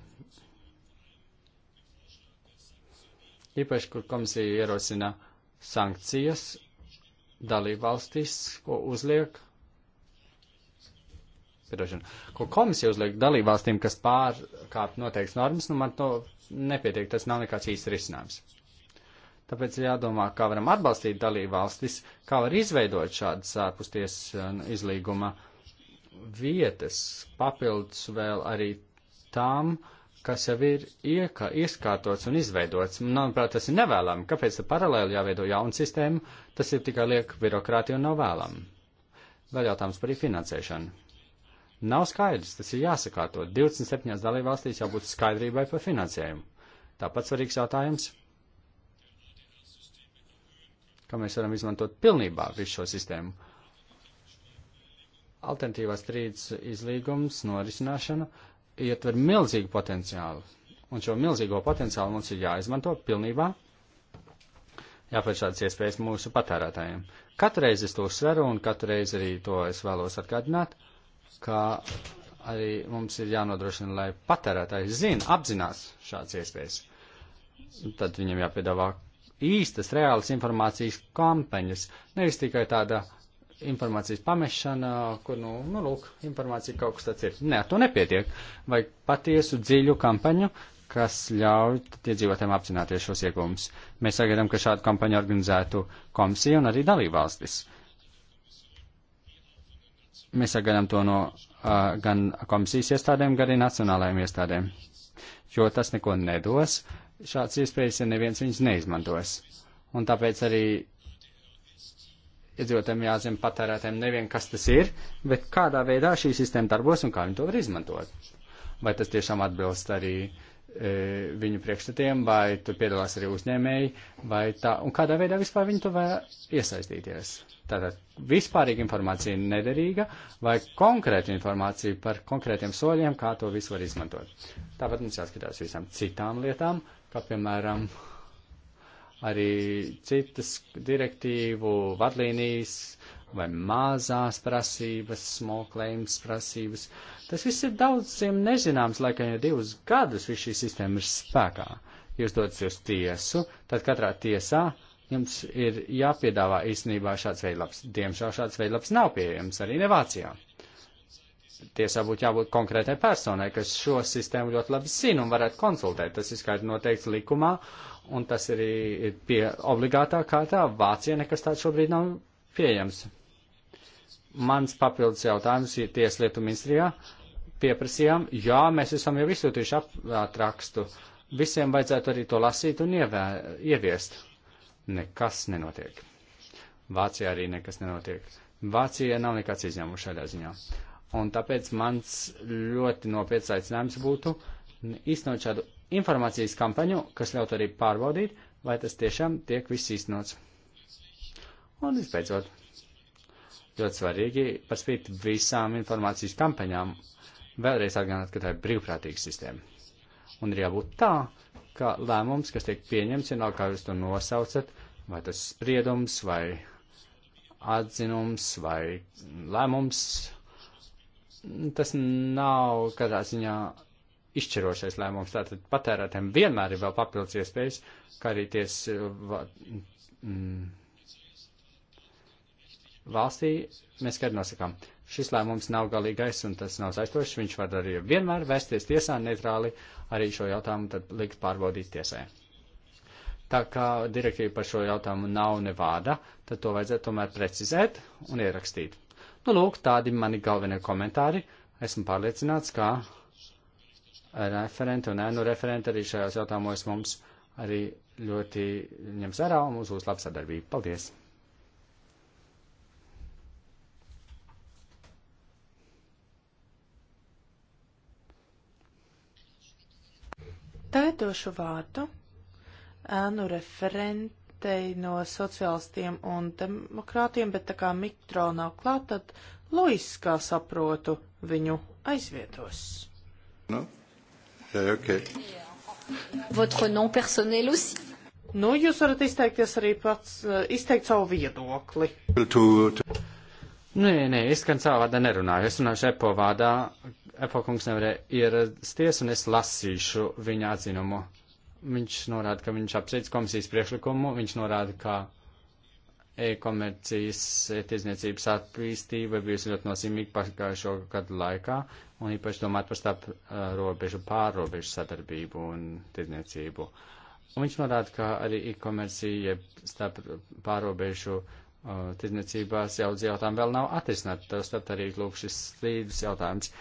īpaši, kur komisija ierosina sankcijas dalībvalstīs, ko uzliek, pirošana, ko komisija uzliek dalībvalstīm, kas pārkāp noteikts normas, nu man to nepietiek, tas nav nekāds īsts risinājums. Tāpēc jādomā, kā varam atbalstīt dalībvalstis, kā var izveidot šādas ārpusties uh, izlīguma vietas, papildus vēl arī tām, uh, kas jau ir ieka, ieskārtots un izveidots. Manuprāt, tas ir nevēlami. Kāpēc paralēli jāveido jauna sistēma? Tas ir tikai liek birokrātija un nav vēlami. Vēl jautājums par finansēšanu. Nav skaidrs, tas ir jāsakārto. 27. dalībvalstīs jābūt skaidrībai par finansējumu. Tāpat svarīgs jautājums, kā mēs varam izmantot pilnībā visu šo sistēmu. Alternatīvās strīdus izlīgums, norisināšana. Uh, ietver milzīgu potenciālu, un šo milzīgo potenciālu mums ir jāizmanto pilnībā, jāpēc šādas iespējas mūsu patērētājiem. Katru reizi es to uzsveru, un katru reizi arī to es vēlos atgādināt, ka arī mums ir jānodrošina, lai patērētājs zina, apzinās šādas iespējas. Tad viņam jāpiedāvā īstas, reālas informācijas kampaņas, nevis tikai tāda informācijas pamešana, kur, nu, nu, lūk, informācija kaut kas tāds ir. Nē, ar to nepietiek. Vai patiesu dziļu kampaņu, kas ļauj iedzīvotājiem apzināties šos iegūmus. Mēs sagaidām, ka šādu kampaņu organizētu komisija un arī dalībvalstis. Mēs sagaidām to no uh, gan komisijas iestādēm, gan arī nacionālajiem iestādēm, jo tas neko nedos. Šāds iespējas, ja neviens viņas neizmantos. Un tāpēc arī iedzīvotājiem jāzina patērētājiem nevien, kas tas ir, bet kādā veidā šī sistēma darbos un kā viņi to var izmantot. Vai tas tiešām atbilst arī e, viņu priekšstatiem, vai tur piedalās arī uzņēmēji, vai tā, un kādā veidā vispār viņi to vēl iesaistīties. Tātad vispārīga informācija nederīga, vai konkrēta informācija par konkrētiem soļiem, kā to visu var izmantot. Tāpat mums jāskatās visām citām lietām, kā piemēram. Uh, arī citas direktīvu vadlīnijas vai mazās prasības, small claims prasības. Tas viss ir daudziem nezināms, laikam jau divus gadus viss šī sistēma ir spēkā. Jūs dodaties uz tiesu, tad katrā tiesā jums ir jāpiedāvā īstenībā šāds veidlaps. Diemžēl šāds veidlaps nav pieejams arī ne Vācijā. Tiesā būtu jābūt konkrētai personai, kas šo sistēmu ļoti labi zina un varētu konsultēt. Tas ir skaidri noteikts likumā, uh, un tas arī ir pie obligātā kārtā. Vācija nekas tāds šobrīd nav pieejams. Mans papildus jautājums ir tieslietu ministrijā. Pieprasījām, jā, mēs esam jau izsūtījuši aprakstu. Visiem vajadzētu arī to lasīt un ievē, ieviest. Nekas nenotiek. Vācijā arī nekas nenotiek. Vācija nav nekāds izņēmums šādā ziņā. Un tāpēc mans ļoti nopietns aicinājums būtu īstenot šādu informācijas kampaņu, kas ļaut arī pārbaudīt, vai tas tiešām tiek viss īstenots. Un visbeidzot, ļoti svarīgi par spīti visām informācijas kampaņām vēlreiz atgādināt, ka tā ir brīvprātīga sistēma. Un ir jābūt tā, ka lēmums, kas tiek pieņemts, vienalga, kā jūs to nosaucat, vai tas spriedums, vai atzinums, vai lēmums, tas nav katrā ziņā izšķirošais lēmums. Tātad patērētēm vienmēr ir vēl papildus iespējas, kā arī ties mm, valstī mēs kad nosakām. Šis lēmums nav galīgais un tas nav saistošs, viņš var arī vienmēr vēsties tiesā neitrāli, arī šo jautājumu tad likt pārbaudīt tiesai. Tā kā direktīva par šo jautājumu nav nevāda, tad to vajadzētu tomēr precizēt un ierakstīt. Nu, lūk, tādi mani galvenie komentāri. Esmu pārliecināts, ka referenti un ēnu referenti arī šajos jautājumos mums arī ļoti ņems vērā un mums būs laba sadarbība. Paldies! Tagad došu vārdu ēnu referentei no sociālistiem un demokrātiem, bet tā kā mikro nav klāt, tad Luis, kā saprotu, viņu aizvietos. No? Nu? Eh, okay. Votre nom personnel aussi. Nu, jūs varat izteikties arī pats, eh, izteikt savu viedokli. To, to. Nu, nē, nē, es gan savā vārdā nerunāju. Es runāšu Epo vārdā. Epo kungs nevarēja ierasties, un es lasīšu viņa atzinumu. Viņš norāda, ka viņš apsveic komisijas priekšlikumu, viņš norāda, ka e-komercijas tirzniecības attīstība bijusi ļoti nozīmīga pagājušo gadu laikā, un īpaši domāt par starp robežu pārrobežu sadarbību un tirzniecību. Un viņš norāda, ka arī e-komercija, ja starp pārrobežu uh, tirzniecībās jau jautājumi vēl nav atrisināti, tas tad arī lūk šis strīdus jautājums.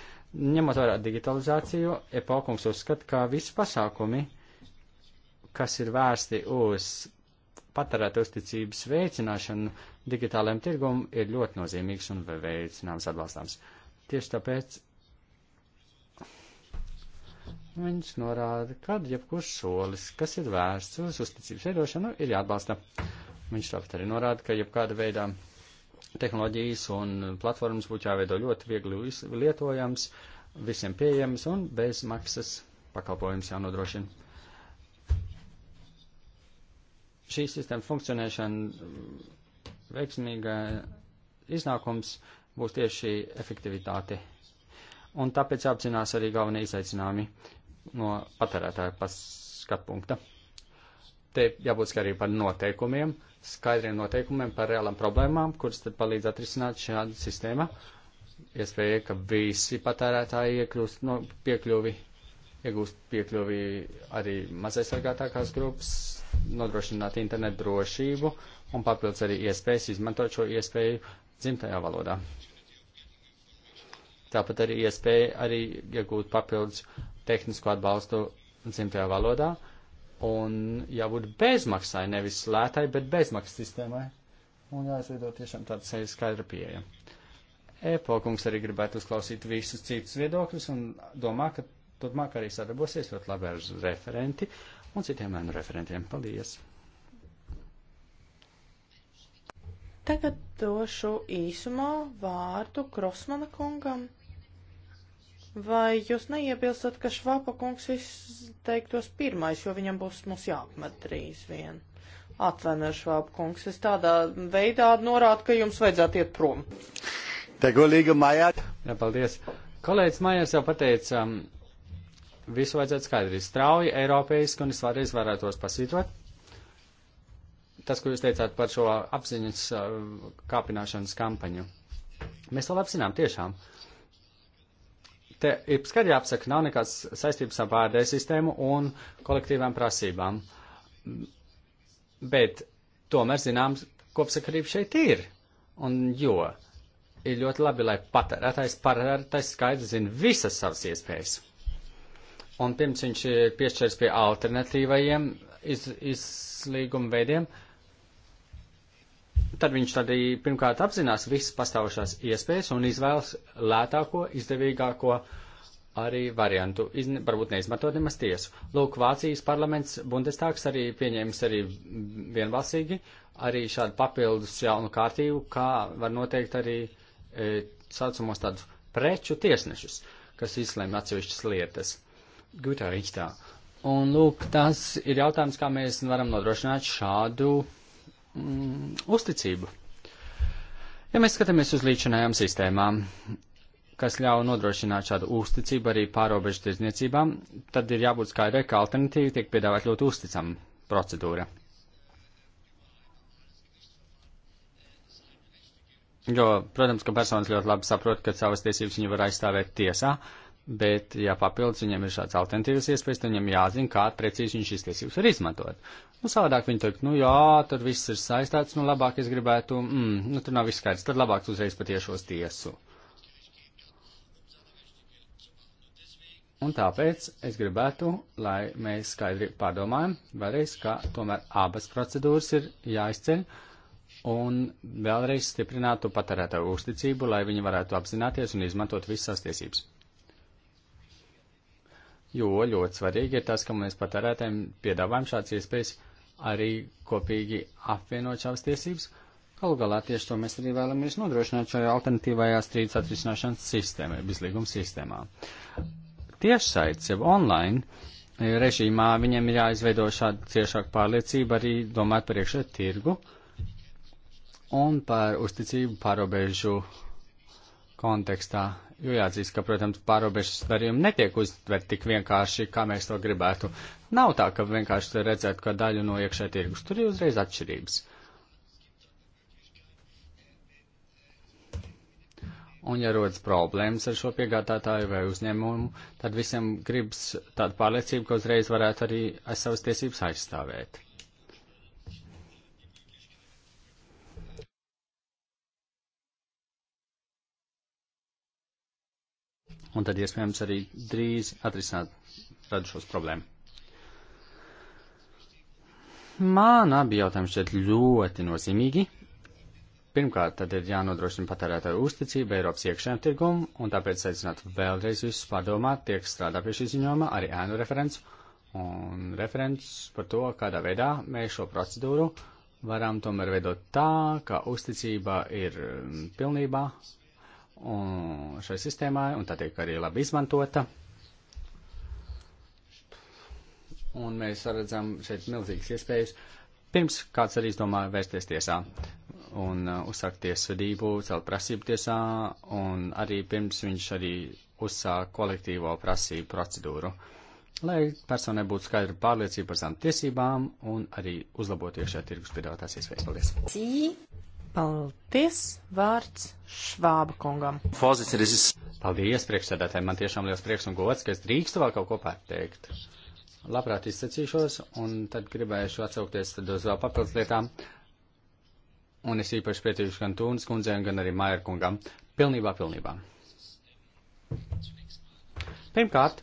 Ņemot vērā digitalizāciju, e-paukums uzskata, ka visi pasākumi, kas ir vērsti uz patērēta uzticības veicināšana digitālajiem tirgumam ir ļoti nozīmīgs un veicināms atbalstāms. Tieši tāpēc viņš norāda, ka jebkurš solis, kas ir vērsts uz uzticības veidošanu, ir jāatbalsta. Viņš tāpat arī norāda, ka jebkāda veidā tehnoloģijas un platformas būtu jāveido ļoti viegli lietojams, visiem pieejams un bez maksas pakalpojums jānodrošina šīs sistēmas funkcionēšana mm, veiksmīga iznākums būs tieši šī efektivitāte. Un tāpēc jāapzinās arī galvenie izaicinājumi no patērētāja skatpunkta. Te jābūt skaidriem par noteikumiem, skaidriem noteikumiem par reālām problēmām, kuras tad palīdz atrisināt šāda sistēma. Iespēja, ka visi patērētāji iekļūst, no, nu, piekļuvi, iegūst piekļuvi arī mazaisargātākās grupas nodrošināt internetu drošību un papildus arī iespējas izmantot šo iespēju dzimtajā valodā. Tāpat arī iespēja arī iegūt papildus tehnisko atbalstu dzimtajā valodā un jābūt bezmaksai, nevis lētai, bet bezmaksas sistēmai. Un jāizveido tiešām tāda sevi skaidra pieeja. Epokungs arī gribētu uzklausīt visus citus viedokļus un domā, ka turpmāk arī sadarbosies ļoti labi ar referenti un citiem ēnu referentiem. Paldies! Tagad došu īsumā vārdu Krosmana kungam. Vai jūs neiebilstat, ka Švapa kungs izteiktos pirmais, jo viņam būs mums jāapmet drīz vien? Atvainojiet, Švapa kungs, es tādā veidā norādu, ka jums vajadzētu iet prom. Te, kolīga Maijā. Jā, paldies. Kolēģis Maijās jau pateica, um, visu vajadzētu skaidri. Strauji, eiropeiski, un es vēlreiz varētu tos pasvītrot. Tas, ko jūs teicāt par šo apziņas eh, kāpināšanas kampaņu. Mēs to labi zinām, tiešām. Te ir skaidri jāapsaka, nav nekāds saistības ar pārdēju sistēmu un kolektīvām prasībām. Bet tomēr zināms kopsakarība šeit ir. Un jo ir ļoti labi, lai patērētājs, patērētājs skaidri zina visas savas iespējas un pirms viņš ir piešķirs pie alternatīvajiem iz, izlīguma veidiem, tad viņš tad pirmkārt apzinās visas pastāvošās iespējas un izvēlas lētāko, izdevīgāko arī variantu, izne, varbūt neizmantot nemaz tiesu. Lūk, Vācijas parlaments Bundestāgs arī pieņēmis arī vienbalsīgi arī šādu papildus jaunu kārtību, kā var noteikt arī e, saucamos tādus preču tiesnešus, kas izslēma atsevišķas lietas. E, gūtā rīķtā. Un, lūk, tas ir jautājums, kā mēs varam nodrošināt šādu mm, uzticību. Ja mēs skatāmies uz līdzinājām sistēmām, kas ļauj nodrošināt šādu uzticību arī pārobežu tirdzniecībām, tad ir jābūt skaidrai, ka alternatīva tiek piedāvāt ļoti uzticama procedūra. Jo, protams, ka personas ļoti labi saprot, ka savas tiesības viņi var aizstāvēt tiesā, uh, Bet, ja papildus viņam ir šāds alternatīvas iespējas, tad viņam jāzina, kā precīzi viņš šīs tiesības var izmantot. Nu, savādāk viņi teikt, nu jā, tur viss ir saistāts, nu labāk es gribētu, mm, nu tur nav viss skaidrs, tad labāk uzreiz patiešos tiesu. Un tāpēc es gribētu, lai mēs skaidri pārdomājam vēlreiz, ka tomēr abas procedūras ir jāizceļ un vēlreiz stiprinātu patērētāju uzticību, lai viņi varētu apzināties un izmantot visas tiesības jo ļoti svarīgi ir tas, ka mēs patērētājiem piedāvājam šāds iespējas arī kopīgi apvienot šādas tiesības. Galu galā tieši to mēs arī vēlamies nodrošināt šajā alternatīvajā strīdus atrisināšanas sistēmā, bezlīguma sistēmā. Tiešsaits jau online e, režīmā viņiem ir jāizveido šāda ciešāka pārliecība arī domāt par iekšē tirgu un par uzticību pārobežu kontekstā Jo jāatzīst, ka, protams, pārobežas darījumi netiek uztvert tik vienkārši, kā mēs to gribētu. Nav tā, ka vienkārši redzētu, ka daļu no iekšē tirgus tur ir uzreiz atšķirības. Un, ja rodas problēmas ar šo piegādātāju vai uzņēmumu, tad visiem gribas tādu pārliecību, ka uzreiz varētu arī aiz savas tiesības aizstāvēt. un tad iespējams arī drīz atrisināt radušos problēmu. Man abi jautājumi šķiet ļoti nozīmīgi. Pirmkārt, tad ir jānodrošina patērētāju uzticība Eiropas iekšējiem tirgumam, un tāpēc aicinātu vēlreiz visus pārdomāt, tiek strādā pie šī ziņojuma arī ēnu referents, un referents par to, kādā veidā mēs šo procedūru varam tomēr veidot tā, ka uzticība ir mm, pilnībā un šai sistēmai, un tā tiek arī labi izmantota. Un mēs redzam šeit milzīgas iespējas. Pirms kāds arī izdomā vērsties tiesā un uh, uzsākt tiesvedību, celt prasību tiesā, un arī pirms viņš arī uzsāk kolektīvo prasību procedūru, lai personai būtu skaidra pārliecība par savām tiesībām un arī uzlaboties šajā tirgus piedāvātās iespējas. Paldies! Paldies! Vārds Švāba kungam. Paldies, priekšsēdētāji. Man tiešām liels prieks un gods, ka es drīkstu vēl kaut ko pateikt. Labprāt izsacīšos, un tad gribēšu atsaukties tad uz vēl papildus lietām. Un es īpaši pietīšu gan Tūnas kundzēm, gan arī Maier kungam. Pilnībā, pilnībā. Pirmkārt,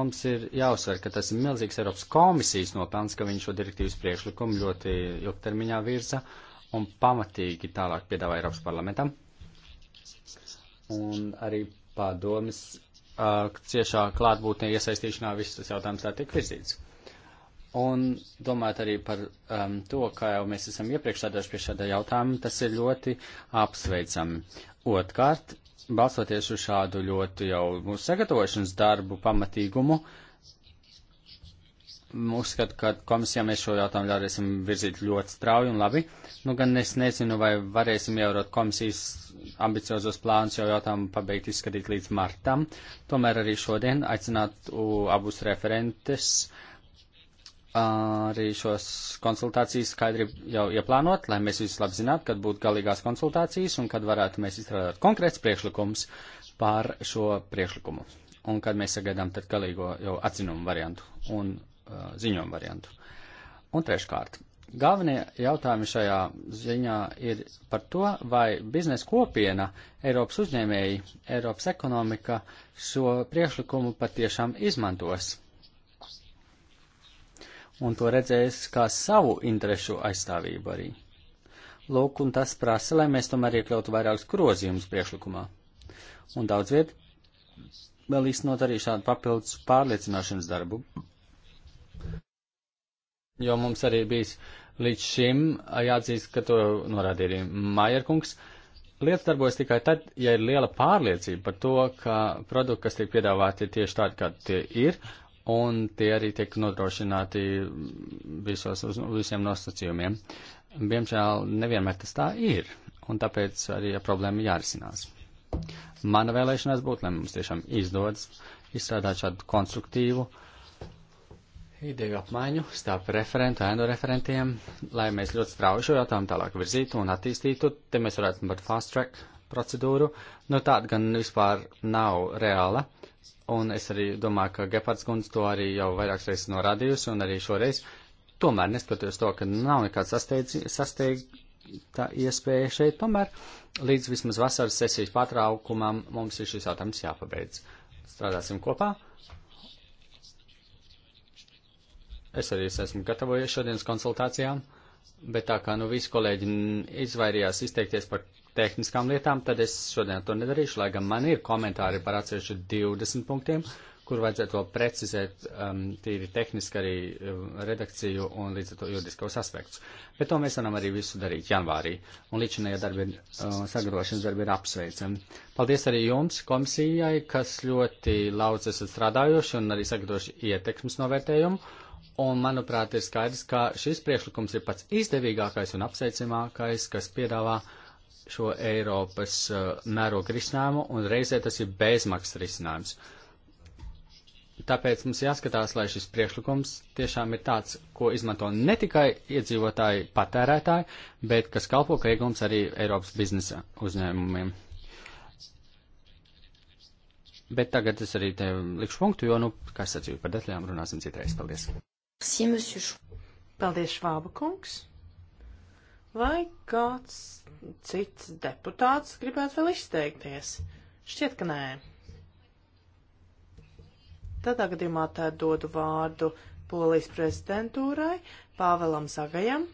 mums ir jāuzsver, ka tas ir milzīgs Eiropas komisijas nopelns, ka viņš šo direktīvas priekšlikumu ļoti ilgtermiņā virza. Uh, un pamatīgi tālāk piedāvā Eiropas parlamentam un arī padomis uh, ciešā klātbūtnē iesaistīšanā viss tas jautājums tā tiek virzīts. Un domājot arī par um, to, kā jau mēs esam iepriekš sēdējuši pie šāda jautājuma, tas ir ļoti apsveicami. Otkārt, balstoties uz šādu ļoti jau mūsu sagatavošanas darbu pamatīgumu, uh, uzskatu, ka komisijā mēs šo jautājumu varēsim virzīt ļoti strauji un labi. Nu, gan es nezinu, vai varēsim ievērot komisijas ambiciozos plānus jau jautājumu pabeigt izskatīt līdz martam. Tomēr arī šodien aicināt abus referentes arī šos konsultācijas skaidri jau ieplānot, lai mēs visi labi zinātu, kad būtu galīgās konsultācijas un kad varētu mēs izstrādāt konkrēts priekšlikums pār šo priekšlikumu un kad mēs sagaidām tad galīgo jau atzinumu variantu un Uh, ziņojumu variantu. Un treškārt, galvenie jautājumi šajā ziņā ir par to, vai biznesa kopiena, Eiropas uzņēmēji, Eiropas ekonomika šo priekšlikumu patiešām izmantos. Un to redzēs kā savu interešu aizstāvību arī. Lūk, un tas prasa, lai mēs tomēr iekļautu vairākus grozījumus priekšlikumā. Un daudz viet vēl iznot arī šādu papildus pārliecināšanas darbu jo mums arī bijis līdz šim jāatzīst, ka to norādīja arī Maierkungs. Lietas darbojas tikai tad, ja ir liela pārliecība par to, ka produkti, kas tiek piedāvāti, ir tieši tādi, kādi tie ir, un tie arī tiek nodrošināti visos, uz visiem nosacījumiem. Diemžēl nevienmēr tas tā ir, un tāpēc arī problēma jārisinās. Mana vēlēšanās būtu, lai mums tiešām izdodas izstrādāt šādu konstruktīvu uh, ideju apmaiņu starp referentu, ēnu referentiem, lai mēs ļoti strauji šo jautājumu tālāk virzītu un attīstītu. Te mēs varētu par fast track procedūru. Nu, tāda gan vispār nav reāla. Un es arī domāju, ka Gepards kundze to arī jau vairākas reizes norādījusi un arī šoreiz. Tomēr, neskatoties to, ka nav nekāds sasteigta iespēja šeit, tomēr līdz vismaz vasaras sesijas pārtraukumam mums ir šis jautājums jāpabeidz. Strādāsim kopā. Es arī esmu gatavojies šodienas konsultācijām, bet tā kā nu visi kolēģi izvairījās izteikties par tehniskām lietām, tad es šodien to nedarīšu, lai gan man ir komentāri par atsevišķu 20 punktiem, kur vajadzētu vēl precizēt um, tīri tehniski arī um, redakciju un līdz ar to juridiskos aspektus. Bet to mēs varam arī visu darīt janvārī. Un līdzinējā darba ir, uh, sagrošanas darba ir apsveicami. Paldies arī jums, komisijai, kas ļoti lauz esat strādājuši un arī sagatavojuši ietekmes novērtējumu. Un, manuprāt, ir skaidrs, ka šis priekšlikums ir pats izdevīgākais un apsveicamākais, kas piedāvā šo Eiropas uh, mēroga risinājumu, un reizē tas ir bezmaksas risinājums. Tāpēc mums jāskatās, lai šis priekšlikums tiešām ir tāds, ko izmanto ne tikai iedzīvotāji, patērētāji, bet kas kalpo kā iegums arī Eiropas biznesa uzņēmumiem. Bet tagad es arī te likšu punktu, jo, nu, kā es sacīju, par detaļām runāsim citreiz. Paldies! Paldies, Švāba kungs. Vai kāds cits deputāts gribētu vēl izteikties? Šķiet, ka nē. Tādā gadījumā tā dodu vārdu Polijas prezidentūrai, Pāvelam Zagajam.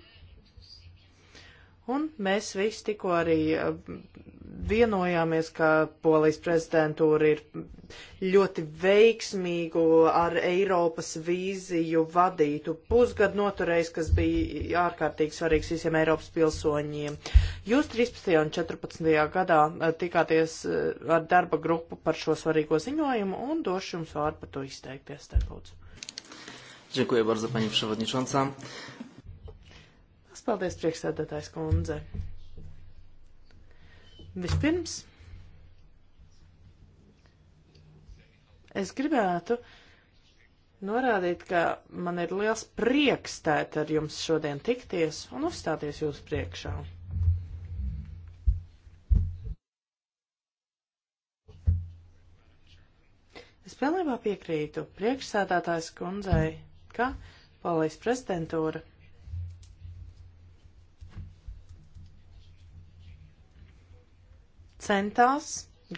Un mēs visi tikko arī vienojāmies, ka Polijas prezidentūra ir ļoti veiksmīgu ar Eiropas vīziju vadītu pusgadu noturējis, kas bija ārkārtīgi svarīgs visiem Eiropas pilsoņiem. Jūs 13. un 14. gadā eh, tikāties eh, ar darba grupu par šo svarīgo ziņojumu un došu jums vārdu par to izteikties. Dziękuję bardzo, pani przewodnicząca. Paldies, priekšsēdētājs kundze. Vispirms es gribētu norādīt, ka man ir liels prieks tēt ar jums šodien tikties un uzstāties jūs priekšā. Es pilnībā piekrītu priekšsēdētājs kundzei, ka Polijas prezidentūra centās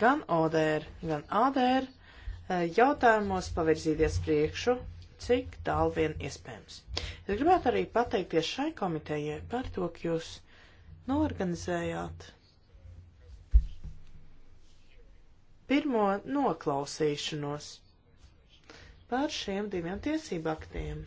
gan ODR, gan ADR eh, jautājumos pavirzīties priekšu, cik tālu vien iespējams. Es gribētu arī pateikties šai komitejai par to, ka jūs norganizējāt pirmo noklausīšanos par šiem diviem tiesību aktiem.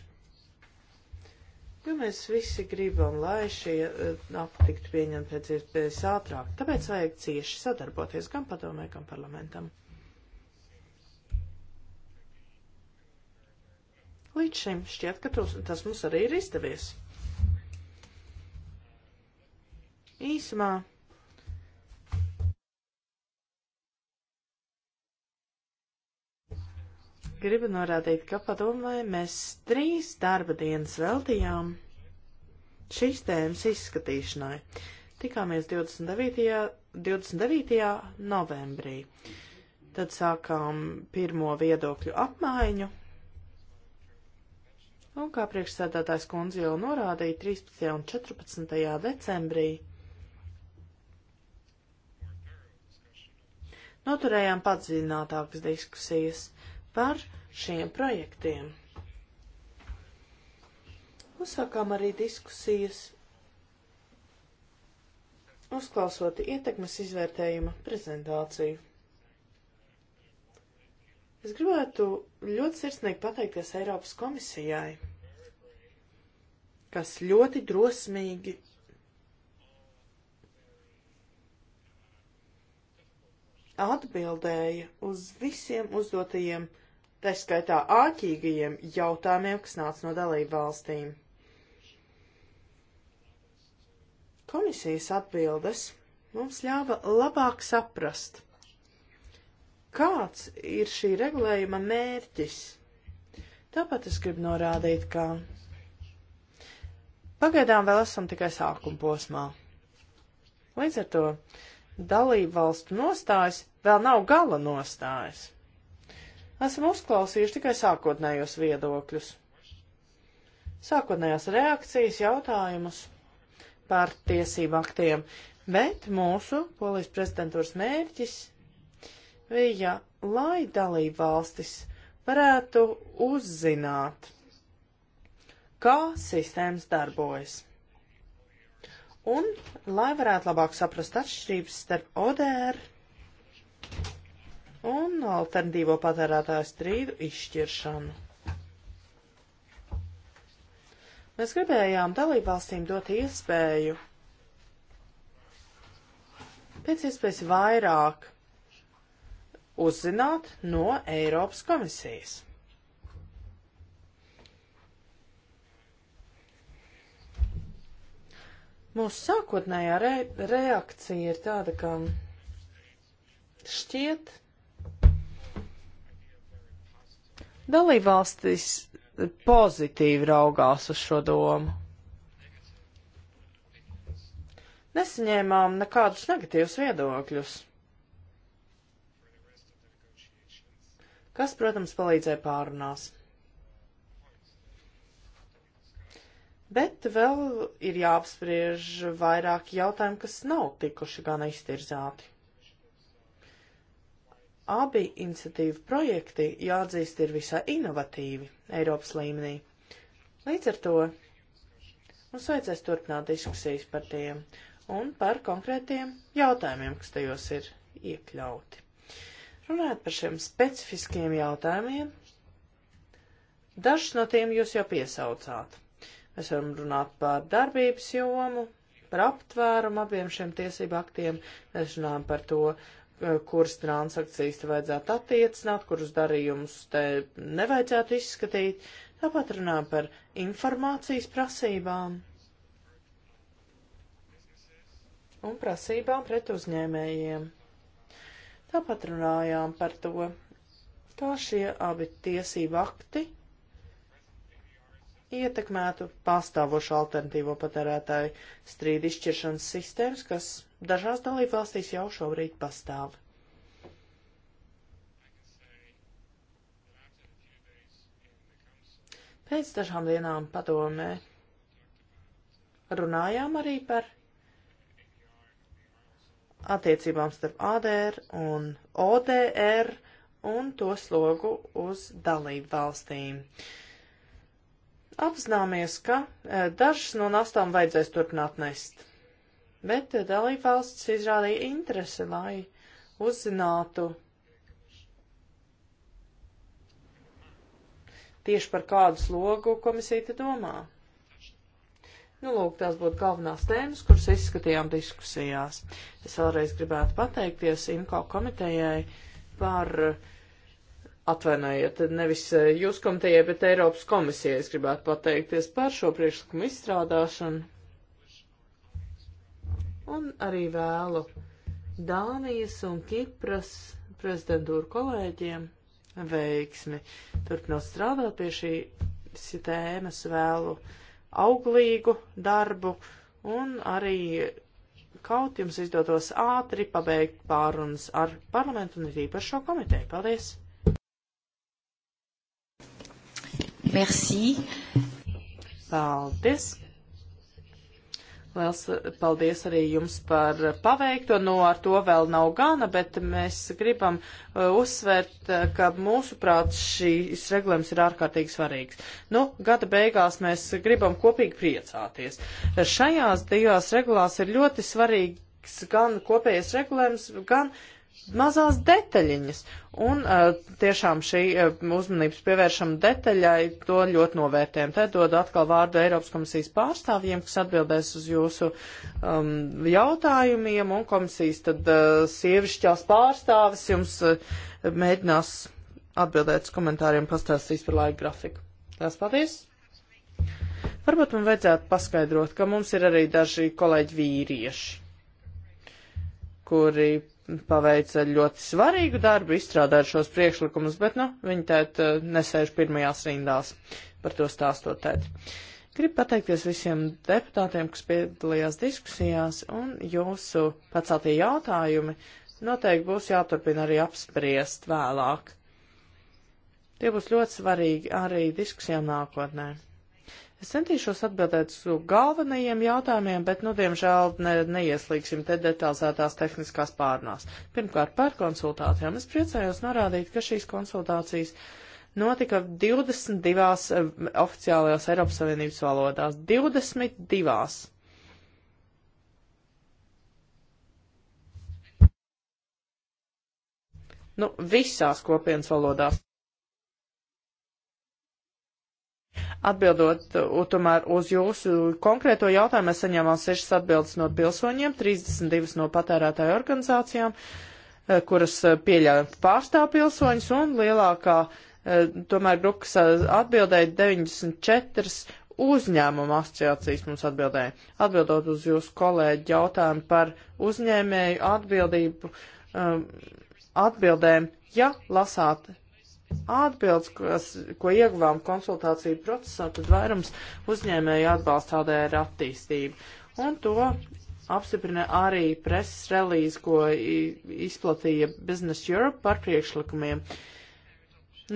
Jo mēs visi gribam, lai šie e, akti tiktu pieņemti pēc iespējas ātrāk. Tāpēc vajag cieši sadarboties gan padomē, gan parlamentam. Līdz šim šķiet, ka tos, tas mums arī ir izdevies. Īsumā gribu norādīt, ka padomē mēs trīs darba dienas veltījām šīs tēmas izskatīšanai. Tikāmies 29. 29. novembrī. Tad sākām pirmo viedokļu apmaiņu. Un kā priekšsēdētājs kundze jau norādīja, 13. un 14. decembrī noturējām padziļinātākas diskusijas par šiem projektiem. Uzsākām arī diskusijas, uzklausot ietekmes izvērtējuma prezentāciju. Es gribētu ļoti sirsnīgi pateikties Eiropas komisijai, kas ļoti drosmīgi atbildēja uz visiem uzdotajiem jautājumiem tā skaitā āķīgajiem jautājumiem, kas nāca no dalību valstīm. Komisijas atbildes mums ļāva labāk saprast, kāds ir šī regulējuma mērķis. Tāpat es gribu norādīt, ka pagaidām vēl esam tikai sākuma posmā. Līdz ar to dalību valstu nostājas vēl nav gala nostājas. Esam uzklausījuši tikai sākotnējos viedokļus. Sākotnējās reakcijas jautājumus par tiesību aktiem, bet mūsu polijas prezidentūras mērķis bija, lai dalība valstis varētu uzzināt, kā sistēmas darbojas. Un, lai varētu labāk saprast atšķirības starp ODR un alternatīvo patērētāju strīdu izšķiršanu. Mēs gribējām dalībvalstīm dot iespēju pēc iespējas vairāk uzzināt no Eiropas komisijas. Mūsu sākotnējā re reakcija ir tāda, ka šķiet, Dalībvalstis pozitīvi raugās uz šo domu. Nesaņēmām nekādus negatīvus viedokļus, kas, protams, palīdzēja pārunās. Bet vēl ir jāapspriež vairāki jautājumi, kas nav tikuši gan iztirzāti. Abi iniciatīvu projekti, jāatzīst, ir visai inovatīvi Eiropas līmenī. Līdz ar to mums vajadzēs turpināt diskusijas par tiem un par konkrētiem jautājumiem, kas tajos ir iekļauti. Runājot par šiem specifiskiem jautājumiem, dažs no tiem jūs jau piesaucāt. Mēs varam runāt par darbības jomu, par aptvērumu abiem šiem tiesību aktiem, mēs runājam par to, Eh, kuras transakcijas te vajadzētu attiecināt, kurus darījumus te nevajadzētu izskatīt. Tāpat runājam par informācijas prasībām un prasībām pret uzņēmējiem. Tāpat runājām par to, kā šie abi tiesību akti ietekmētu pastāvošu alternatīvo patērētāju strīdu izšķiršanas sistēmas, kas dažās dalībvalstīs jau šobrīd pastāv. Pēc dažām dienām padomē runājām arī par attiecībām starp ADR un ODR un to slogu uz dalību valstīm. Uh, Apzināmies, ka e, dažas no nastām vajadzēs turpināt nest, bet e, dalībvalsts izrādīja interesi, lai uzzinātu tieši par kādu slogu komisija te domā. Nu, lūk, tās būtu galvenās tēmas, kuras izskatījām diskusijās. Es vēlreiz gribētu pateikties IMCO komitejai par uh, Atvainojiet, nevis eh, jūs komitejai, bet Eiropas komisijai es gribētu pateikties par šo priekšlikumu izstrādāšanu. Un arī vēlu Dānijas un Kipras prezidentūru kolēģiem veiksmi. Turpinot strādāt pie šīs tēmas, vēlu auglīgu darbu un arī kaut jums izdotos ātri pabeigt pārunas ar parlamentu un arī par šo komiteju. Paldies! Merci. Paldies. Liels paldies arī jums par paveikto. Nu, ar to vēl nav gana, bet mēs gribam uh, uzsvērt, uh, ka mūsuprāt šīs regulējums ir ārkārtīgi svarīgs. Nu, gada beigās mēs gribam kopīgi priecāties. Šajās divās regulās ir ļoti svarīgs gan kopējais regulējums, gan uh, mazās detaļiņas. Un uh, tiešām šī uh, uzmanības pievēršama detaļai to ļoti novērtējam. Te dodu atkal vārdu Eiropas komisijas pārstāvjiem, kas atbildēs uz jūsu um, jautājumiem, un komisijas tad uh, sievišķās pārstāvis jums uh, mēģinās atbildēt uz komentāriem, pastāstīs par laika grafiku. Tās paldies! Varbūt man vajadzētu paskaidrot, ka mums ir arī daži kolēģi vīrieši, kuri paveica ļoti svarīgu darbu, izstrādāja šos priekšlikumus, bet, nu, viņi tēt eh, nesēž pirmajās rindās par to stāstot tēt. Gribu pateikties visiem deputātiem, kas piedalījās diskusijās, un jūsu paceltie jautājumi noteikti būs jāturpina arī apspriest vēlāk. Tie būs ļoti svarīgi arī diskusijām nākotnē. Es centīšos atbildēt uz galvenajiem jautājumiem, bet, nu, diemžēl ne, neieslīgsim te detalizētās tehniskās pārnās. Pirmkārt, par konsultācijām. Es priecājos norādīt, ka šīs konsultācijas notika 22 eh, oficiālajās Eiropas Savienības valodās. 22! Nu, visās kopienas valodās. Atbildot tomēr uz jūsu konkrēto jautājumu, mēs saņēmām 6 atbildes no pilsoņiem, 32 no patērētāju organizācijām, eh, kuras eh, pieļauj pārstāv pilsoņus, un lielākā eh, tomēr grupa, kas atbildēja 94 uzņēmumu asociācijas mums atbildēja. Atbildot uz jūsu kolēģi jautājumu par uzņēmēju atbildību, atbildēm, ja lasāt atbildes, kas, ko ieguvām konsultāciju procesā, tad vairums uzņēmēju atbalsta ADR attīstību. Un to apstiprina arī preses relīze, ko izplatīja Business Europe par priekšlikumiem,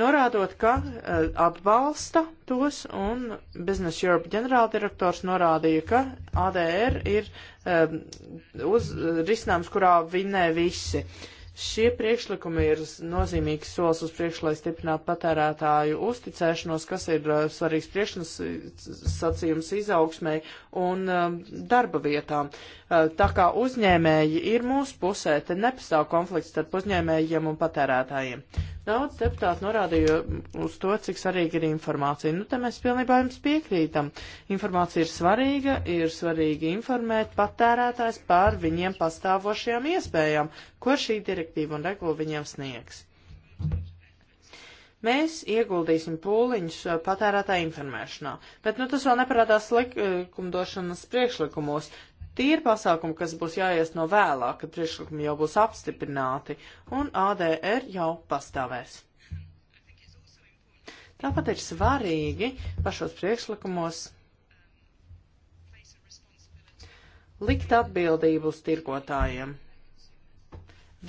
norādot, ka uh, atbalsta tos, un Business Europe ģenerāldirektors norādīja, ka ADR ir uh, uz risinājums, kurā vinē visi. Uh, Šie priekšlikumi ir nozīmīgs solis uz priekšu, lai stiprinātu patērētāju uzticēšanos, kas ir uh, svarīgs priekšnosacījums izaugsmai un uh, darba vietām. Eh, tā kā uzņēmēji ir mūsu pusē, tad nepastāv konflikts starp uzņēmējiem un patērētājiem. Daudz deputāti norādīja uz to, cik svarīga ir informācija. Nu, te mēs pilnībā jums piekrītam. Informācija ir svarīga, ir svarīgi informēt patērētājs par viņiem pastāvošajām iespējām, ko šī direktīva un regula viņiem sniegs mēs ieguldīsim pūliņus eh, patērētāju informēšanā. Bet nu, tas vēl neparādās likumdošanas priekšlikumos, Tie ir pasākumi, kas būs jāiesno vēlāk, kad priekšlikumi jau būs apstiprināti un ADR jau pastāvēs. Tāpat ir svarīgi pašos priekšlikumos likt atbildību uz tirgotājiem.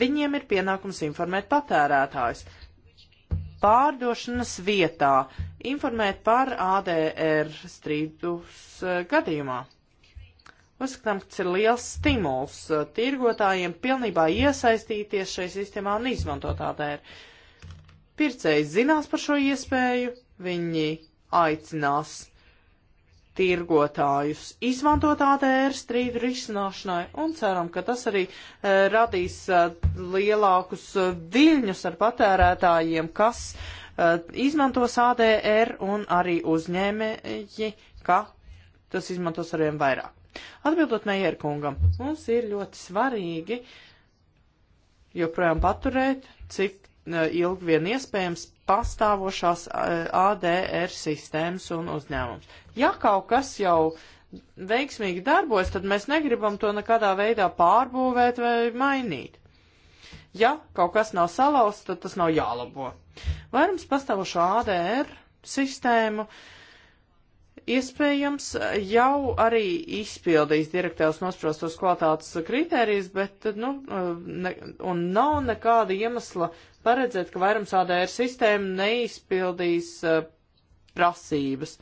Viņiem ir pienākums informēt patērētājus pārdošanas vietā, informēt par ADR strīdus eh, gadījumā. Uzskatām, ka tas ir liels stimuls uh, tirgotājiem pilnībā iesaistīties šai sistēmā un izmantot ADR. Pircēji zinās par šo iespēju, viņi aicinās tirgotājus izmantot ADR strīdu risināšanai un ceram, ka tas arī e, radīs e, lielākus e, viļņus ar patērētājiem, kas e, izmantos ADR un arī uzņēmēji, ka tas izmantos arvien vairāk. Atbildot Mejerkungam, mums ir ļoti svarīgi joprojām paturēt, cik e, ilgi vien iespējams pastāvošās e, ADR sistēmas un uzņēmums. Ja kaut kas jau veiksmīgi darbojas, tad mēs negribam to nekādā veidā pārbūvēt vai mainīt. Ja kaut kas nav salauzts, tad tas nav jālabo. Vairums pastāvošo ADR sistēmu uh, iespējams eh, jau arī izpildījis direktīvas nosprostos kvalitātes kritērijas, bet, eh, nu, eh, ne, un nav nekāda iemesla paredzēt, ka vairums ADR sistēma neizpildīs uh, prasības.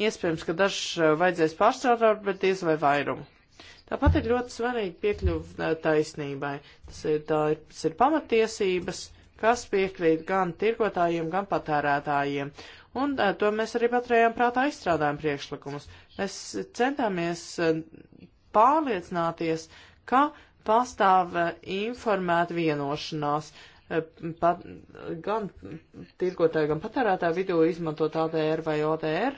Iespējams, ka dažs uh, vajadzēs pārstrādāt, bet diez vai vairumu. Tāpat ir ļoti svarīgi piekļuvi uh, taisnībai. Tas ir, tā, ir, tas ir pamatiesības, kas piekrīt gan tirgotājiem, gan patērētājiem. Un to mēs arī paturējām prātā izstrādājām priekšlikumus. Mēs centāmies pārliecināties, ka pastāv informēta vienošanās pat, gan tirgotāju, gan patērētāju vidū izmantot ADR vai ODR,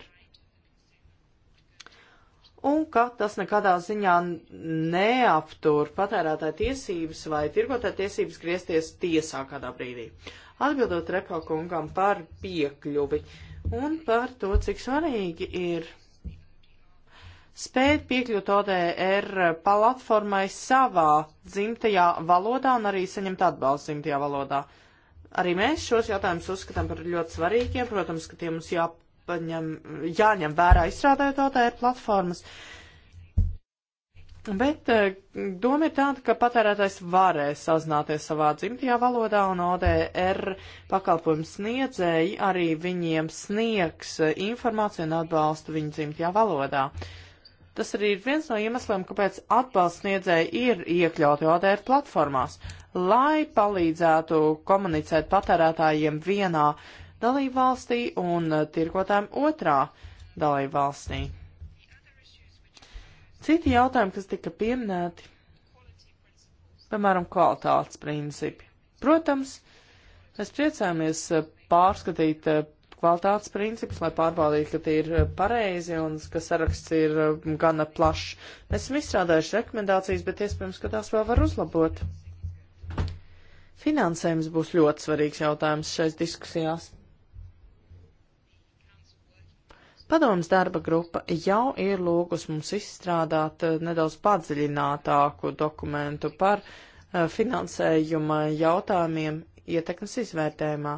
un ka tas nekādā ziņā neaptur patērētāju tiesības vai tirgotāju tiesības griezties tiesā kādā brīdī. Uh, Atbildot Repelkungam par piekļuvi un par to, cik svarīgi ir spēt piekļūt ODR platformai savā dzimtajā valodā un arī saņemt atbalstu dzimtajā valodā. Arī mēs šos jautājumus uzskatām par ļoti svarīgiem, protams, ka tie mums jāpaņem, jāņem vērā izstrādājot ODR platformas, Bet eh, doma ir tāda, ka patērētājs varēs sazināties savā dzimtajā valodā, un ODR pakalpojums sniedzēji arī viņiem sniegs eh, informāciju un atbalstu viņu dzimtajā valodā. Tas arī ir viens no iemesliem, kāpēc atbalsts sniedzēji ir iekļauti ODR platformās, lai palīdzētu komunicēt patērētājiem vienā dalībvalstī un eh, tirkotājiem otrā dalībvalstī. Citi jautājumi, kas tika pieminēti, piemēram, kvalitātes principi. Protams, mēs priecājamies eh, pārskatīt eh, kvalitātes principus, lai pārbaudītu, ka tie ir eh, pareizi un ka saraksts ir gana plašs. Mēs esam izstrādājuši rekomendācijas, bet iespējams, ka tās vēl var uzlabot. Finansējums būs ļoti svarīgs jautājums šais diskusijās. Padomas darba grupa jau ir lūgus mums izstrādāt eh, nedaudz padziļinātāku dokumentu par eh, finansējuma jautājumiem ietekmes izvērtējumā.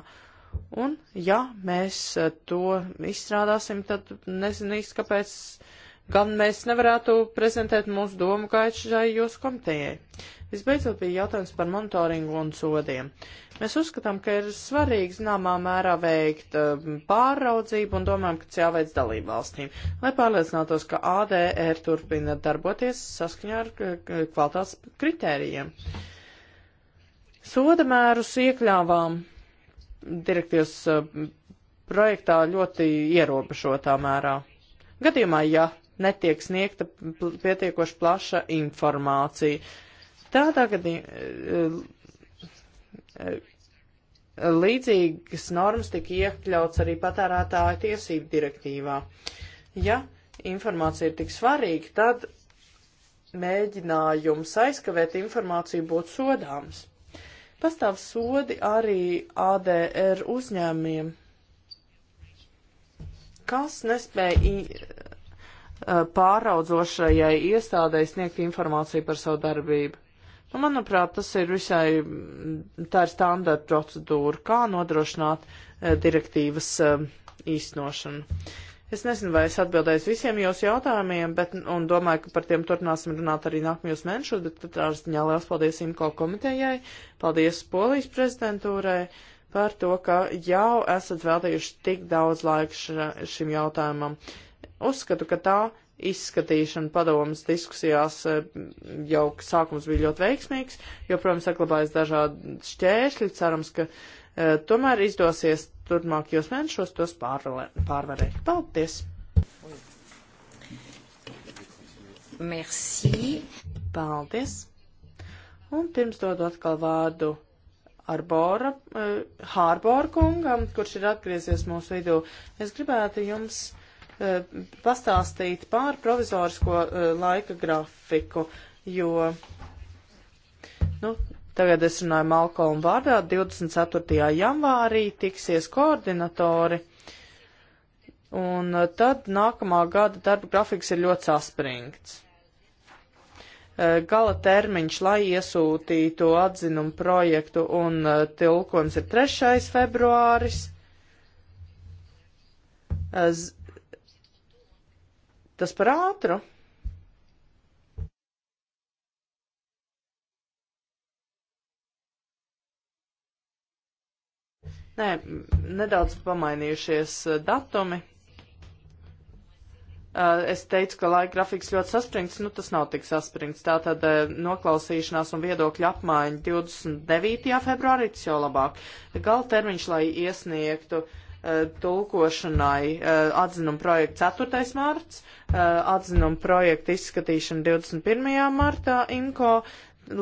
Un, ja mēs eh, to izstrādāsim, tad nezinu īsti, kāpēc uh, gan mēs nevarētu prezentēt mūsu domu gaitu šai jūsu komitejai. Visbeidzot bija jautājums par monitoringu un sodiem. Mēs uzskatām, ka ir svarīgi zināmā mērā veikt um, pāraudzību un domājam, ka tas jāveic dalību valstīm, lai pārliecinātos, ka ADR turpina darboties saskaņā ar kvalitātes kritērijiem. Soda mērus iekļāvām direktīvas uh, projektā ļoti ierobežotā mērā. Gadījumā, ja netiek sniegta pietiekoši plaša informācija. Tādā gadījumā e, e, līdzīgas normas tika iekļauts arī patērētāja tiesību direktīvā. Ja informācija ir tik svarīga, tad mēģinājums aizkavēt informāciju būtu sodāms. Pastāv sodi arī ADR uzņēmiem, kas nespēja Uh, pāraudzošajai iestādēji sniegt informāciju par savu darbību. Nu, manuprāt, tas ir visai mm, tā ir standarta procedūra, kā nodrošināt uh, direktīvas um, īstenošanu. Es nezinu, vai es atbildēju visiem jūsu jautājumiem, bet, un domāju, ka par tiem turpināsim runāt arī nākamajos mēnešos, bet katrā ziņā liels paldies IMCO komitejai, paldies Polijas prezidentūrai par to, ka jau esat veltījuši tik daudz laika šim jautājumam. Uh, Uzskatu, ka tā izskatīšana padomas diskusijās eh, jau sākums bija ļoti veiksmīgs, jo, protams, saklabājas dažādi šķēršļi, cerams, ka uh, tomēr izdosies turpmākajos mēnešos tos pārvarēt. Paldies! Merci! Paldies! Un pirms dodu atkal vārdu Arbora, uh, Hārbora kungam, kurš ir atgriezies mūsu vidū, es gribētu jums Eh, pastāstīt pār provizorisko eh, laika grafiku, jo, nu, tagad es runāju Malkolmu vārdā, 24. janvārī tiksies koordinatori, un eh, tad nākamā gada darba grafiks ir ļoti saspringts gala termiņš, lai iesūtītu atzinumu projektu, un tilkums ir 3. februāris. Z Tas par ātru. Nē, nedaudz pamainījušies uh, datumi. Uh, es teicu, ka laika grafiks ļoti saspringts, nu tas nav tik saspringts. Tātad uh, noklausīšanās un viedokļa apmaiņa 29. februārī, tas jau labāk. Gala termiņš, lai iesniegtu uh, Eh, tulkošanai eh, atzinuma projekta 4. marts, eh, atzinuma projekta izskatīšana 21. martā IMCO,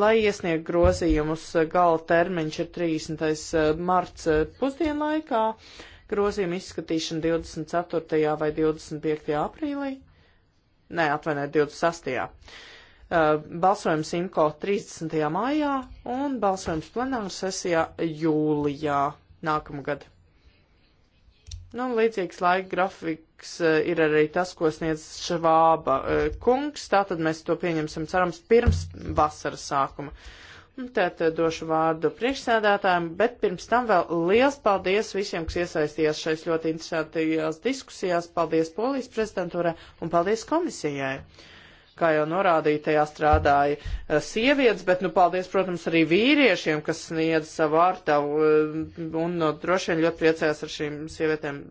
lai iesniegtu grozījumus, gala termiņš ir 30. marts pusdienlaikā, grozījuma izskatīšana 24. vai 25. aprīlī, nē, atvainojiet, 26. Balsojums IMCO 30. maijā un balsojums plenāra sesijā jūlijā nākamgad. Nu, līdzīgs laika grafiks eh, ir arī tas, ko sniedz Švāba eh, kungs, tātad mēs to pieņemsim, cerams, pirms vasaras sākuma. Tad došu vārdu priekšsēdētājiem, bet pirms tam vēl liels paldies visiem, kas iesaistījās šais ļoti interesantajās diskusijās. Paldies Polijas prezidentūrai un paldies komisijai. Uh, Kā jau norādīja, tajā strādāja eh, sievietes, bet, nu, paldies, protams, arī vīriešiem, kas sniedz savu ārtavu eh, un no, nu, droši vien ļoti priecājās ar šīm sievietēm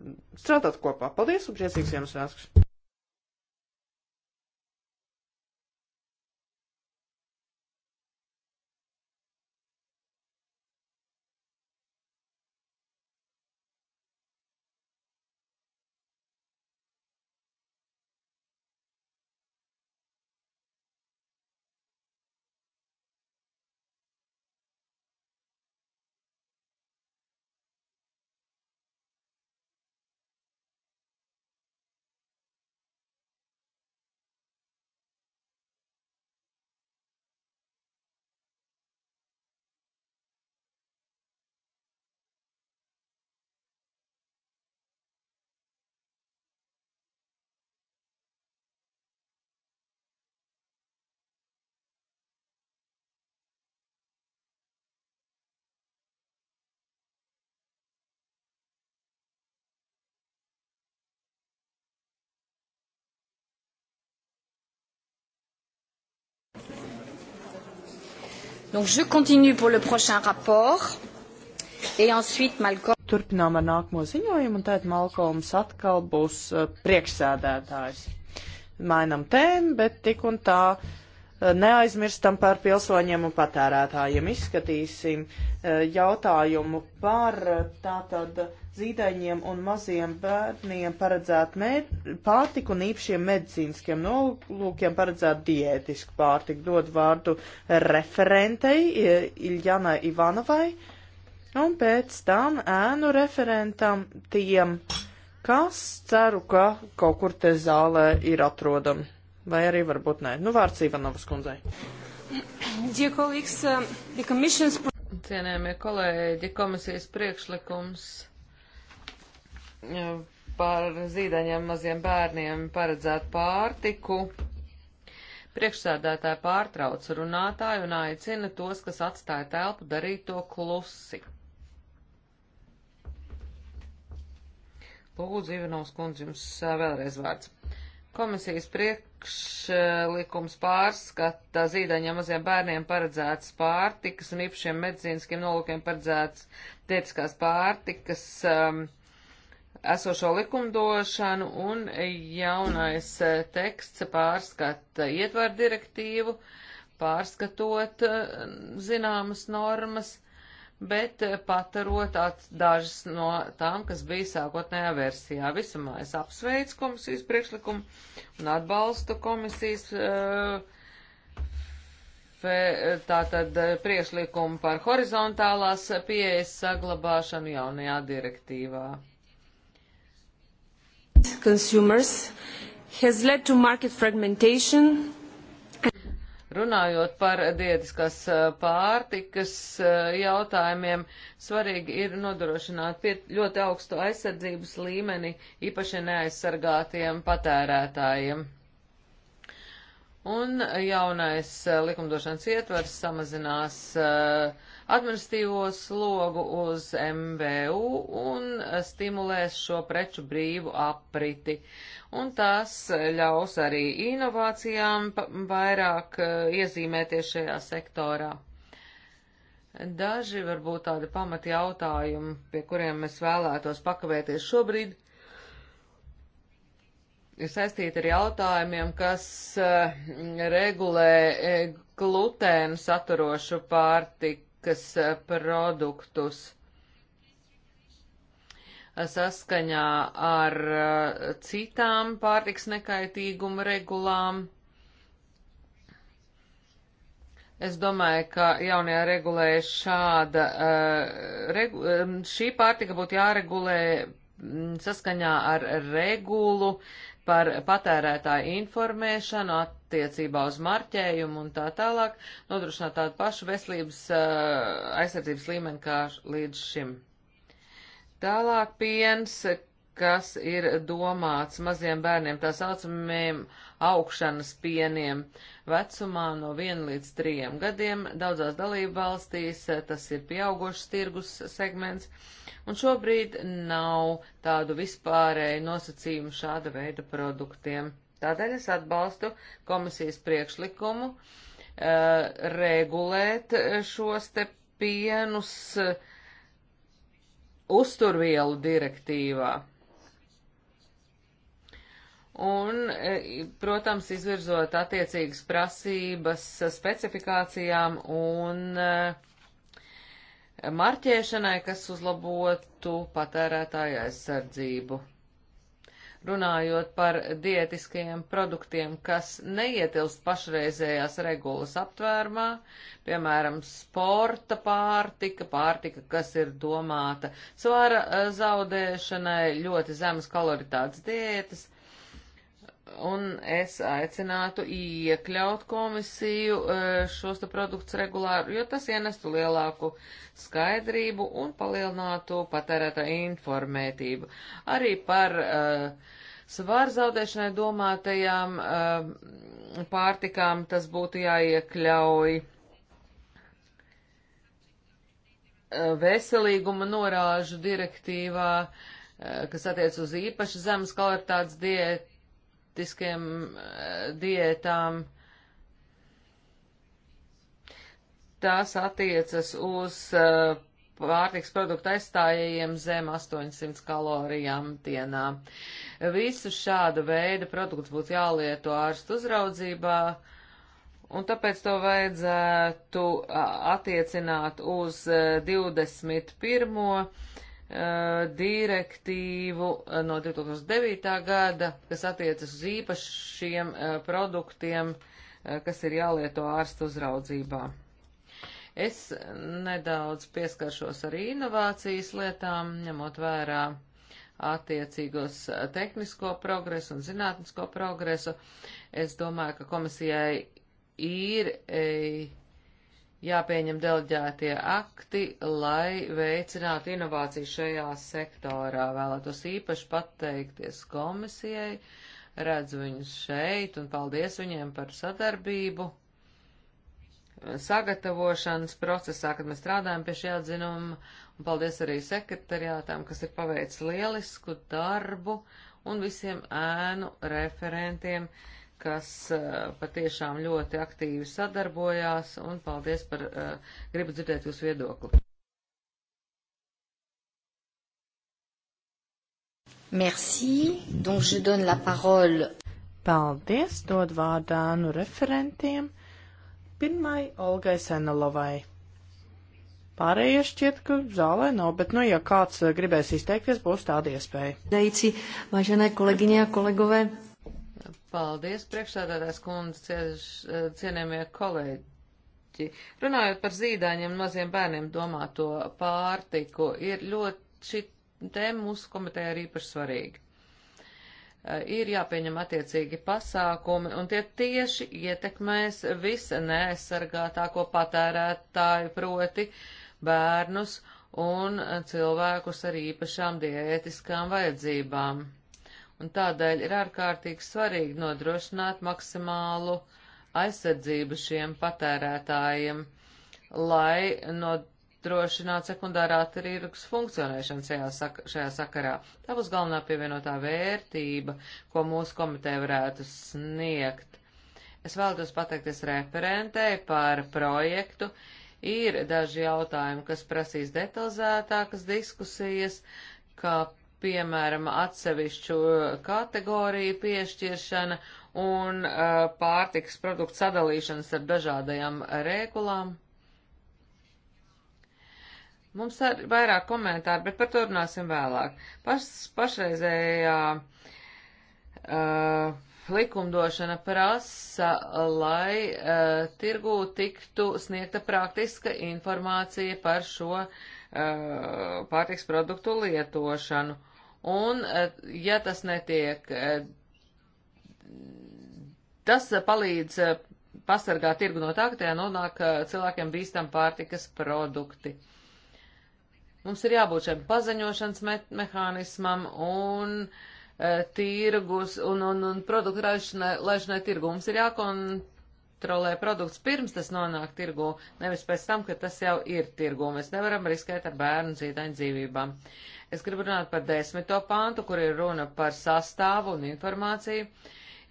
strādāt kopā. Paldies un priecīgs Ziemassvētkus! Donc je continue pour le prochain rapport. Et ensuite, Malcolm. Turpinām ar nākamo ziņojumu, un tēt Malkolms atkal būs uh, priekšsēdētājs. Mainam tēmu, bet tik un tā uh, neaizmirstam par pilsoņiem un patērētājiem. Izskatīsim uh, jautājumu par uh, tātad. Uh, zīdaiņiem un maziem bērniem paredzētu pārtiku un īpašiem medicīniskiem nolūkiem paredzētu diētisku pārtiku. Dod vārdu referentei Iljanai Ivanovai un pēc tam ēnu referentam tiem, kas ceru, ka kaut kur te zālē ir atrodam. Vai arī varbūt nē. Nu, vārds Ivanovas kundzei. Dear colleagues, uh, the Commission's... Cienējamie kolēģi, komisijas priekšlikums par zīdaņiem maziem bērniem paredzētu pārtiku. Priekšsēdētāja pārtrauc runātāju un aicina tos, kas atstāja telpu, darīt to klusi. Lūdzu, Ivanovs kundze, jums vēlreiz vārds. Komisijas priekšlikums pārskata zīdaņiem maziem bērniem paredzētas pārtikas un īpašiem medicīniskiem nolūkiem paredzētas tētiskās pārtikas um, esošo likumdošanu un jaunais e, teksts pārskata ietvar direktīvu, pārskatot e, zināmas normas, bet e, patarot dažas no tām, kas bija sākotnējā versijā. Visumā es apsveicu komisijas priekšlikumu un atbalstu komisijas tātad priekšlikumu par horizontālās pieejas saglabāšanu jaunajā direktīvā consumers has led to market fragmentation. Runājot par dietiskās pārtikas jautājumiem, svarīgi ir nodrošināt ļoti augstu aizsardzības līmeni īpaši neaizsargātiem patērētājiem. Un jaunais likumdošanas ietvars samazinās uh, administratīvo slogu uz MVU un stimulēs šo preču brīvu apriti. Un tas ļaus arī inovācijām vairāk eh, iezīmēties šajā sektorā. Daži varbūt tādi pamati jautājumi, pie kuriem mēs vēlētos pakavēties šobrīd, ir saistīti ar jautājumiem, kas eh, regulē eh, glutēnu saturošu pārtiku pārtikas produktus saskaņā ar citām pārtiks nekaitīguma regulām. Es domāju, ka jaunajā regulē šāda, regu, šī pārtika būtu jāregulē saskaņā ar regulu par patērētāju informēšanu, at, attiecībā uz marķējumu un tā tālāk, nodrošināt tādu pašu veselības eh, aizsardzības līmeni kā līdz šim. Tālāk piens, kas ir domāts maziem bērniem, tā saucamiem augšanas pieniem vecumā no 1 līdz 3 gadiem. Daudzās dalību valstīs eh, tas ir pieaugošs tirgus segments, un šobrīd nav tādu vispārēju nosacījumu šāda veida produktiem. Tādēļ es atbalstu komisijas priekšlikumu uh, regulēt šos te pienus uh, uzturvielu direktīvā. Un, eh, protams, izvirzot attiecīgas prasības specifikācijām un marķēšanai, kas uzlabotu patērētāju aizsardzību runājot par dietiskajiem produktiem, kas neietilst pašreizējās regulas aptvērumā, piemēram, sporta pārtika, pārtika, kas ir domāta svara eh, zaudēšanai, ļoti zemas kaloritātes diētas, un es aicinātu iekļaut komisiju e, šos te produktus regulāri, jo tas ienestu lielāku skaidrību un palielinātu patērētāju informētību. Arī par uh, svaru zaudēšanai domātajām uh, pārtikām tas būtu jāiekļauj veselīguma norāžu direktīvā, uh, kas attiec uz īpaši zemes kvalitātes diētu sportiskiem eh, diētām. Tās attiecas uz eh, pārtiks produktu aizstājējiem zem 800 kalorijām dienā. Visu šādu veidu produktu būtu jālieto ārstu uzraudzībā, un tāpēc to vajadzētu attiecināt uz 21 eh, Uh, direktīvu uh, no 2009. gada, kas attiecas uz īpašiem uh, produktiem, kas ir jālieto ārstu uzraudzībā. Es nedaudz pieskaršos arī inovācijas lietām, ņemot vērā attiecīgos tehnisko progresu un zinātnisko progresu. Es domāju, ka komisijai ir. E, jāpieņem deleģētie akti, lai veicinātu inovāciju šajā sektorā. Vēlētos īpaši pateikties komisijai, redzu viņus šeit un paldies viņiem par sadarbību sagatavošanas procesā, kad mēs strādājam pie šī atzinuma, un paldies arī sekretariātām, kas ir paveicis lielisku darbu, un visiem ēnu referentiem, uh, kas eh, patiešām ļoti aktīvi sadarbojās, un paldies par, eh, gribu dzirdēt jūsu viedokli. Merci, donc je donne la parole. Paldies, dod vārdānu referentiem. Pirmai Olgai Senelovai. Pārējie šķiet, ka zālē nav, bet, nu, ja kāds eh, gribēs izteikties, būs tāda iespēja. Deici, vážené kolegyně a kolegové, Paldies, priekšsādātājs kundze, eh, cienījamie kolēģi. Runājot par zīdāņiem un maziem bērniem domāto pārtiku, ir ļoti šī tēma mūsu komitē ir īpaši svarīga. Eh, ir jāpieņem attiecīgi pasākumi, un tie tieši ietekmēs visa neaizsargātāko patērētāju proti bērnus un cilvēkus ar īpašām diētiskām vajadzībām un tādēļ ir ārkārtīgi svarīgi nodrošināt maksimālu aizsardzību šiem patērētājiem, lai nodrošinātu sekundārā tirgus funkcionēšanu šajā, sak šajā sakarā. Tā būs galvenā pievienotā vērtība, ko mūsu komiteja varētu sniegt. Es vēlētos pateikties referentei par projektu. Ir daži jautājumi, kas prasīs detalizētākas diskusijas, kā piemēram, atsevišķu uh, kategoriju piešķiršana un uh, pārtiks produktu sadalīšanas ar dažādajām rēkulām. Mums ir vairāk komentāru, bet par to runāsim vēlāk. Pas, pašreizējā uh, likumdošana prasa, lai uh, tirgū tiktu sniegta praktiska informācija par šo uh, Uh, pārtiks produktu lietošanu. Un, uh, ja tas netiek, uh, tas palīdz pasargā tirgu no tā, ka tajā nonāk cilvēkiem bīstam pārtikas produkti. Mums ir jābūt šiem paziņošanas me mehānismam un e, tirgus un, un, un produktu laišanai tirgu. Mums ir jākon kontrolē produkts pirms tas nonāk tirgu, nevis pēc tam, ka tas jau ir tirgu. Mēs nevaram riskēt ar bērnu zīdaiņu dzīvībām. Es gribu runāt par desmito pāntu, kur ir runa par sastāvu un informāciju,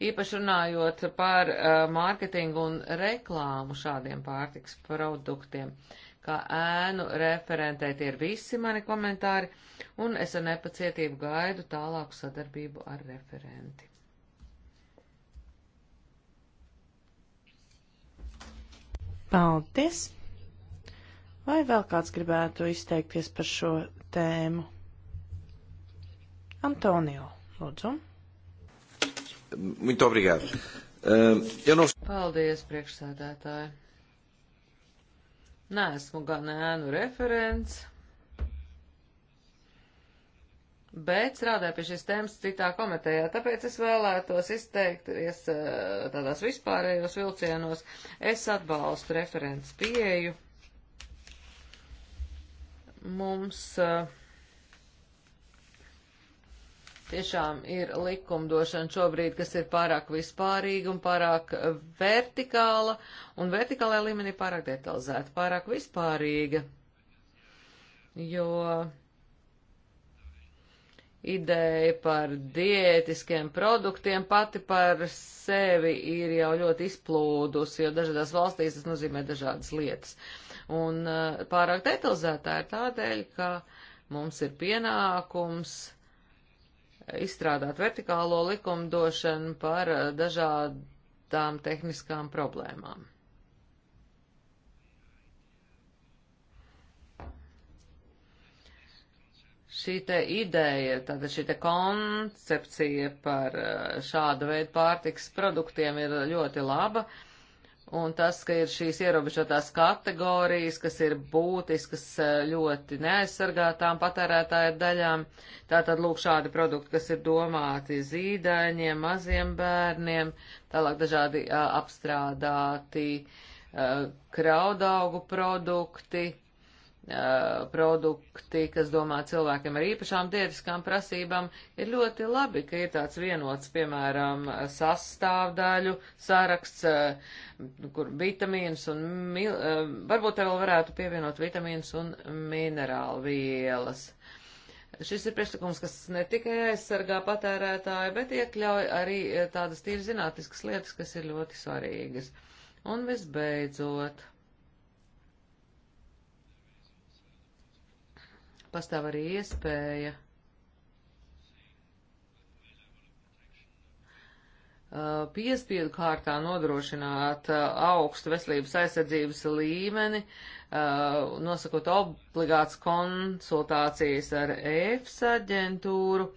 īpaši runājot par uh, mārketingu un reklāmu šādiem pārtiks produktiem. Kā ēnu referentē tie ir visi mani komentāri, un es ar nepacietību gaidu tālāku sadarbību ar referenti. Paldies! Vai vēl kāds gribētu izteikties par šo tēmu? Antonio, lūdzu. Muito obrigado. Uh, eu não... Paldies, priekšsēdētāji. Nē, esmu gan ēnu referents bet strādāju pie šīs tēmas citā komitejā, tāpēc es vēlētos izteikties eh, tādās vispārējos vilcienos. Es atbalstu referents pieeju. Mums eh, tiešām ir likumdošana šobrīd, kas ir pārāk vispārīga un pārāk vertikāla, un vertikālajā līmenī pārāk detalizēta, pārāk vispārīga. Jo ideja par diētiskiem produktiem pati par sevi ir jau ļoti izplūdusi, jo dažādās valstīs tas nozīmē dažādas lietas. Un eh, pārāk detalizētā ir tādēļ, ka mums ir pienākums izstrādāt vertikālo likumdošanu par eh, dažādām tehniskām problēmām. šī te ideja, tāda šī te koncepcija par eh, šādu veidu pārtiks produktiem ir ļoti laba, un tas, ka ir šīs ierobežotās kategorijas, kas ir būtiskas eh, ļoti neaizsargātām patērētāju daļām, tātad lūk šādi produkti, kas ir domāti zīdaiņiem, maziem bērniem, tālāk dažādi eh, apstrādāti kraudaugu produkti, Uh, produkti, kas domā cilvēkiem ar īpašām dietiskām prasībām, ir ļoti labi, ka ir tāds vienots, piemēram, sastāvdaļu saraksts, uh, kur vitamīns un, mil... Uh, varbūt te vēl varētu pievienot vitamīns un minerālu vielas. Šis ir priekšlikums, kas ne tikai aizsargā patērētāju, bet iekļauj arī tādas tīri zinātniskas lietas, kas ir ļoti svarīgas. Un visbeidzot. pastāv arī iespēja uh, piespiedu kārtā nodrošināt uh, augstu veselības aizsardzības līmeni, uh, nosakot obligāts konsultācijas ar EFSA aģentūru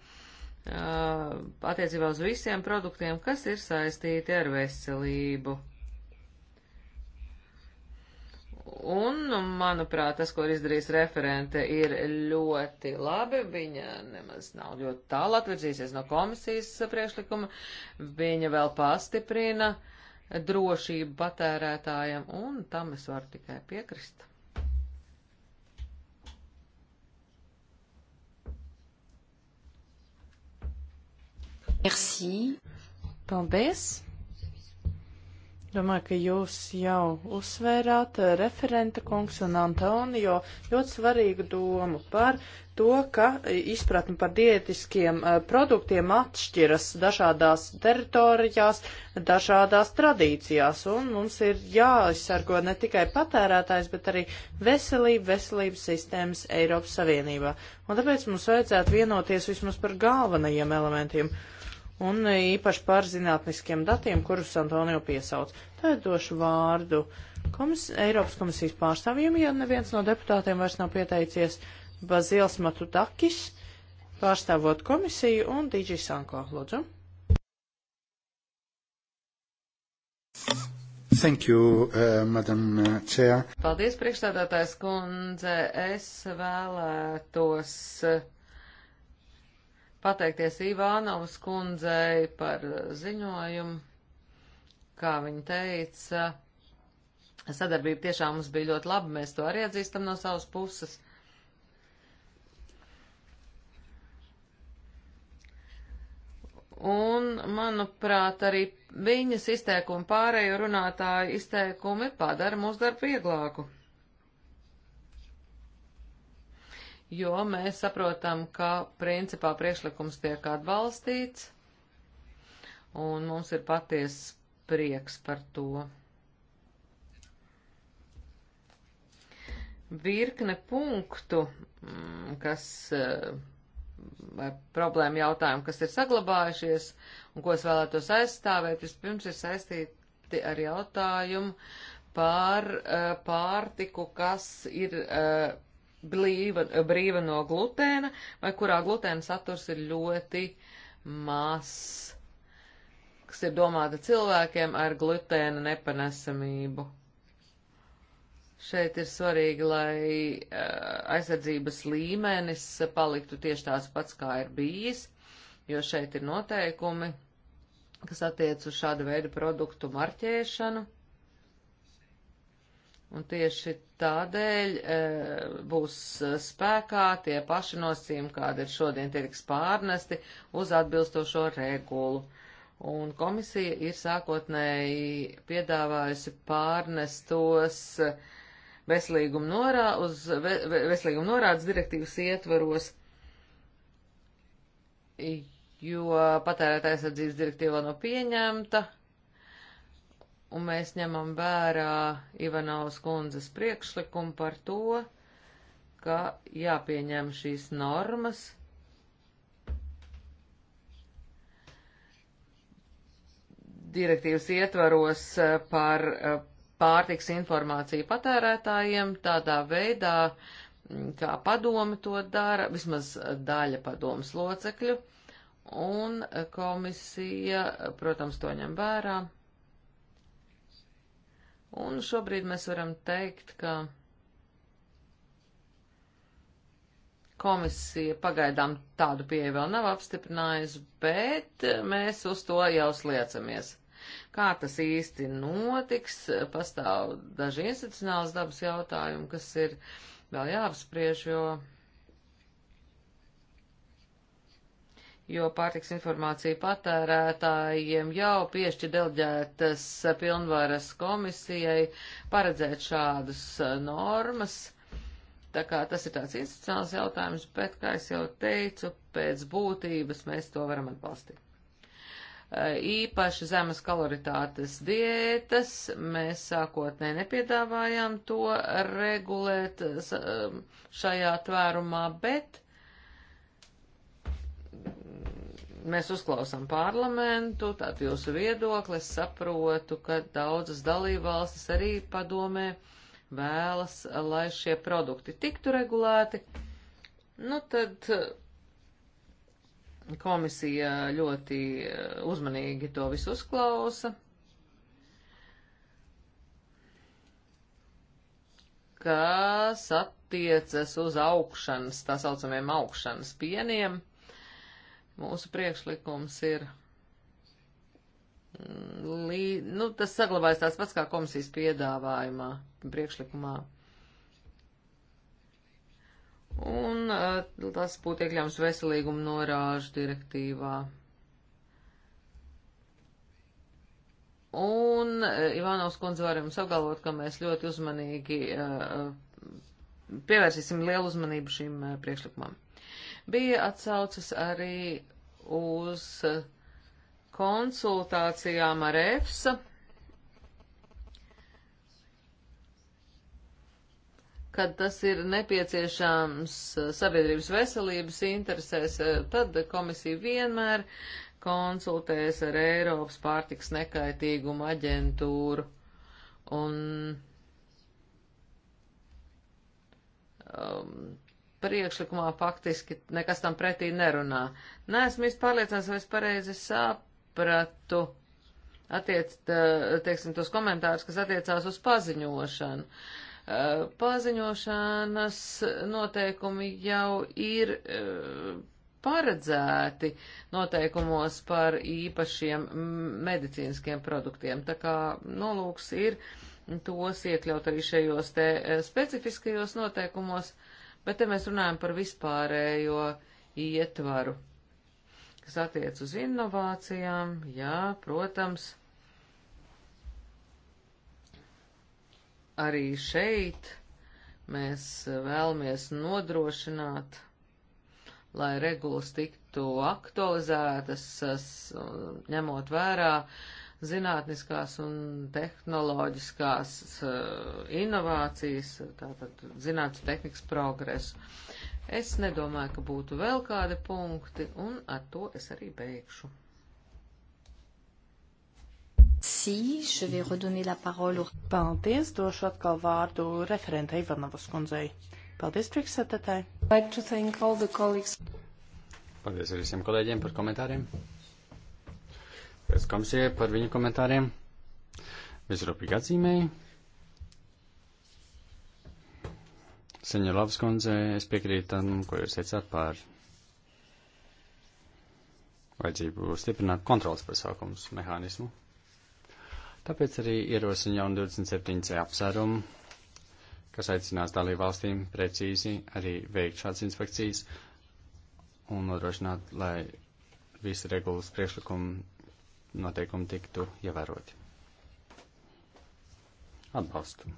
attiecībā uz visiem produktiem, kas ir saistīti ar veselību. Un, nu, manuprāt, tas, ko ir izdarījis referente, ir ļoti labi. Viņa nemaz nav ļoti tālu atvirzīsies no komisijas priekšlikuma. Viņa vēl pastiprina drošību patērētājiem, un tam es varu tikai piekrist. Merci. Paldies. Domāju, ka jūs jau uzsvērāt eh, referenta kungs un Antonio ļoti svarīgu domu par to, ka eh, izpratni par dietiskiem eh, produktiem atšķiras dažādās teritorijās, dažādās tradīcijās, un mums ir jāizsargo ne tikai patērētājs, bet arī veselība, veselības sistēmas Eiropas Savienībā. Un tāpēc mums vajadzētu vienoties vismaz par galvenajiem elementiem. Uh, un īpaši par zinātniskiem datiem, kurus Antonio piesauc. Tad došu vārdu komis Eiropas komisijas pārstāvjiem, ja neviens no deputātiem vairs nav pieteicies. Bazils Matutakis, pārstāvot komisiju, un Dīdži Sanko, lūdzu. Thank you, uh, Madam uh, Chair. Paldies, priekšstādātājs kundze. Es vēlētos uh, pateikties Ivānovas kundzei par uh, ziņojumu. Kā viņa teica, sadarbība tiešām mums bija ļoti laba, mēs to arī atzīstam no savas puses. Un, manuprāt, arī viņas izteikumi pārējo runātāju izteikumi padara mūsu darbu vieglāku. jo mēs saprotam, ka principā priekšlikums tiek atbalstīts, un mums ir paties prieks par to. Virkne punktu, mm, kas eh, vai problēma jautājumu, kas ir saglabājušies un ko es vēlētos aizstāvēt, vispirms ir saistīti ar jautājumu par uh, pārtiku, kas ir uh, blīva, brīva no glutēna vai kurā glutēna saturs ir ļoti mazs, kas ir domāta cilvēkiem ar glutēna nepanesamību. Šeit ir svarīgi, lai eh, aizsardzības līmenis paliktu tieši tāds pats, kā ir bijis, jo šeit ir noteikumi, kas attiec uz šādu veidu produktu marķēšanu. Un tieši tādēļ e, būs e, spēkā tie paši nosacījumi, kāda ir šodien, tie tiks pārnesti uz atbilstošo regulu. Un komisija ir sākotnēji piedāvājusi pārnest tos e, veselīguma norā, uz ve, veselīguma norādes direktīvas ietvaros, jo patērētājsardzības direktīva nav pieņemta un mēs ņemam vērā Ivanovas kundzes priekšlikumu par to, ka jāpieņem šīs normas. Direktīvas ietvaros eh, par eh, pārtiks informāciju patērētājiem tādā veidā, mm, kā padomi to dara, vismaz daļa padomas locekļu, un eh, komisija, protams, to ņem vērā. Un šobrīd mēs varam teikt, ka komisija pagaidām tādu pieeju vēl nav apstiprinājusi, bet mēs uz to jau sliecamies. Kā tas īsti notiks, pastāv daži institucionāls dabas jautājumi, kas ir vēl jāapspriež, jo jo pārtiks informācija patērētājiem jau piešķi delģētas pilnvaras komisijai paredzēt šādas e, normas. Tā kā tas ir tāds institucionāls jautājums, bet, kā es jau teicu, pēc būtības mēs to varam atbalstīt. E, īpaši zemes kaloritātes diētas mēs sākotnē nepiedāvājām to regulēt e, šajā tvērumā, bet mēs uzklausām parlamentu, tātad jūsu viedokli, es saprotu, ka daudzas dalībvalstis arī padomē vēlas, lai šie produkti tiktu regulēti. Nu, tad eh, komisija ļoti eh, uzmanīgi to visu uzklausa. kas attiecas uz augšanas, tā saucamiem augšanas pieniem. Mūsu priekšlikums ir, mm, lī, nu, tas saglabājas tās pats kā komisijas piedāvājumā, priekšlikumā. Un eh, tas būtu iekļāms veselīguma norāžu direktīvā. Un eh, Ivānovs kundze varam sagalvot, ka mēs ļoti uzmanīgi eh, pievērsīsim lielu uzmanību šīm priekšlikumam. Bija atsaucas arī uz konsultācijām ar EFSA, kad tas ir nepieciešams sabiedrības veselības interesēs, tad komisija vienmēr konsultēs ar Eiropas pārtiks nekaitīgumu aģentūru. Un um, priekšlikumā faktiski nekas tam pretī nerunā. Nē, esmu īsti pārliecināts, vai es pareizi sapratu attiec, teiksim, tos komentārus, kas attiecās uz paziņošanu. Paziņošanas noteikumi jau ir paredzēti noteikumos par īpašiem medicīniskiem produktiem. Tā kā nolūks ir tos iekļaut arī šajos te specifiskajos noteikumos, Bet te mēs runājam par vispārējo ietvaru, kas attiec uz inovācijām, jā, protams, arī šeit mēs vēlamies nodrošināt, lai regulas tiktu aktualizētas, ņemot vērā uh, zinātniskās un tehnoloģiskās uh, inovācijas, tātad zinātnes tehnikas progresu. Es nedomāju, ka būtu vēl kādi punkti, un ar to es arī beigšu. Si, je vais redonner la parole. Paldies, došu atkal vārdu referentei Ivanovas kundzei. Paldies, priekšsēdētāji. Like Paldies visiem kolēģiem par komentāriem. Pēc komisijai par viņu komentāriem visrūpīgi atzīmēju. Seņa Labskundze, es piekrītu tam, ko jūs teicāt par vajadzību stiprināt kontrolas pasākums mehānismu. Tāpēc arī ierosina jaunu 27. apsvērumu, kas aicinās dalību valstīm precīzi arī veikt šādas inspekcijas un nodrošināt, lai visi regulas priekšlikumi noteikumi tiktu ievēroti. Atbalstu.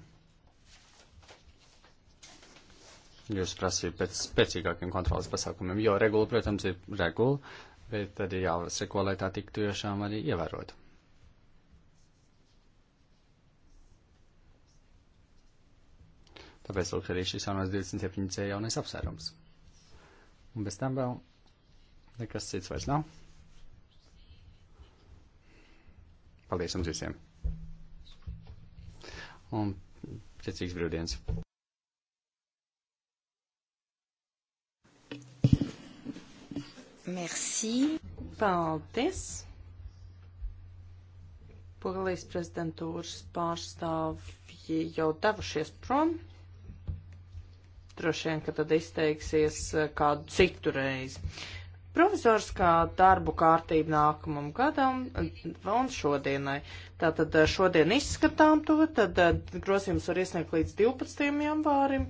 Jūs prasījāt pēc spēcīgākiem kontrolas pasākumiem, jo regula, protams, ir regula, bet tad ir jāseko, lai tā tiktu tiešām arī ievērota. Tāpēc lūk arī šis jaunās 27C jaunais apsvērums. Un bez tam vēl nekas cits vairs nav. Paldies jums visiem! Un priecīgs brīvdienas! Merci. Paldies. Polijas prezidentūras pārstāvji jau devušies prom. Droši vien, ka tad izteiksies eh, kādu citu reizi provizoriskā darbu kārtība nākamam gadam un šodienai. Tātad eh, šodien izskatām to, tad eh, grozījums var iesniegt līdz 12. janvārim,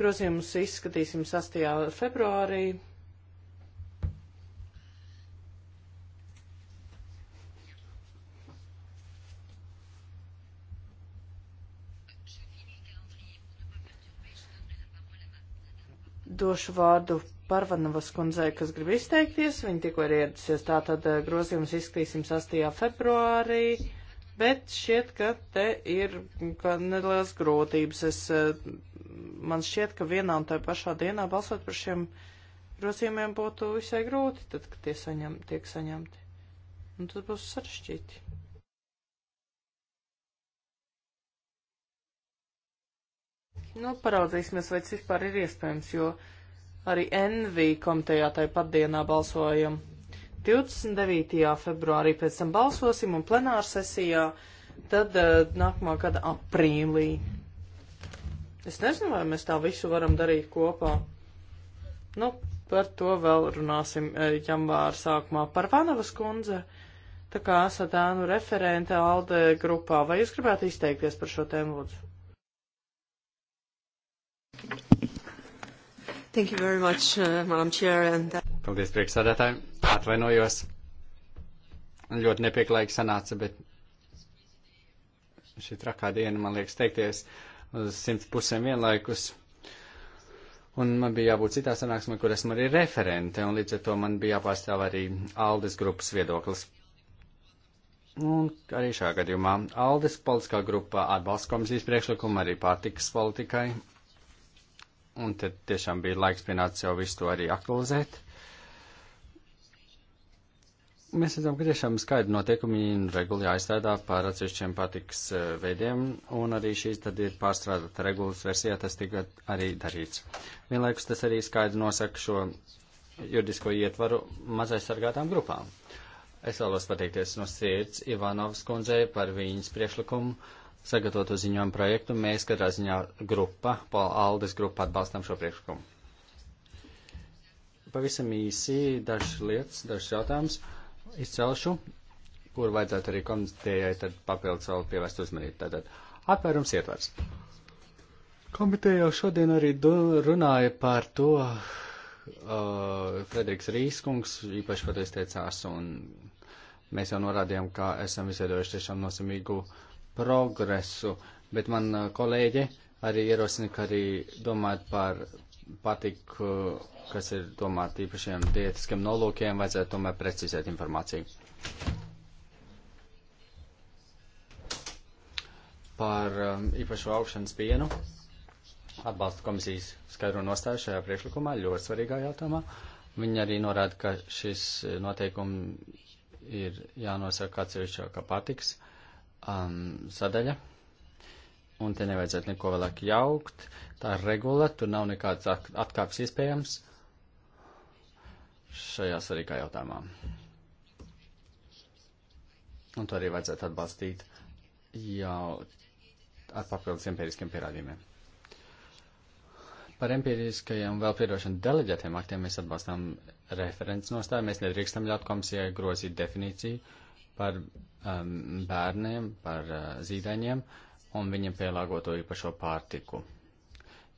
grozījums izskatīsim 6. februārī. Došu vārdu Parvanovas kundzei, kas grib izteikties. Viņa tikko ir ieradusies, tātad eh, grozījumus izskatīsim 8. februārī, bet šķiet, ka te ir nelielas grūtības. Es, eh, man šķiet, ka vienā un tajā pašā dienā balsot par šiem grozījumiem būtu visai grūti, tad, kad tie saņem, tiek saņemti. Un tas būs sarežģīti. Nu, paraudzīsimies, vai tas vispār ir iespējams, jo uh, Arī NV komitejā tajā dienā balsojam. 29. februārī pēc tam balsosim un plenāra sesijā, tad uh, nākamā gada aprīlī. Es nezinu, vai mēs tā visu varam darīt kopā. Nu, par to vēl runāsim eh, janvāra sākumā. Par Vanavas kundze, tā kā esat ēnu referente ALDE grupā, vai jūs gribētu izteikties par šo tēmu, lūdzu? Thank you very much, uh, Madam Chair. And... Uh, Paldies, priekšsādātāji. Atvainojos. Ļoti nepieklājīgi sanāca, bet šī trakā diena, man liekas, teikties uz simts pusēm vienlaikus. Un man bija jābūt citā sanāksmē, kur esmu arī referente, un līdz ar to man bija jāpārstāv arī Aldes grupas viedoklis. Un arī šā gadījumā Aldes politiskā grupa atbalsta komisijas priekšlikumu arī pārtikas politikai Un tad tiešām bija laiks pienācis jau visu to arī aktualizēt. Mēs redzam, ka tiešām skaidri noteikumi un reguli jāizstrādā par atsevišķiem patiks eh, veidiem, un arī šīs tad ir pārstrādāta regulas versijā, tas tika arī darīts. Vienlaikus tas arī skaidri nosaka šo juridisko ietvaru mazai sargātām grupām. Es vēlos pateikties no sirds Ivanovas kundzei par viņas priekšlikumu sagatavotu ziņojumu projektu. Mēs katrā ziņā grupa, Aldes grupa atbalstam šo priekšlikumu. Pavisam īsi dažas lietas, dažas jautājumas izcelšu, kur vajadzētu arī komitejai tad papildus vēl pievērst uzmanību. Tātad apvērums ietvars. Komiteja jau šodien arī runāja par to, uh, Frederiks Rīskungs īpaši pateicās, un mēs jau norādījām, ka esam izveidojuši tiešām nosimīgu uh, progresu, bet man uh, kolēģe arī ierosina, ka arī domājot par patiku, kas ir domāta īpašiem dietiskiem nolūkiem, vajadzētu tomēr precizēt informāciju. Par um, īpašo augšanas pienu atbalsta komisijas skaidro nostāju šajā priekšlikumā, ļoti svarīgā jautājumā. Viņa arī norāda, ka šis uh, noteikums ir jānosaka atsevišķā kā patiks um, sadaļa, un te nevajadzētu neko vēlāk jaukt. Tā ir regula, tur nav nekāds atkāps iespējams šajā svarīgā jautājumā. Un to arī vajadzētu atbalstīt jau ar papildus empiriskiem pierādījumiem. Par empiriskajiem vēl piedošanu deleģētiem aktiem mēs atbalstām referents nostāju. Mēs nedrīkstam ļaut komisijai grozīt definīciju, uh, par um, bērniem, par uh, zīdaņiem un viņiem pielāgoto īpašo pārtiku,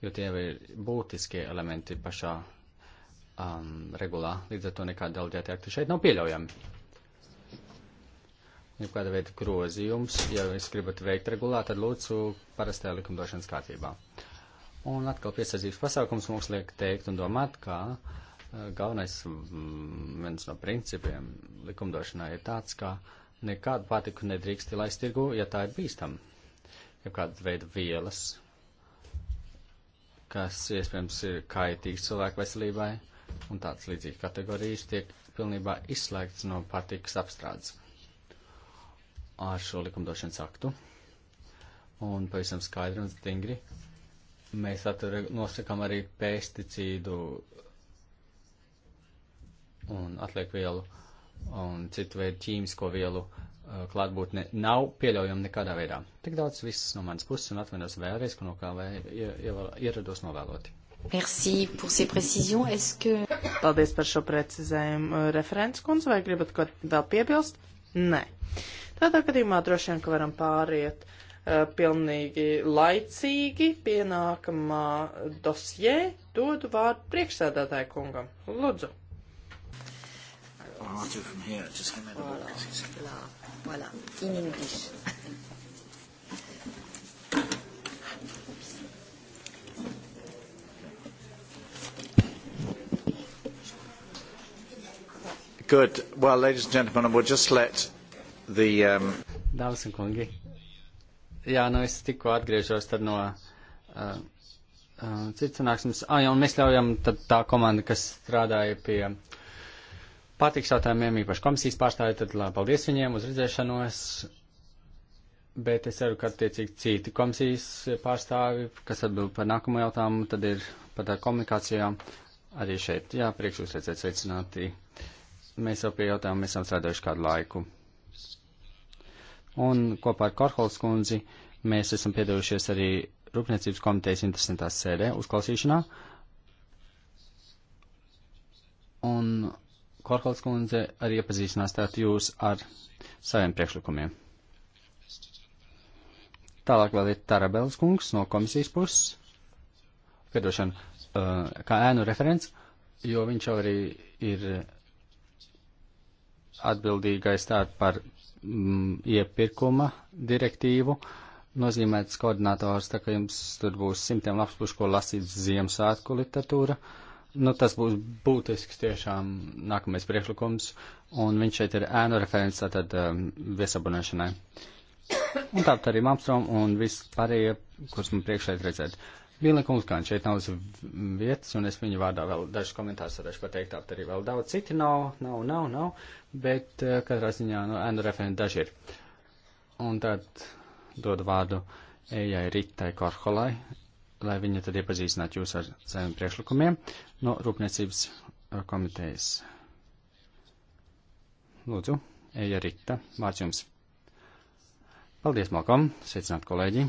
jo tie ir būtiskie elementi pašā um, regulā, līdz ar to nekāda delģēta akti šeit nav pieļaujami. Ja kāda veida grozījums, ja jūs gribat veikt regulā, tad lūdzu parastajā likumdošanas kārtībā. Un atkal piesardzības pasākums mums liek teikt un domāt, ka uh, Galvenais mm, viens no principiem likumdošanā ir tāds, ka nekādu pārtiku nedrīkst laist tirgu, ja tā ir bīstama. Ja kāda veida vielas, kas iespējams ir kaitīgs cilvēku veselībai, un tāds līdzīgi kategorijas tiek pilnībā izslēgts no pārtikas apstrādes ar šo likumdošanas aktu. Un pavisam skaidri un stingri mēs nosakām arī pesticīdu un atliek vielu un citu veidu ķīmisko vielu uh, klātbūtne nav pieļaujama nekādā veidā. Tik daudz viss no manas puses un atvainos vēlreiz, ka no kā ierados novēloti. Merci pour ces précisions. Est-ce que... Paldies par šo precizējumu. Uh, referents kundze, vai gribat ko vēl piebilst? Nē. Tādā gadījumā droši vien, ka varam pāriet uh, pilnīgi laicīgi pienākamā dosjē. Dodu vārdu priekšsēdētāju kungam. Lūdzu. Well, I'll do from here. Just give me the book. Voilà. voilà. In English. Good. Well, ladies and gentlemen, we'll just let the... Um... Dāmas un kungi. Jā, nu es tikko atgriežos tad no uh, uh, cits sanāksmes. Ah, jā, un mēs ļaujam tad tā komanda, kas strādāja pie uh, pārtiks jautājumiem, īpaši komisijas pārstāvji, tad lā, paldies viņiem uz redzēšanos. Bet es ceru, ka attiecīgi citi komisijas pārstāvi, kas atbild par nākamo jautājumu, tad ir par tā komunikācijām arī šeit. Jā, priekš jūs redzēt sveicināti. Mēs jau pie jautājumu esam strādājuši kādu laiku. Un kopā ar Korholz kundzi mēs esam piedalījušies arī Rūpniecības komitejas interesantās sēdē uzklausīšanā. Un Korholts kundze arī iepazīstinās tātad jūs ar saviem priekšlikumiem. Tālāk vēl ir Tarabels kungs no komisijas puses, piedošana, uh, kā ēnu referents, jo viņš jau arī ir atbildīgais tātad par mm, iepirkuma direktīvu, nozīmēts koordinators, tā ka jums tur būs simtiem lapspušu, ko lasīt Ziemassvētku literatūra. Uh, Nu, tas būs būtisks tiešām nākamais priekšlikums, un viņš šeit ir ēnu referents tātad um, viesabunēšanai. Un tāpat arī Mamstrom un viss pārējie, kurus man priekš šeit redzēt. Vīlina kungs, kā šeit nav uz vietas, un es viņa vārdā vēl dažus komentārus varēšu pateikt, tāpat arī vēl daudz citi nav, nav, nav, nav, bet uh, katrā ziņā, nu, ēnu referenti daži ir. Un tad dod vārdu Ejai Ritai Korholai, lai viņa tad iepazīstinātu jūs ar saviem priekšlikumiem no Rūpniecības uh, komitejas. Lūdzu, Eja Rikta, vārds jums. Paldies, Malkom, sveicināt kolēģi.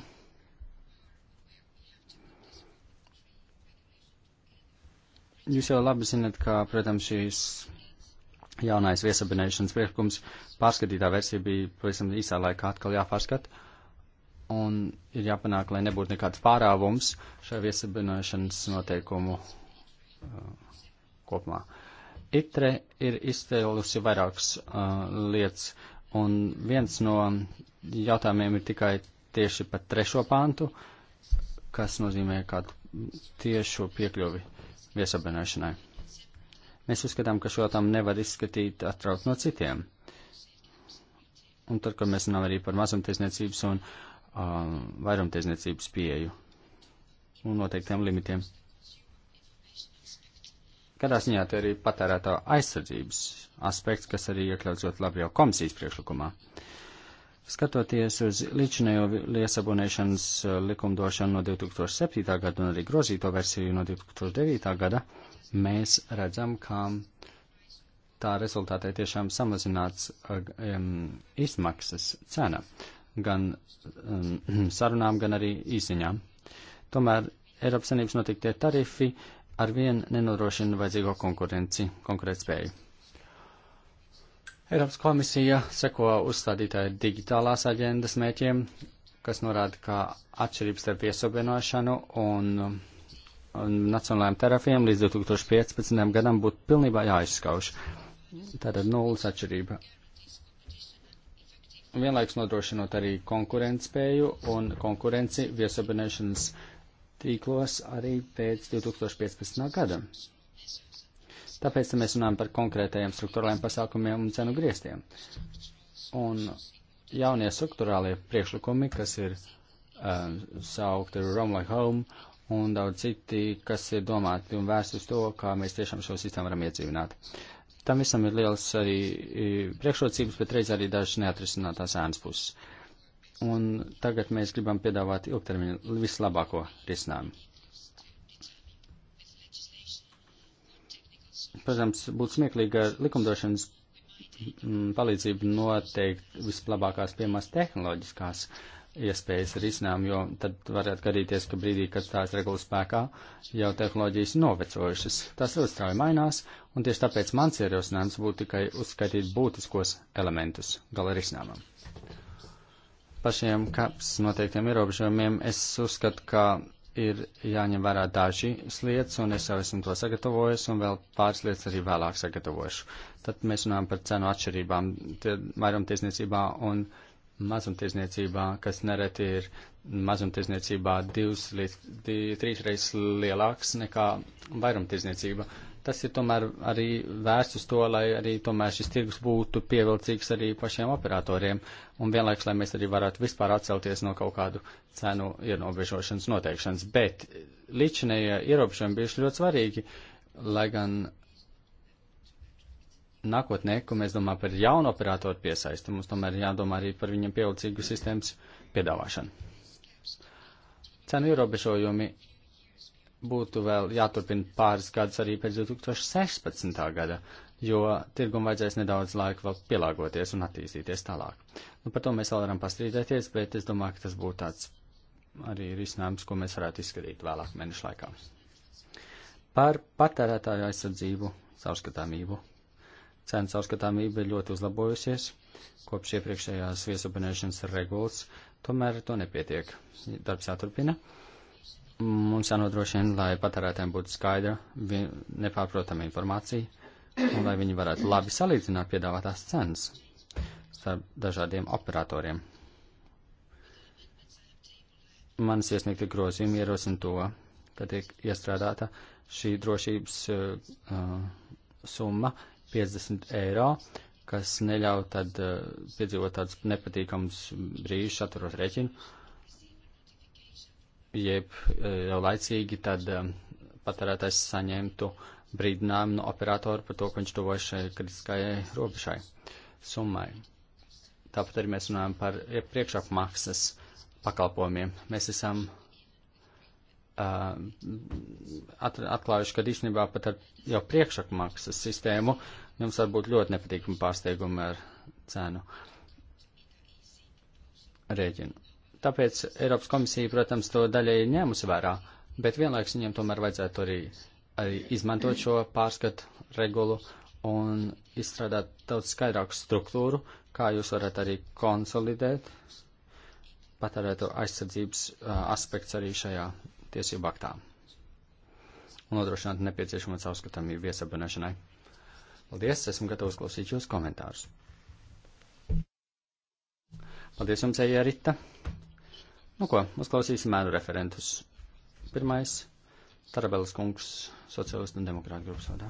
Jūs jau labi zinat, ka, protams, šīs jaunais viesabinēšanas priekšlikums pārskatītā versija bija pavisam īsā laikā atkal jāpārskata un ir jāpanāk, lai nebūtu nekāds pārāvums šai viesabinošanas noteikumu uh, kopumā. ITRE ir izcēlusi vairākas uh, lietas, un viens no jautājumiem ir tikai tieši par trešo pāntu, kas nozīmē kādu tiešu piekļuvi viesabinošanai. Mēs uzskatām, ka šo tam nevar izskatīt atraut no citiem. Un tad, kad mēs runājam arī par mazumtiesniecības un uh, um, vairumtirdzniecības pieeju un noteiktiem limitiem. Kādā ziņā te arī patērētā aizsardzības aspekts, kas arī iekļauts ļoti labi jau komisijas priekšlikumā. Skatoties uz līdzinējo liesabonēšanas likumdošanu no 2007. gada un arī grozīto versiju no 2009. gada, mēs redzam, ka tā rezultātē tiešām samazināts um, izmaksas cena. Uh, gan um, sarunām, gan arī īsiņām. Tomēr Eiropas Savienības notiktie tarifi ar vien nenodrošina vajadzīgo konkurenci, konkurētspēju. Eiropas komisija seko uzstādītāju digitālās aģendas mēķiem, kas norāda, ka atšķirības starp iesobienošanu un, un nacionālajiem tarifiem līdz 2015. gadam būtu pilnībā jāizskauž. Tātad nulles atšķirība vienlaiks nodrošinot arī konkurentspēju un konkurenci viesabinēšanas tīklos arī pēc 2015. gada. Tāpēc mēs runājam par konkrētajiem struktūrāliem pasākumiem un cenu griestiem. Un jaunie struktūrālie priekšlikumi, kas ir um, saukti Rome Like Home un daudz citi, kas ir domāti un vērsti uz to, kā mēs tiešām šo sistēmu varam iedzīvināt. Uh, Tam visam ir liels arī priekšrocības, bet reiz arī dažas neatrisinātās ēnas puses. Un tagad mēs gribam piedāvāt ilgtermiņu vislabāko risinājumu. Protams, būtu smieklīgi ar likumdošanas palīdzību noteikt vislabākās piemērs tehnoloģiskās uh, iespējas risinājumu, jo tad varētu gadīties, ka brīdī, kad tās regulas spēkā, jau tehnoloģijas novecojušas. Tas ļoti strauji mainās, un tieši tāpēc mans ierosinājums būtu tikai uzskaitīt būtiskos elementus gala risinājumam. Par šiem kaps noteiktiem ierobežojumiem es uzskatu, ka ir jāņem vērā daži lietas, un es jau esmu to sagatavojis, un vēl pāris lietas arī vēlāk sagatavošu. Tad mēs runājam par cenu atšķirībām, vairumtiesniecībā un uh, mazumtirdzniecībā, kas nereti ir mazumtirdzniecībā divas līdz trīs reizes lielāks nekā vairumtirdzniecība. Tas ir tomēr arī vērsts uz to, lai arī tomēr šis tirgus būtu pievilcīgs arī pašiem operatoriem un vienlaiks, lai mēs arī varētu vispār atcelties no kaut kādu cenu ierobežošanas noteikšanas. Bet līdšanai ierobežojumi bijuši ļoti svarīgi, lai gan nākotnē, ko mēs domājam par jaunu operatoru piesaisti, mums tomēr jādomā arī par viņam pievilcīgu sistēmas piedāvāšanu. Cenu ierobežojumi būtu vēl jāturpina pāris gadus arī pēc 2016. gada, jo tirgum vajadzēs nedaudz laika vēl pielāgoties un attīstīties tālāk. Nu, par to mēs vēl varam pastrīdēties, bet es domāju, ka tas būtu tāds arī risinājums, ko mēs varētu izskatīt vēlāk mēnešu laikā. Par patērētāju aizsardzību, caurskatāmību Cēnu caurskatāmība ir ļoti uzlabojusies kopš iepriekšējās viesabonēšanas regulas, tomēr to nepietiek. Darbs jāturpina. Mums jānodrošina, lai patērētājiem būtu skaidra, nepārprotama informācija, un lai viņi varētu labi salīdzināt piedāvātās cenas starp dažādiem operatoriem. Manas iesniegti grozījumi ierosina to, ka tiek iestrādāta šī drošības uh, summa uh, 50 eiro, kas neļauj tad uh, piedzīvot tādus nepatīkamus brīžus atturot rēķinu, jeb uh, jau laicīgi tad um, patērētājs saņemtu brīdinājumu no operatora par to, ka viņš tuvojas šai kritiskajai robežai summai. Tāpat arī mēs runājam par priekšapmaksas pakalpojumiem. Mēs esam uh, atklājuši, ka īstenībā pat ar jau priekšapmaksas sistēmu uh, jums var būt ļoti nepatīkami pārsteigumi ar cenu rēķinu. Tāpēc Eiropas komisija, protams, to daļai ņēmusi vērā, bet vienlaiks viņiem tomēr vajadzētu arī, arī izmantot šo pārskatu regulu un izstrādāt daudz skaidrāku struktūru, kā jūs varat arī konsolidēt patērēto aizsardzības aspekts arī šajā tiesību aktā un nodrošināt nepieciešamo caurskatāmību viesabunēšanai. Paldies, esmu gatavs klausīt jūsu komentārus. Paldies jums, Eija Rita. Nu ko, uzklausīsim mēru referentus. Pirmais - Tarabelas kungs, sociālistu un demokrātu grupas vadā.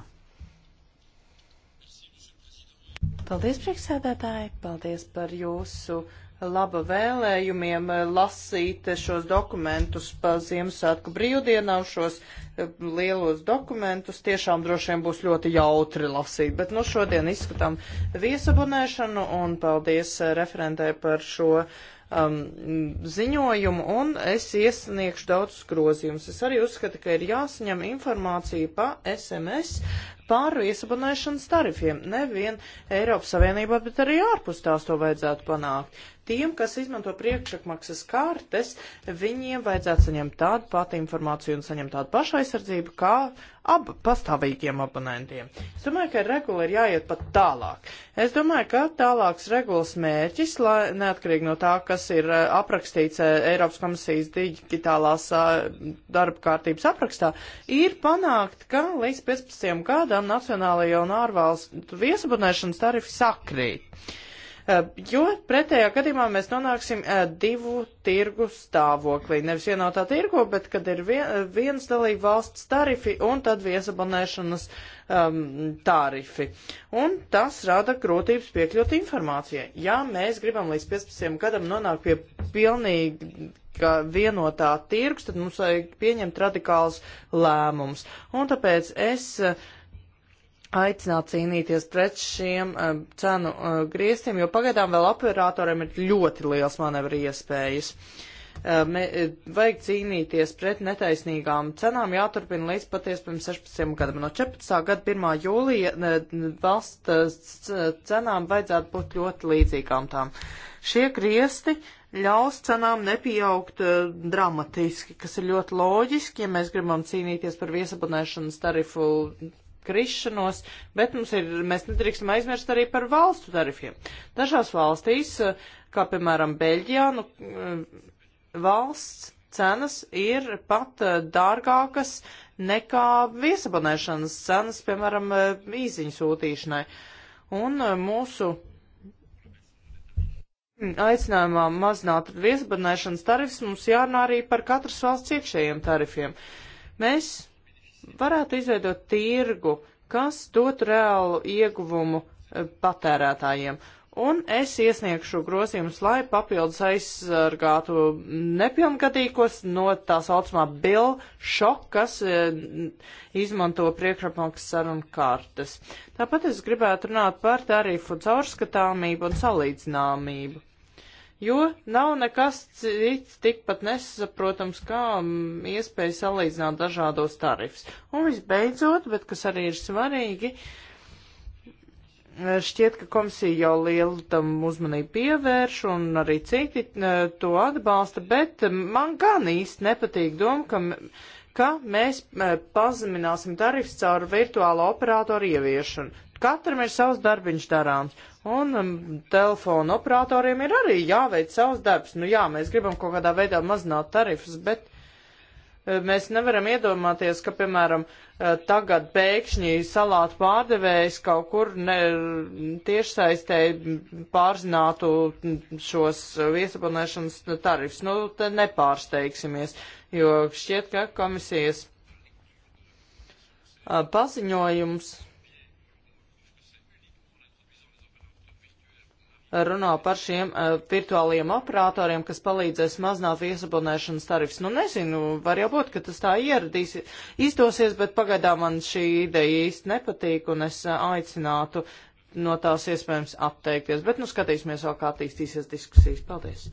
Paldies, priekšsēdētāji, paldies par jūsu laba vēlējumiem eh, lasīt šos dokumentus pa Ziemassvētku brīvdienām, šos eh, lielos dokumentus. Tiešām droši vien būs ļoti jautri lasīt, bet nu šodien izskatām viesabunēšanu un paldies eh, referentē par šo um, ziņojumu un es iesniegšu daudzus grozījumus. Es arī uzskatu, ka ir jāsaņem informācija pa SMS pār viesabonēšanas tarifiem. Nevien Eiropas Savienībā, bet arī ārpus tās to vajadzētu panākt. Tiem, kas izmanto priekšakmaksas kartes, viņiem vajadzētu saņemt tādu pati informāciju un saņemt tādu pašu aizsardzību kā ab pastāvīgiem abonentiem. Es domāju, ka regula ir jāiet pat tālāk. Es domāju, ka tālāks regulas mērķis, lai neatkarīgi no tā, kas ir eh, aprakstīts eh, Eiropas komisijas digitālās eh, darba kārtības aprakstā, ir panākt, ka līdz 15 gadam gan nacionālajie un ārvalstu viesabunēšanas tarifi sakrīt. Eh, jo pretējā gadījumā mēs nonāksim eh, divu tirgu stāvoklī. Nevis vienotā tirgu, bet kad ir eh, viens dalība valsts tarifi un tad viesabonēšanas um, ehm, tarifi. Un tas rada grūtības piekļūt informācijai. Ja mēs gribam līdz 15 gadam nonākt pie pilnīgi vienotā tirgus, tad mums vajag pieņemt radikālus lēmumus. Un tāpēc es uh, aicināt cīnīties pret šiem uh, cenu uh, eh, grieztiem, jo pagaidām vēl operatoriem ir ļoti liels manevri iespējas. Uh, me, vajag cīnīties pret netaisnīgām cenām, jāturpina līdz patiesi pirms 16 gadam. No 14. gada 1. jūlija valsts cenām vajadzētu būt ļoti līdzīgām tām. Šie griesti ļaus cenām nepieaugt uh, dramatiski, kas ir ļoti loģiski, ja mēs gribam cīnīties par viesabunēšanas tarifu krišanos, bet mums ir, mēs nedrīkstam aizmirst arī par valstu tarifiem. Dažās valstīs, kā piemēram Beļģijā, nu, eh, valsts cenas ir pat eh, dārgākas nekā viesabonēšanas cenas, piemēram, eh, īziņu sūtīšanai. Un mūsu aicinājumā mazināt viesabonēšanas tarifs mums jārunā arī par katras valsts iekšējiem tarifiem. Mēs varētu izveidot tirgu, kas dotu reālu ieguvumu e, patērētājiem. Un es iesniegšu grozījumus, lai papildus aizsargātu nepilngadīgos no tā saucamā bill šoka, kas e, izmanto priekšapmaksas sarunu kartes. Tāpat es gribētu runāt par tarifu caurskatāmību un salīdzināmību jo nav nekas cits tikpat nesaprotams, kā mm, iespēja salīdzināt dažādos tarifus. Un visbeidzot, bet kas arī ir svarīgi, eh, šķiet, ka komisija jau lielu tam uzmanību pievērš un arī citi eh, to atbalsta, bet mm, man gan īsti nepatīk doma, ka ka mēs eh, pazemināsim tarifus caur virtuālo operātoru ieviešanu. Katram ir savs darbiņš darāms, Un um, telefonu operatoriem ir arī jāveic savs darbs. Nu jā, mēs gribam kaut kādā veidā mazināt tarifus, bet uh, mēs nevaram iedomāties, ka, piemēram, uh, tagad pēkšņi salātu pārdevējs kaut kur ne, tiešsaistē pārzinātu šos viesabonēšanas tarifus. Nu, te nepārsteigsimies, jo šķiet, ka komisijas uh, paziņojums runā par šiem uh, eh, virtuāliem operatoriem, kas palīdzēs mazināt viesabonēšanas tarifs. Nu, nezinu, var jau būt, ka tas tā ieradīs, izdosies, bet pagaidām man šī ideja īsti nepatīk, un es uh, aicinātu no tās iespējams atteikties. Bet, nu, skatīsimies vēl, kā attīstīsies diskusijas. Paldies!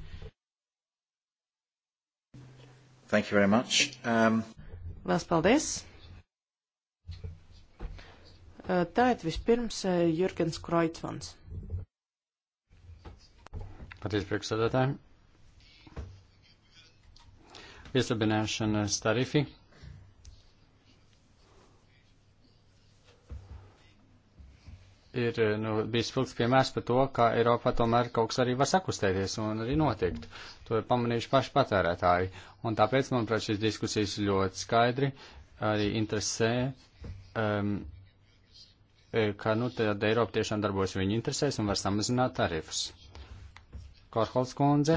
Thank you very much. Um... Vēl paldies! Eh, Tātad vispirms Jurgens Kreutzmans. Paldies, priekšsēdētāji. Piesabināšanas tarifi. Ir nu, bijis spilgts piemērs par to, ka Eiropā tomēr kaut kas arī var sakustēties un arī notikt. To ir pamanījuši paši patērētāji. Un tāpēc, manuprāt, šīs diskusijas ļoti skaidri arī interesē. Um, e, ka nu, tad Eiropa tiešām darbojas viņu interesēs un var samazināt tarifus. Korholts kundze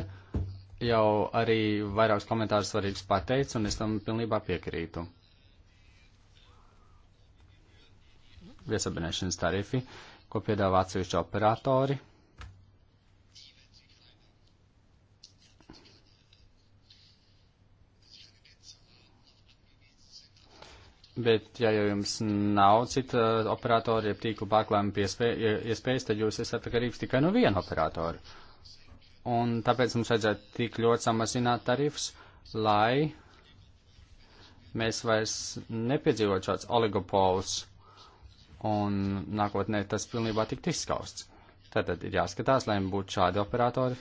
jau arī vairākus komentārus svarīgus pateica, un es tam pilnībā piekrītu. Viesabinēšanas tarifi, ko piedāvā atsevišķi operatori. Bet, ja jau jums nav cita operatora, ja tīkla pārklājuma iespējas, tad jūs esat atkarīgs tikai no viena operatora. Uh, un tāpēc mums vajadzētu tik ļoti samazināt tarifus, lai mēs vairs nepiedzīvotu šāds oligopols, un nākotnē tas pilnībā tikt izskausts. Tātad ir jāskatās, lai būtu šādi operatori,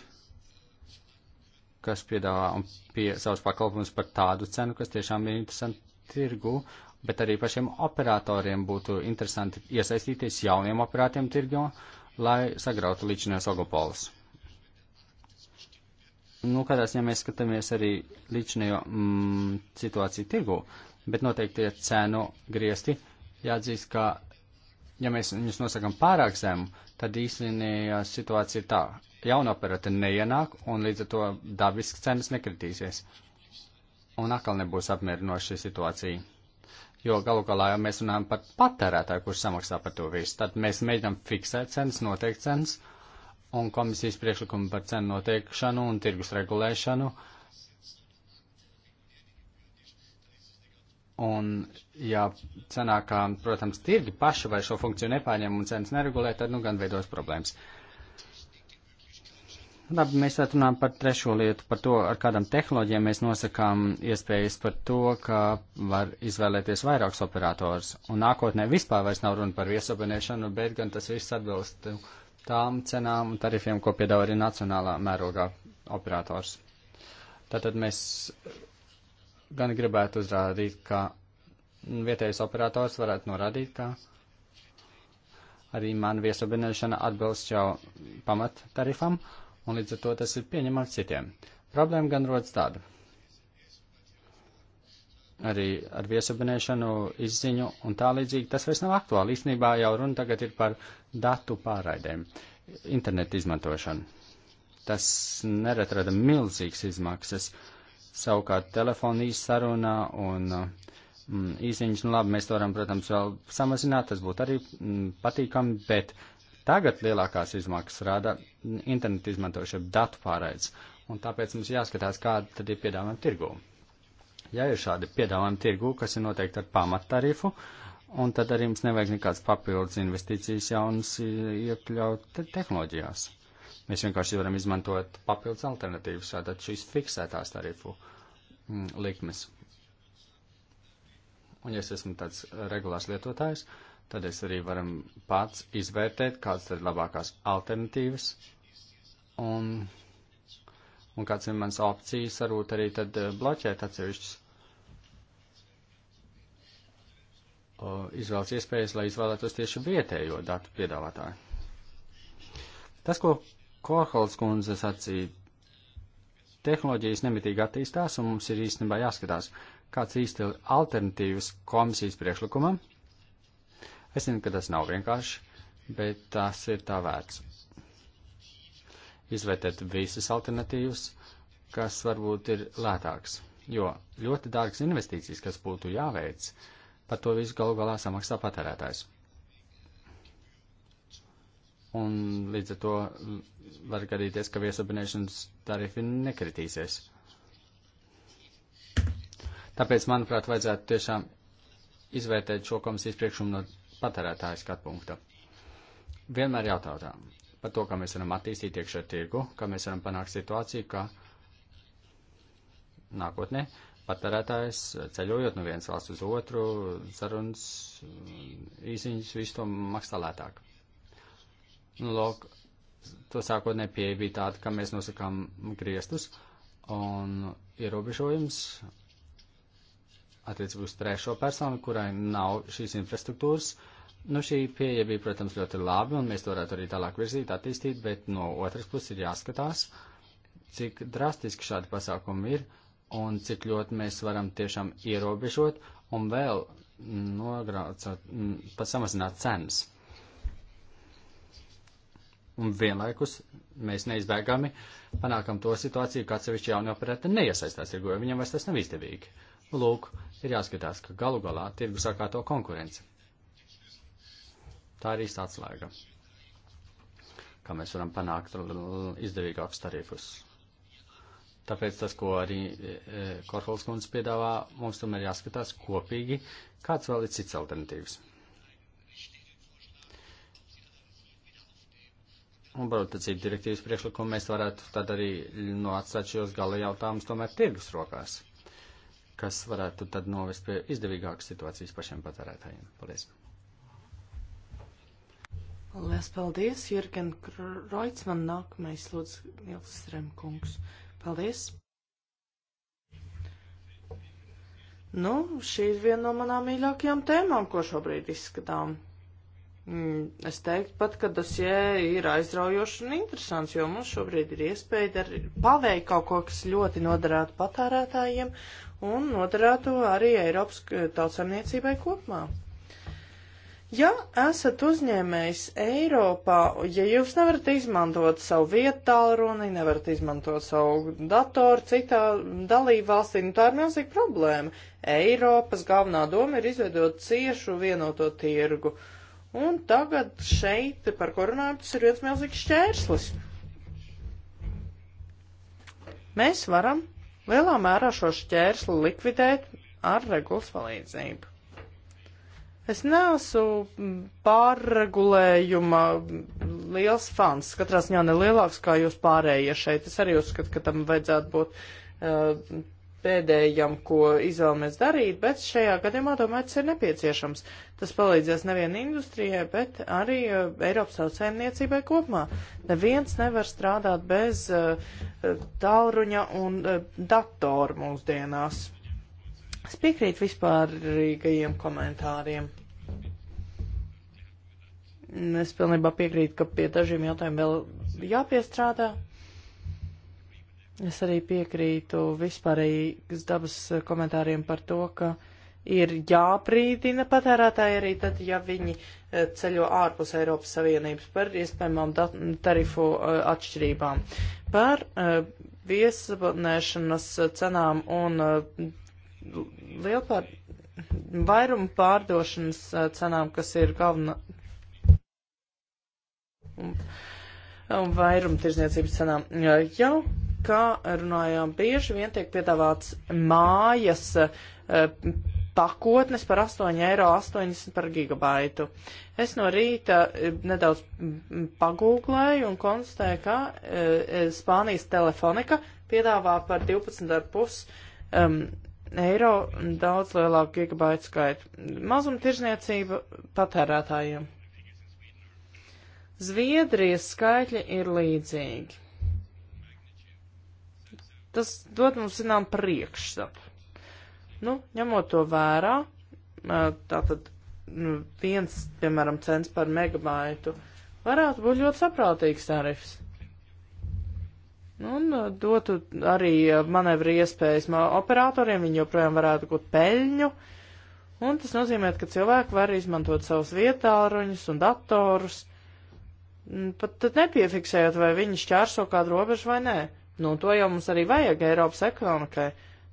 kas piedāvā un pie savus pakalpumus par tādu cenu, kas tiešām ir interesanti tirgu, bet arī pašiem operatoriem būtu interesanti iesaistīties jauniem operatoriem tirgo, lai sagrautu līdzinās oligopolus nu, kādā ziņā mēs skatāmies arī līdzinējo mm, situāciju tirgu, bet noteikti ir cēnu griesti. Jāatzīst, ka, ja mēs viņus nosakam pārāk zemu, tad īstenībā situācija ir tā. Jauna operata neienāk, un līdz ar to dabiski cenas nekritīsies. Un atkal nebūs apmierinoša šī situācija. Jo galu galā, ja mēs runājam par patērētāju, kurš samaksā par to visu, tad mēs mēģinām fiksēt cenas, noteikt cenas, uh, un komisijas priekšlikumu par cenu noteikšanu un tirgus regulēšanu. Un, ja cenā, kā, protams, tirgi paši vai šo funkciju nepārņem un cenas neregulē, tad, nu, gan veidos problēmas. Labi, mēs tad runājam par trešo lietu, par to, ar kādām tehnoloģijām mēs nosakām iespējas par to, ka var izvēlēties vairākus operators. Un nākotnē vispār vairs nav runa par viesopenēšanu, bet gan tas viss atbilst uh, tām cenām un tarifiem, ko piedāvā arī nacionālā mērogā operators. Tātad mēs gan gribētu uzrādīt, ka vietējais operators varētu norādīt, ka arī man viesabinēšana atbilst jau pamat tarifam, un līdz ar to tas ir pieņemams citiem. Problēma gan rodas tāda. Arī ar viesabinēšanu, izziņu un tā līdzīgi tas vairs nav aktuāli. Īstenībā jau runa tagad ir par datu pārraidēm, internetu izmantošanu. Tas nerad rada milzīgas izmaksas. Savukārt telefona īssarunā un uh, mm, īsiņas, nu labi, mēs to varam, protams, vēl samazināt, tas būtu arī mm, patīkami, bet tagad lielākās izmaksas rada internetu izmantošana, datu pārraids. Un tāpēc mums jāskatās, kāda tad ir piedāvājuma tirgū. Ja ir šādi piedāvājumi tirgū, kas ir noteikti ar pamattarifu, uh, un tad arī mums nevajag nekādas papildus investīcijas jaunas iekļaut te tehnoloģijās. Mēs vienkārši varam izmantot papildus alternatīvas, tātad šīs fiksētās tarifu mm, likmes. Un ja es esmu tāds regulārs lietotājs, tad es arī varam pats izvērtēt, kādas ir labākās alternatīvas un, un kāds ir mans opcijas, varbūt arī tad eh, bloķēt atsevišķus izvēlas iespējas, lai izvēlētos tieši vietējo datu piedāvātāju. Tas, ko Korholds kundze sacīja, tehnoloģijas nemitīgi attīstās, un mums ir īstenībā jāskatās, kāds īsti ir alternatīvas komisijas priekšlikumam. Es zinu, ka tas nav vienkārši, bet tas ir tā vērts. Izvērtēt visas alternatīvas, kas varbūt ir lētāks, jo ļoti dārgas investīcijas, kas būtu jāveic, uh, par to visu galu galā samaksā patērētājs. Un līdz ar to var gadīties, ka viesabinēšanas tarifi nekritīsies. Tāpēc, manuprāt, vajadzētu tiešām izvērtēt šo komisijas priekšumu no patērētāja skatu punkta. Vienmēr jautājām par to, kā mēs varam attīstīt iekšā tirgu, kā mēs varam panākt situāciju, ka nākotnē patērētājs ceļojot no vienas valsts uz otru, sarunas īsiņas visu to maksā lētāk. Nu, lūk, to sākotnē pieeja bija tāda, ka mēs nosakām griestus un ierobežojums attiecībā uz trešo personu, kurai nav šīs infrastruktūras. Nu, šī pieeja bija, protams, ļoti labi, un mēs to varētu arī tālāk virzīt, attīstīt, bet no otras puses ir jāskatās, cik drastiski šādi pasākumi ir, uh, un cik ļoti mēs varam tiešām ierobežot un vēl nograucot, mm, pasamazināt cenas. Un vienlaikus mēs neizbēgami panākam to situāciju, ka atsevišķi jaunie operētāji neiesaistās tirgu, jo viņam vairs tas nav izdevīgi. Lūk, ir jāskatās, ka galu galā tirgu sākā to konkurence. Tā ir īsta atslēga, kā mēs varam panākt izdevīgākus tarifus. Tāpēc tas, ko arī e, e Korholas kundze piedāvā, mums tomēr jāskatās kopīgi, kāds vēl ir cits alternatīvs. Un barotacību direktīvas priekšlikumu mēs varētu tad arī noatstāt šos gala jautājumus tomēr tirgus rokās, kas varētu tad novest pie izdevīgākas situācijas pašiem patērētājiem. Paldies! Lielas paldies, Jurgen Kreutzmann, nākamais lūdzu Nils Remkungs. kungs. Paldies! Nu, šī ir viena no manām mīļākajām tēmām, ko šobrīd izskatām. Mm, es teiktu pat, ka dosie ir aizraujoši un interesants, jo mums šobrīd ir iespēja paveikt kaut ko, kas ļoti noderētu patērētājiem un noderētu arī Eiropas eh, tautsamniecībai kopumā. Ja esat uzņēmējs Eiropā, ja jūs nevarat izmantot savu vietu tālruni, nevarat izmantot savu datoru citā dalību valstī, nu tā ir milzīga problēma. Eiropas galvenā doma ir izveidot ciešu vienoto tirgu. Un tagad šeit, par ko runājam, tas ir viens milzīgs šķērslis. Mēs varam lielā mērā šo šķērsli likvidēt ar regulas palīdzību. Es neesmu pārregulējuma liels fans, katrā ziņā nelielāks kā jūs pārējie šeit. Es arī uzskatu, ka tam vajadzētu būt uh, pēdējam, ko izvēlamies darīt, bet šajā gadījumā domāju, tas ir nepieciešams. Tas palīdzēs nevien industrijai, bet arī uh, Eiropas tautsēmniecībai kopumā. Neviens nevar strādāt bez uh, tālruņa un uh, datoru mūsdienās. Es piekrītu vispārīgajiem komentāriem. Es pilnībā piekrītu, ka pie dažiem jautājumiem vēl jāpiestrādā. Es arī piekrītu vispārīgas dabas komentāriem par to, ka ir jāprīdina patērētāji arī tad, ja viņi e, ceļo ārpus Eiropas Savienības par iespējamām tarifu e, atšķirībām. Par e, viesabonēšanas cenām un liela pār, vairuma pārdošanas cenām, kas ir galvenā. Un, un vairuma tirzniecības cenām. Jau, kā runājām, bieži vien tiek piedāvāts mājas pakotnes par 8,80 eiro par gigabaitu. Es no rīta nedaudz pagūglēju un konstatēju, ka e, Spānijas telefonika piedāvā par 12,5 um, eiro un daudz lielāku gigabaitu skaitu. Mazumtirzniecība patērētājiem. Zviedrijas skaitļi ir līdzīgi. Tas dod mums zinām priekšstatu. Nu, ņemot to vērā, tātad nu, viens, piemēram, cents par megabaitu varētu būt ļoti saprātīgs tarifs. Un uh, dotu arī uh, manevri iespējas operatoriem, viņi joprojām varētu gūt peļņu. Un tas nozīmē, ka cilvēki var izmantot savus vietāruņus un datorus, mm, pat tad nepiefiksējot, vai viņi šķērso kādu robežu vai nē. Nu, to jau mums arī vajag Eiropas ekonomikai,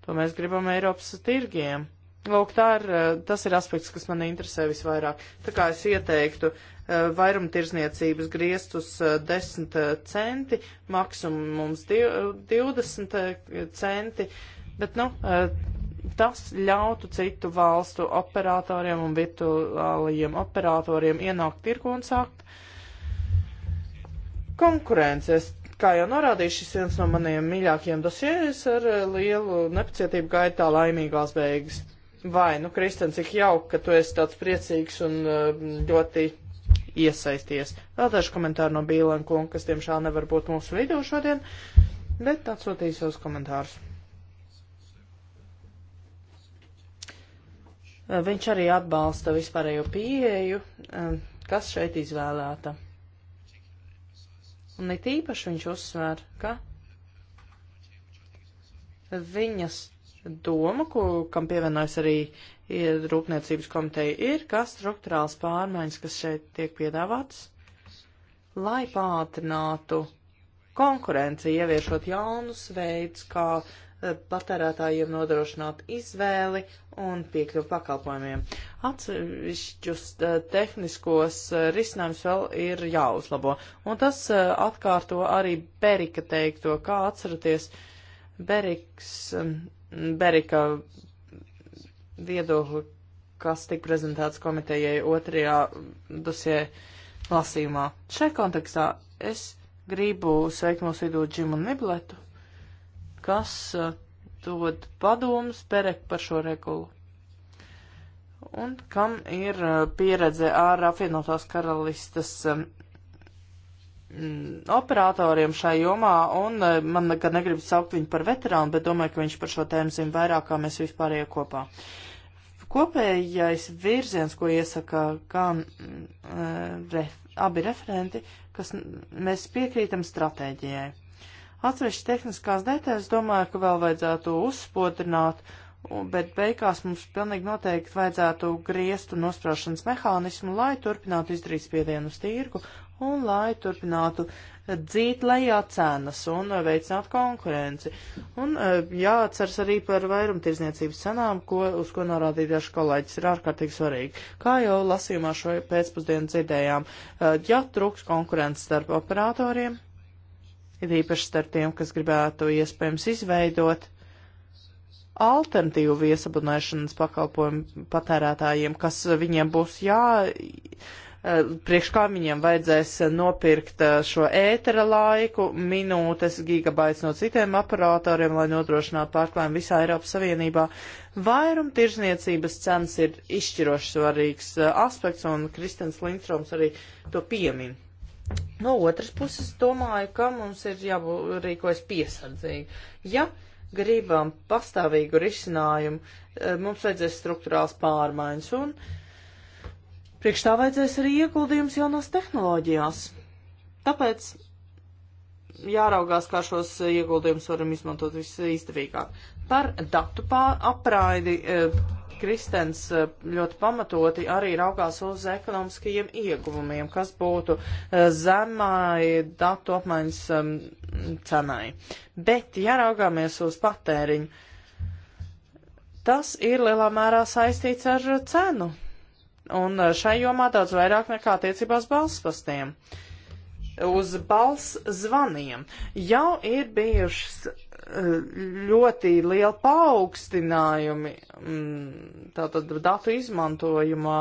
to mēs gribam Eiropas tirgiem. Lūk, tā ir, uh, tas ir aspekts, kas man interesē visvairāk. Tā kā es ieteiktu Eh, vairumtirzniecības griestus eh, 10 eh, centi, maksimums 20 centi, bet, nu, tas ļautu citu valstu operatoriem un virtuālajiem operatoriem ienākt tirgu un sākt konkurences. Kā jau norādīju, šis viens no maniem mīļākajiem dosieris ar lielu nepacietību gaitā laimīgās beigas. Vai, nu, Kristens, cik jauki, ka tu esi tāds priecīgs un ļoti iesaisties. Vēl daži komentāri no Bīlenkunga, kas tiemžēl nevar būt mūsu vidū šodien, bet atsūtīja savus komentārus. Viņš arī atbalsta vispārējo pieeju, eh, kas šeit izvēlēta. Un it īpaši viņš uzsver, ka viņas doma, ko, kam pievienojas arī ir Rūpniecības komiteja, ir, ka struktūrāls pārmaiņas, kas šeit tiek piedāvātas, lai pātrinātu konkurenci, ieviešot jaunus veidus, kā eh, patērētājiem nodrošināt izvēli un piekļuvu pakalpojumiem. Atsevišķus eh, tehniskos eh, risinājums vēl ir jāuzlabo. Un tas atkārto arī Berika teikto, kā atceraties, Beriks, mm, Berika viedokli, kas tika prezentēts komitejai otrajā dosie lasījumā. Šai kontekstā es gribu sveikt mūsu vidū Džimu Nibletu, kas uh, dod padomus Perek par šo regulu. Un kam ir uh, pieredze ar apvienotās karalistas um, mm, operatoriem šai jomā, un uh, man gan negrib saukt viņu par veterānu, bet domāju, ka viņš par šo tēmu zina vairāk, kā mēs vispārējie kopā. Uh, Kopējais virziens, ko iesaka gan mm, ref, abi referenti, kas mēs piekrītam stratēģijai. Atsevišķi tehniskās detaļas domāju, ka vēl vajadzētu uzspodrināt, bet beigās mums pilnīgi noteikti vajadzētu griezt un nosprāšanas mehānismu, lai turpinātu izdarīt spiedienu uz tirgu un lai turpinātu dzīt lejā cenas un uh, veicinātu konkurenci. Un uh, jāatceras arī par vairumtirdzniecības cenām, ko, uz ko norādīja daži kolēģis, ir ārkārtīgi svarīgi. Kā jau lasījumā šo pēcpusdienu dzirdējām, uh, ja trūks konkurences starp operatoriem, ir īpaši starp tiem, kas gribētu iespējams izveidot alternatīvu viesabunēšanas pakalpojumu patērētājiem, kas viņiem būs jā priekš kā viņiem vajadzēs nopirkt eh, šo ētera laiku, minūtes, gigabaits no citiem operatoriem, lai nodrošinātu pārklājumu visā Eiropas Savienībā. Vairuma tirzniecības cenas ir izšķiroši svarīgs eh, aspekts, un Kristens Lindstroms arī to piemin. No otras puses, domāju, ka mums ir jārīkojas piesardzīgi. Ja gribam pastāvīgu risinājumu, eh, mums vajadzēs struktūrāls pārmaiņas, un uh, Priekš tā vajadzēs arī ieguldījums jaunās tehnoloģijās. Tāpēc jāraugās, kā šos ieguldījumus varam izmantot visizdevīgāk. Par datu apraidi e, Kristens e, ļoti pamatoti arī raugās uz ekonomiskajiem ieguvumiem, kas būtu e, zemai datu apmaiņas cenai. Bet jāraugāmies uz patēriņu. Tas ir lielā mērā saistīts ar cenu Un eh, šai jomā daudz vairāk nekā attiecībās balspastiem. Uz balss zvaniem jau ir bijušas eh, ļoti liela paaugstinājumi mm, tātad datu izmantojumā.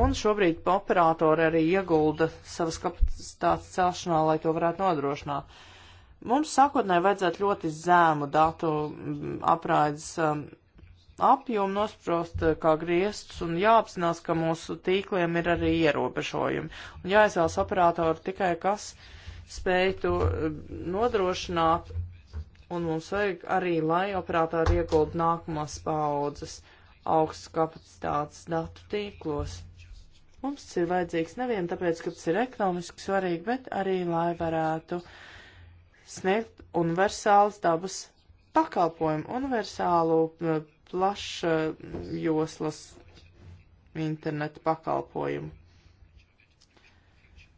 Un šobrīd operatori arī iegulda savas kapacitātes celšanā, lai to varētu nodrošināt. Mums sākotnēji vajadzētu ļoti zēmu datu mm, apraides mm, apjomu nosprost eh, kā griestus un jāapzinās, ka mūsu tīkliem ir arī ierobežojumi. Un jāizvēlas operatori tikai, kas spēj to eh, nodrošināt, un mums vajag arī, lai operatori ieguld nākamās paudzes augstas kapacitātes datu tīklos. Mums tas ir vajadzīgs nevien tāpēc, ka tas ir ekonomiski svarīgi, bet arī, lai varētu sniegt universālas dabas pakalpojumu, universālu eh, plaša joslas interneta pakalpojumu.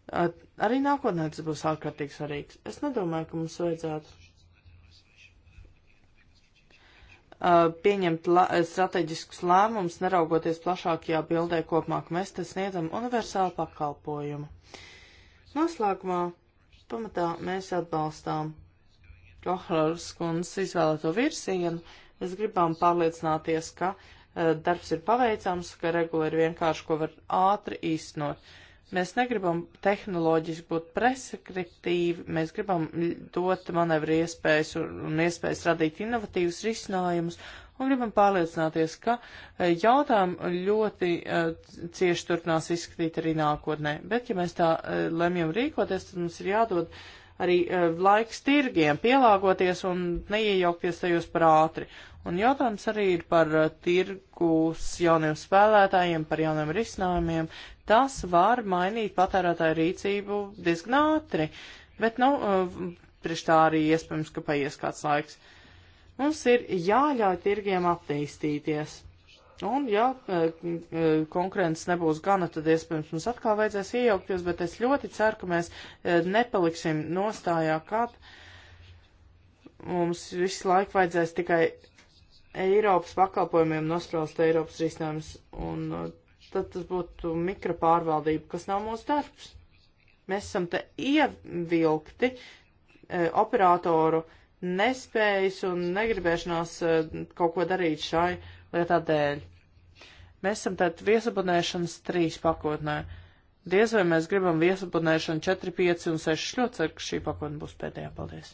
At, arī nākotnē tas būs ārkārtīgi svarīgs. Es nedomāju, ka mums vajadzētu uh, pieņemt strateģiskus lēmumus, neraugoties plašākajā bildē kopumā, ka mēs te sniedzam universālu pakalpojumu. Noslēgumā pamatā mēs atbalstām Kohlers kundzes izvēlēto virsienu, Mēs gribam pārliecināties, ka uh, darbs ir paveicams, ka regula ir vienkārši, ko var ātri īstenot. Mēs negribam tehnoloģiski būt preskriptīvi, mēs gribam dot manevru iespējas un, un iespējas radīt inovatīvus risinājumus un gribam pārliecināties, ka e, jautājumi ļoti uh, cieši turpinās izskatīt arī nākotnē. Bet, ja mēs tā uh, lemjam rīkoties, tad mums ir jādod uh, arī eh, laiks tirgiem pielāgoties un neiejaukties tajos par ātri. Un jautājums arī ir par eh, tirgus jauniem spēlētājiem, par jauniem risinājumiem. Tas var mainīt patērētāju rīcību diezgan ātri, bet nav nu, eh, priekš tā arī iespējams, ka paies kāds laiks. Mums ir jāļauj tirgiem attīstīties. Un, ja e, e, konkurence nebūs gana, tad iespējams mums atkal vajadzēs iejaukties, bet es ļoti ceru, ka mēs e, nepaliksim nostājā, kad mums visu laiku vajadzēs tikai Eiropas pakalpojumiem nospraust Eiropas risinājumus, un tad tas būtu mikropārvaldība, kas nav mūsu darbs. Mēs esam te ievilkti operatoru nespējas un negribēšanās kaut ko darīt šai lietā dēļ. Mēs esam tātad viesabunēšanas trīs pakotnē. Diez vai mēs gribam viesabunēšanu 4, 5 un 6. Ļoti ceru, ka šī pakotne būs pēdējā. Paldies!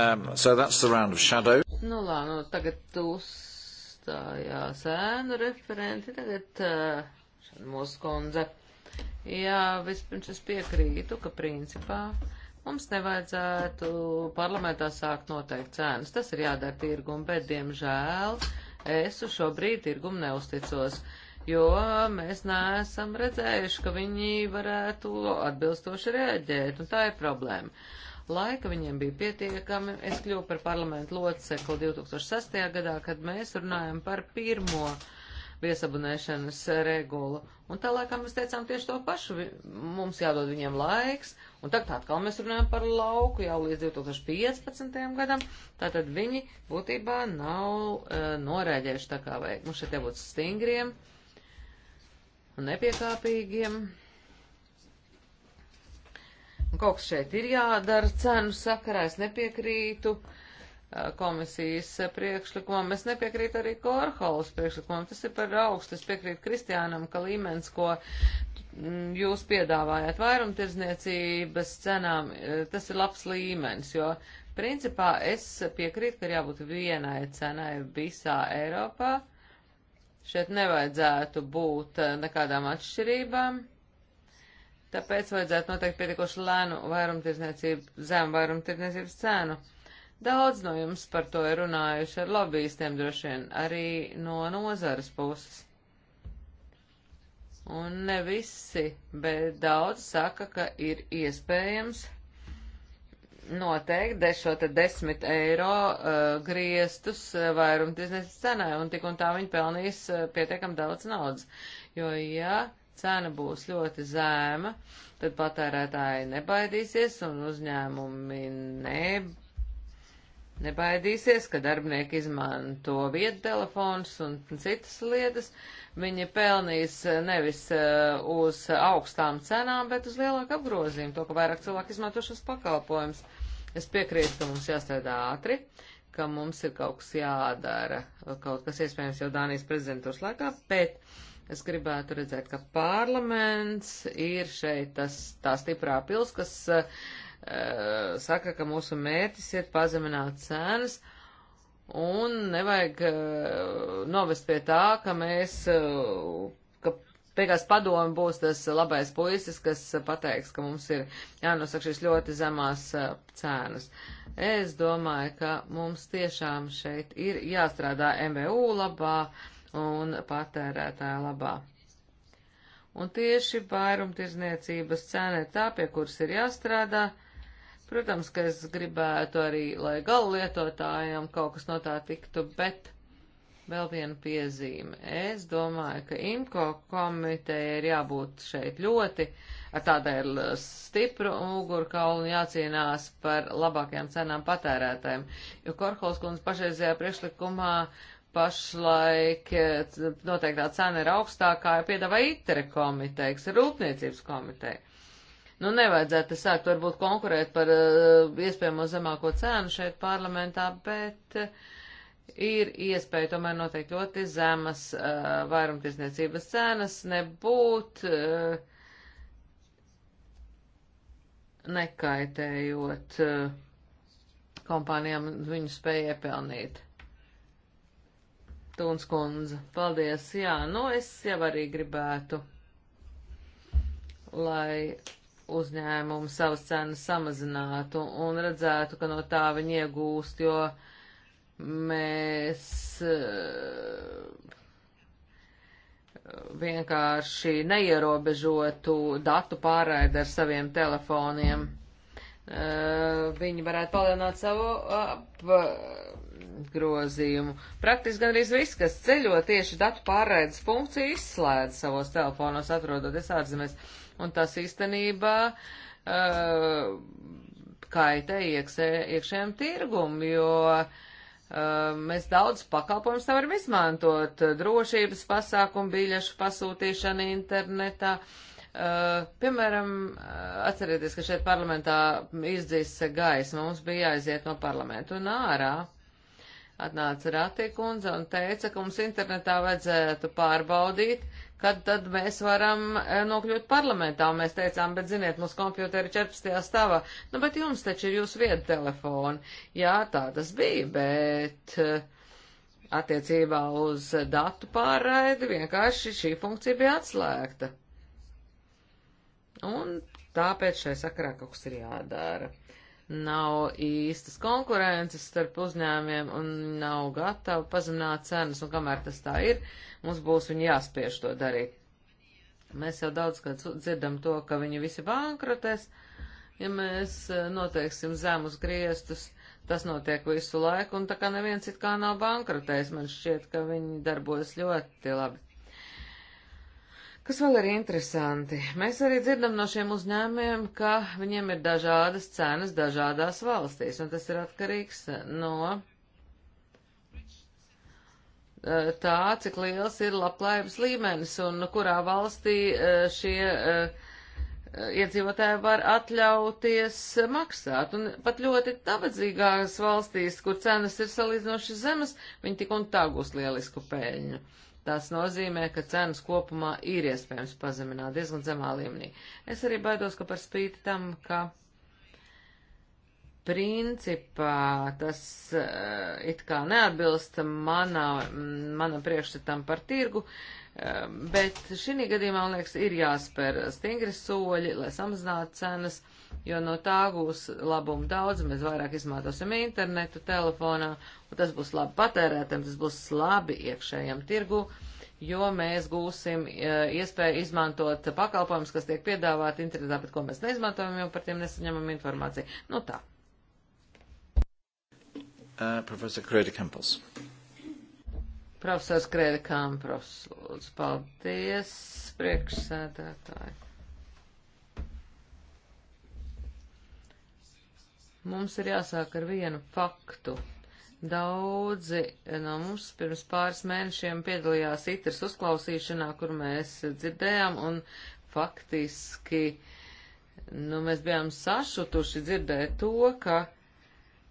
Um, so that's the round of shadow. Nu, lā, nu, tagad uzstājās ēnu referenti, tagad uh, mūsu kundze. Jā, vispirms es piekrītu, ka principā. Uh, Mums nevajadzētu parlamentā sākt noteikt cenas. Tas ir jādara tirgumu, bet, diemžēl, es uz šo brīdi tirgumu neusticos, jo mēs neesam redzējuši, ka viņi varētu atbilstoši reaģēt, un tā ir problēma. Laika viņiem bija pietiekami. Es kļuvu par parlamentu locekli 2006. gadā, kad mēs runājam par pirmo viesabunēšanas regulu. Un tā laikā mēs teicām tieši to pašu. Mums jādod viņiem laiks, Un tagad atkal mēs runājam par lauku jau līdz 2015. gadam, tātad viņi būtībā nav uh, norēģējuši tā kā vajag. Mums šeit jābūt stingriem un nepiekāpīgiem. Un kaut kas šeit ir jādara cenu sakarā, es nepiekrītu e, komisijas priekšlikumam, es nepiekrītu arī Korholas priekšlikumam, tas ir par augstu, es piekrītu Kristiānam, ka līmenis, ko Mm, jūs piedāvājāt vairumtirdzniecības cenām, e, tas ir labs līmenis, jo principā es piekrītu, ka ir jābūt vienai cenai visā Eiropā. Šeit nevajadzētu būt e, nekādām atšķirībām. Tāpēc vajadzētu noteikt pietiekoši lēnu vairumtirdzniecību, zemu vairumtirdzniecības cēnu. Daudz no jums par to ir runājuši ar lobbyistiem, droši vien arī no nozares puses. Un ne visi, bet daudz saka, ka ir iespējams noteikt de šo te desmit eiro uh, griestus uh, vairumtirdzniecības cenai, un tik un tā viņi pelnīs uh, pietiekam daudz naudas. Jo, ja cena būs ļoti zēma, tad patērētāji nebaidīsies un uzņēmumi nebaidīsies nebaidīsies, ka darbinieki izmanto viedtelefons un citas lietas. Viņi pelnīs eh, nevis eh, uz augstām cenām, bet uz lielāku apgrozījumu, to, ka vairāk cilvēku izmanto šos pakalpojumus. Es piekrītu, ka mums jāstrādā ātri, ka mums ir kaut kas jādara, kaut kas iespējams jau Dānijas prezidentūras laikā, bet es gribētu redzēt, ka parlaments ir šeit tas, tā stiprā pils, kas uh, Eh, saka, ka mūsu mērķis ir pazemināt cenas un nevajag eh, novest pie tā, ka mēs, eh, ka beigās padomi būs tas labais puisis, kas pateiks, ka mums ir jānosaka šīs ļoti zemās cenas. Es domāju, ka mums tiešām šeit ir jāstrādā MVU labā un patērētāja labā un tieši vairumtirdzniecības cena ir tā, pie kuras ir jāstrādā, Protams, ka es gribētu arī, lai galu lietotājiem kaut kas no tā tiktu, bet vēl viena piezīme. Es domāju, ka IMCO komiteja ir jābūt šeit ļoti ar tādēļ stipru mugurkaulu un jācīnās par labākajām cenām patērētājiem, jo Korhols kundze pašreizajā priekšlikumā pašlaik e, noteiktā cena ir augstākā, ja piedāvā itere komiteja, kas ir rūpniecības komiteja. Nu, nevajadzētu sākt varbūt konkurēt par uh, iespējamo zemāko cēnu šeit parlamentā, bet uh, ir iespēja tomēr noteikti ļoti zemas uh, vairumtirdzniecības cenas nebūt uh, nekaitējot uh, kompānijām viņu spēja iepelnīt. Tūns kundze, paldies, jā, nu es jau arī gribētu, lai uzņēmumu savas cenas samazinātu un redzētu, ka no tā viņi iegūst, jo mēs eh, vienkārši neierobežotu datu pārraidi ar saviem telefoniem. Eh, viņi varētu palielināt savu eh, apgrozījumu. Praktiski gandrīz viss, kas ceļo tieši datu pārraides funkciju, izslēdz savos telefonos, atrodoties ārzemēs un tas īstenībā uh, kaitē iekšē, iekšējiem tirgum, jo uh, mēs daudz pakalpojumus nevaram izmantot. Drošības pasākumu, biļešu pasūtīšana internetā. Uh, piemēram, uh, atcerieties, ka šeit parlamentā izdzīs gaisma, mums bija jāiziet no parlamentu un ārā. Atnāca Ratī kundze un teica, ka mums internetā vajadzētu pārbaudīt, kad tad mēs varam e, nokļūt parlamentā. Mēs teicām, bet ziniet, mūsu kompjuteri 14. stāvā. Nu, bet jums taču ir jūsu vieta telefona. Jā, tā tas bija, bet e, attiecībā uz datu pārraidi vienkārši šī funkcija bija atslēgta. Un tāpēc šai sakarā kaut kas ir jādara nav īstas konkurences starp uzņēmiem un nav gatava pazemināt cenas, un kamēr tas tā ir, mums būs viņi jāspiež to darīt. Mēs jau daudz kad dzirdam to, ka viņi visi bankrotēs, ja mēs e, noteiksim zemus griestus, tas notiek visu laiku, un tā kā neviens it kā nav bankrotējis, man šķiet, ka viņi darbojas ļoti labi. Kas vēl ir interesanti? Mēs arī dzirdam no šiem uzņēmējiem, ka viņiem ir dažādas cenas dažādās valstīs, un tas ir atkarīgs eh, no eh, tā, cik liels ir labklājības līmenis un kurā valstī eh, šie iedzīvotāji var atļauties maksāt. Un pat ļoti tabadzīgās valstīs, kur cenas ir salīdzinoši zemes, viņi tik un tā gūs lielisku pēļņu. Tas nozīmē, ka cenas kopumā ir iespējams pazemināt diezgan zemā līmenī. Es arī baidos, ka par spīti tam, ka principā tas uh, it kā neatbilst mana, mana priekšstatam par tirgu, uh, bet šī gadījumā, man liekas, ir jāspēr stingri soļi, lai samazinātu cenas jo no tā būs labumu daudz, mēs vairāk izmantosim internetu, telefonā, un tas būs labi patērētiem, tas būs labi iekšējam tirgu, jo mēs gūsim e, iespēju izmantot pakalpojumus, kas tiek piedāvāti internetā, bet ko mēs neizmantojam, jo par tiem nesaņemam informāciju. Nu tā. Uh, Profesor Krēda Kempels. Profesors Krēda Kampros, lūdzu, paldies, priekšsēdētāji. Mums ir jāsāk ar vienu faktu. Daudzi no mums pirms pāris mēnešiem piedalījās itras uzklausīšanā, kur mēs dzirdējām, un faktiski, nu, mēs bijām sašutuši dzirdēt to, ka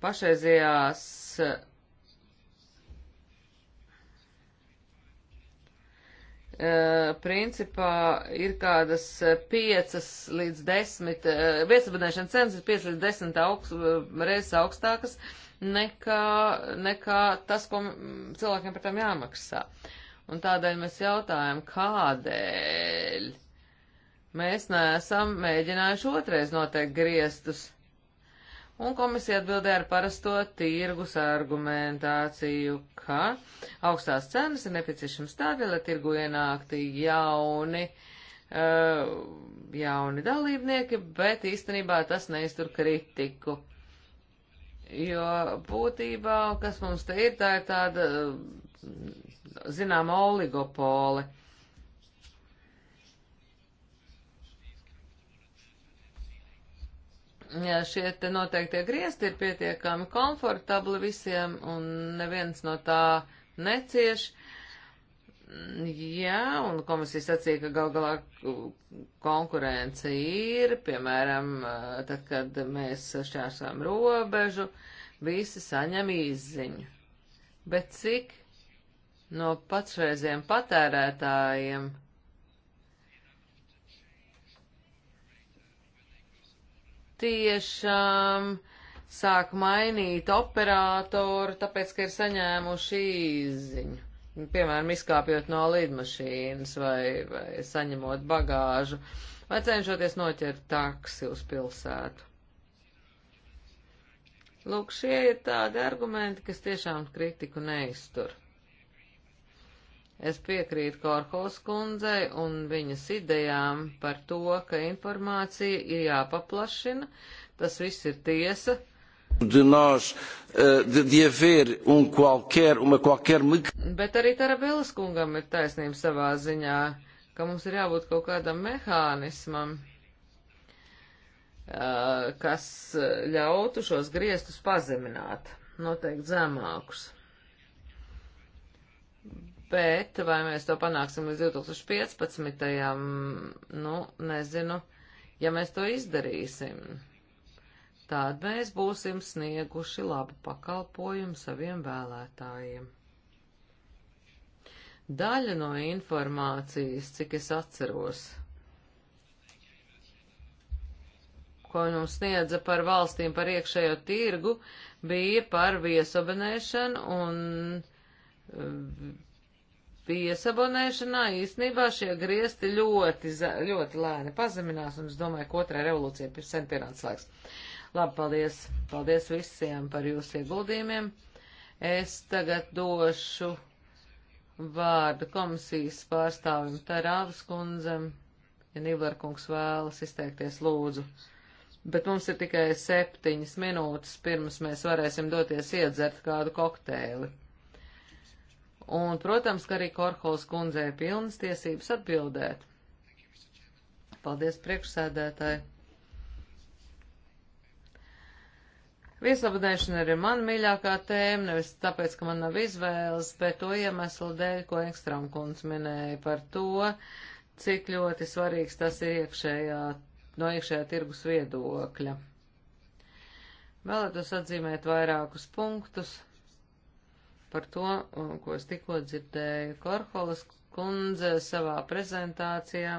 pašreizējās principā ir kādas 5 līdz 10, viesabunēšanas cenas ir 5 līdz 10 augst, reizes augstākas nekā, nekā tas, ko cilvēkiem par tām jāmaksā. Un tādēļ mēs jautājam, kādēļ mēs neesam mēģinājuši otrais noteikt griestus. Un komisija atbildēja ar parasto tirgus argumentāciju, ka augstās cenas ir nepieciešams tādēļ, lai tirgu ienākti jauni, uh, jauni dalībnieki, bet īstenībā tas neiztur kritiku. Jo būtībā, kas mums te ir, tā ir tāda, eh, zinām, oligopole. šie te noteiktie griezti ir pietiekami komfortabli visiem un neviens no tā necieš. Jā, un komisija sacīja, ka gal galā konkurence ir, piemēram, tad, kad mēs šķērsām robežu, visi saņem izziņu. Bet cik no pašreiziem patērētājiem tiešām sāk mainīt operātoru, tāpēc, ka ir saņēmuši īziņu. Piemēram, izkāpjot no lidmašīnas vai, vai saņemot bagāžu vai cenšoties noķert taksi uz pilsētu. Lūk, šie ir tādi argumenti, kas tiešām kritiku neiztur. Es piekrītu Korholas kundzei un viņas idejām par to, ka informācija ir jāpaplašina. Tas viss ir tiesa. De nós, eh, de, de haver um qualquer, uma qualquer... Bet arī Tarabēlas kungam ir taisnība savā ziņā, ka mums ir jābūt kaut kādam mehānismam, eh, kas ļautu šos griestus pazemināt, noteikti zemākus bet vai mēs to panāksim līdz 2015. nu, nezinu, ja mēs to izdarīsim. Tad mēs būsim snieguši labu pakalpojumu saviem vēlētājiem. Daļa no informācijas, cik es atceros, ko mums sniedza par valstīm, par iekšējo tirgu, bija par viesobenēšanu un piesabonēšanā īstenībā šie griezti ļoti, ļoti lēni pazeminās, un es domāju, ka otrā revolūcija ir sen pienācis laiks. Labi, paldies, paldies visiem par jūsu ieguldījumiem. Es tagad došu vārdu komisijas pārstāvim Tarāvas kundzem, ja Nivlarkungs vēlas izteikties lūdzu. Bet mums ir tikai septiņas minūtes, pirms mēs varēsim doties iedzert kādu kokteili. Un, protams, ka arī Korholas kundzei ir pilnas tiesības atbildēt. Paldies priekšsēdētāji. Vieslabadēšana ir man mīļākā tēma, nevis tāpēc, ka man nav izvēles, bet to iemeslu dēļ, ko Engstram kungs minēja par to, cik ļoti svarīgs tas ir iekšējā, no iekšējā tirgus viedokļa. Vēlētos atzīmēt vairākus punktus par to, ko es tikko dzirdēju Korholas kundze savā prezentācijā,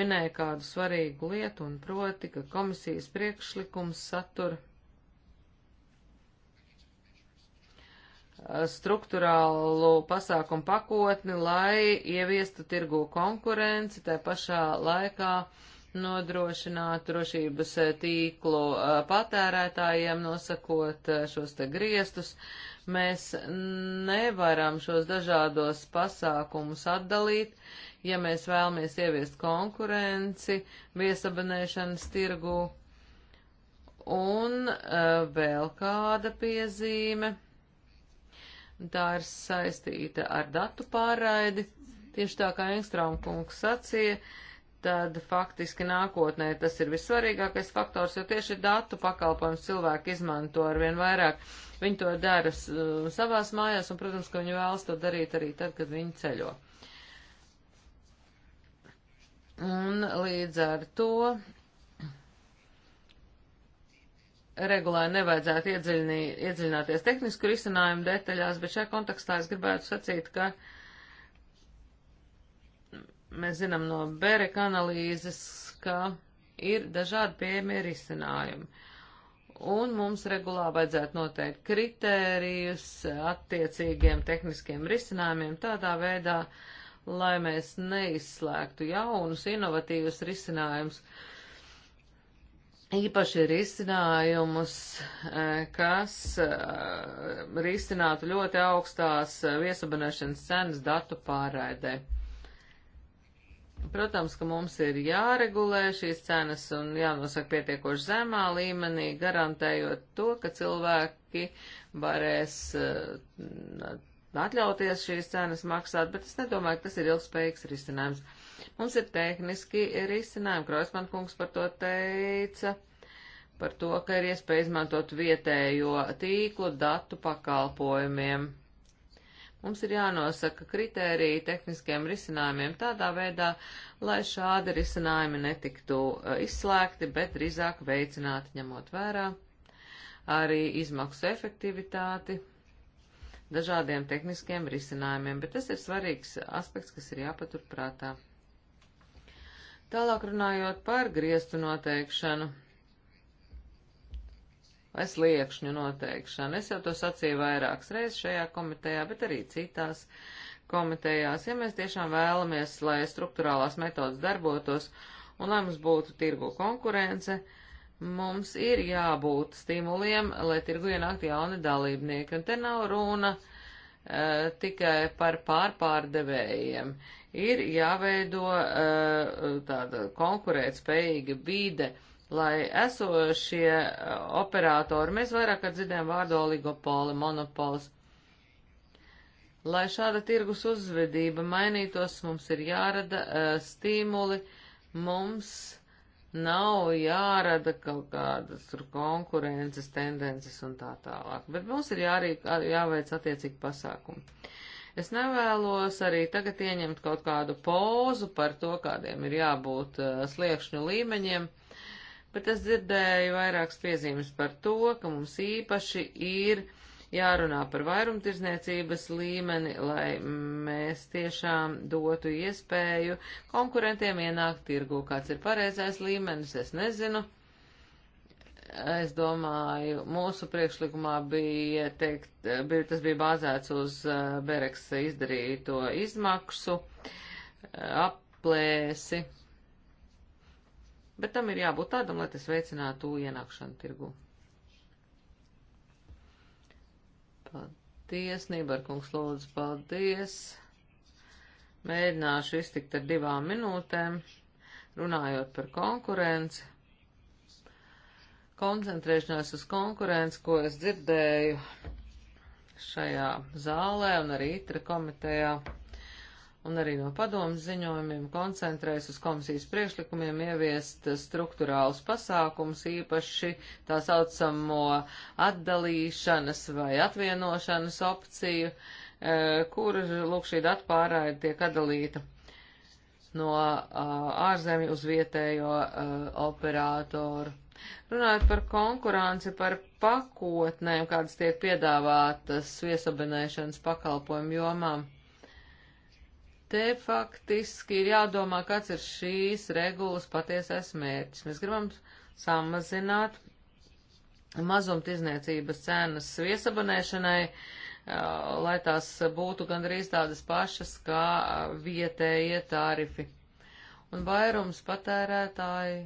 minēja kādu svarīgu lietu un proti, ka komisijas priekšlikums satur struktūrālu pasākumu pakotni, lai ieviestu tirgu konkurenci, tā pašā laikā nodrošināt drošības tīklu patērētājiem, nosakot šos te griestus. Uh, Mēs nevaram šos dažādos pasākumus atdalīt, ja mēs vēlamies ieviest konkurenci viesabinēšanas tirgū. Un uh, vēl kāda piezīme. Tā ir saistīta ar datu pārraidi. Tieši tā kā Engstrāma kungs sacīja, uh, tad faktiski nākotnē tas ir vissvarīgākais faktors, jo tieši datu pakalpojums cilvēki izmanto ar vien vairāk. Viņi to dara uh, savās mājās, un, protams, ka viņi vēlas to darīt arī tad, kad viņi ceļo. Un līdz ar to regulē nevajadzētu iedziļināties tehnisku risinājumu detaļās, bet šajā kontekstā es gribētu sacīt, ka uh, Mēs zinām no Bereka analīzes, ka ir dažādi pieejamie risinājumi. Un mums regulā vajadzētu noteikt kritērijus attiecīgiem tehniskiem risinājumiem tādā veidā, lai mēs neizslēgtu jaunus, inovatīvus risinājumus, īpaši risinājumus, e, kas e, risinātu ļoti augstās viesubanēšanas cenas datu pārraidē. Protams, ka mums ir jāregulē šīs cenas un jānosaka pietiekoši zemā līmenī, garantējot to, ka cilvēki varēs eh, atļauties šīs cenas maksāt, bet es nedomāju, ka tas ir ilgspējīgs risinājums. Mums ir tehniski risinājumi, Kroisman kungs par to teica, par to, ka ir iespēja izmantot vietējo tīklu datu pakalpojumiem. Mums ir jānosaka kritēriji tehniskiem risinājumiem tādā veidā, lai šādi risinājumi netiktu e, izslēgti, bet drīzāk veicināti ņemot vērā arī izmaksu efektivitāti dažādiem tehniskiem risinājumiem, bet tas ir svarīgs aspekts, kas ir jāpatur prātā. Tālāk runājot par griestu noteikšanu, vai sliekšņu noteikšanu. Es jau to sacīju vairākas reizes šajā komitejā, bet arī citās komitejās. Ja mēs tiešām vēlamies, lai struktūrālās metodas darbotos un lai mums būtu tirgu konkurence, mums ir jābūt stimuliem, lai tirgu ienāktu jauni dalībnieki. Un te nav runa uh, tikai par pārpārdevējiem. Ir jāveido uh, tāda konkurētspējīga vide. Uh, lai esošie eh, operatori, mēs vairāk kā dzirdējam vārdu oligopoli, monopols, lai šāda tirgus uzvedība mainītos, mums ir jārada uh, stimuli, mums nav jārada kaut kādas tur konkurences tendences un tā tālāk, bet mums ir jārīk, jāveic attiecīgi pasākumi. Es nevēlos arī tagad ieņemt kaut kādu pozu par to, kādiem ir jābūt uh, sliekšņu līmeņiem. Uh, bet es dzirdēju vairākas piezīmes par to, ka mums īpaši ir jārunā par vairumtirdzniecības līmeni, lai mēs tiešām dotu iespēju konkurentiem ienākt tirgu. Kāds ir pareizais līmenis, es nezinu. Es domāju, mūsu priekšlikumā bija, teikt, bija tas bija bāzēts uz eh, Bereks izdarīto izmaksu eh, aplēsi bet tam ir jābūt tādam, lai tas veicinātu ienākšanu tirgu. Paldies, Nībarkungs, lūdzu, paldies. Mēģināšu iztikt ar divām minūtēm, runājot par konkurenci. Koncentrēšanās uz konkurenci, ko es dzirdēju šajā zālē un arī itra komitejā un arī no padomas ziņojumiem koncentrēs uz komisijas priekšlikumiem ieviest struktūrālus pasākumus, īpaši tā saucamo atdalīšanas vai atvienošanas opciju, e, kur, lūk, šī datu pārāde tiek atdalīta no ārzemju uz vietējo operātoru. Runājot par konkurenci, par pakotnēm, kādas tiek piedāvātas viesabenēšanas pakalpojumu jomām Te faktiski ir jādomā, kāds ir šīs regulas patiesais mērķis. Mēs gribam samazināt mazumtirdzniecības cenas viesabonēšanai, lai tās būtu gandrīz tādas pašas kā vietējie tarifi. Un vairums patērētāji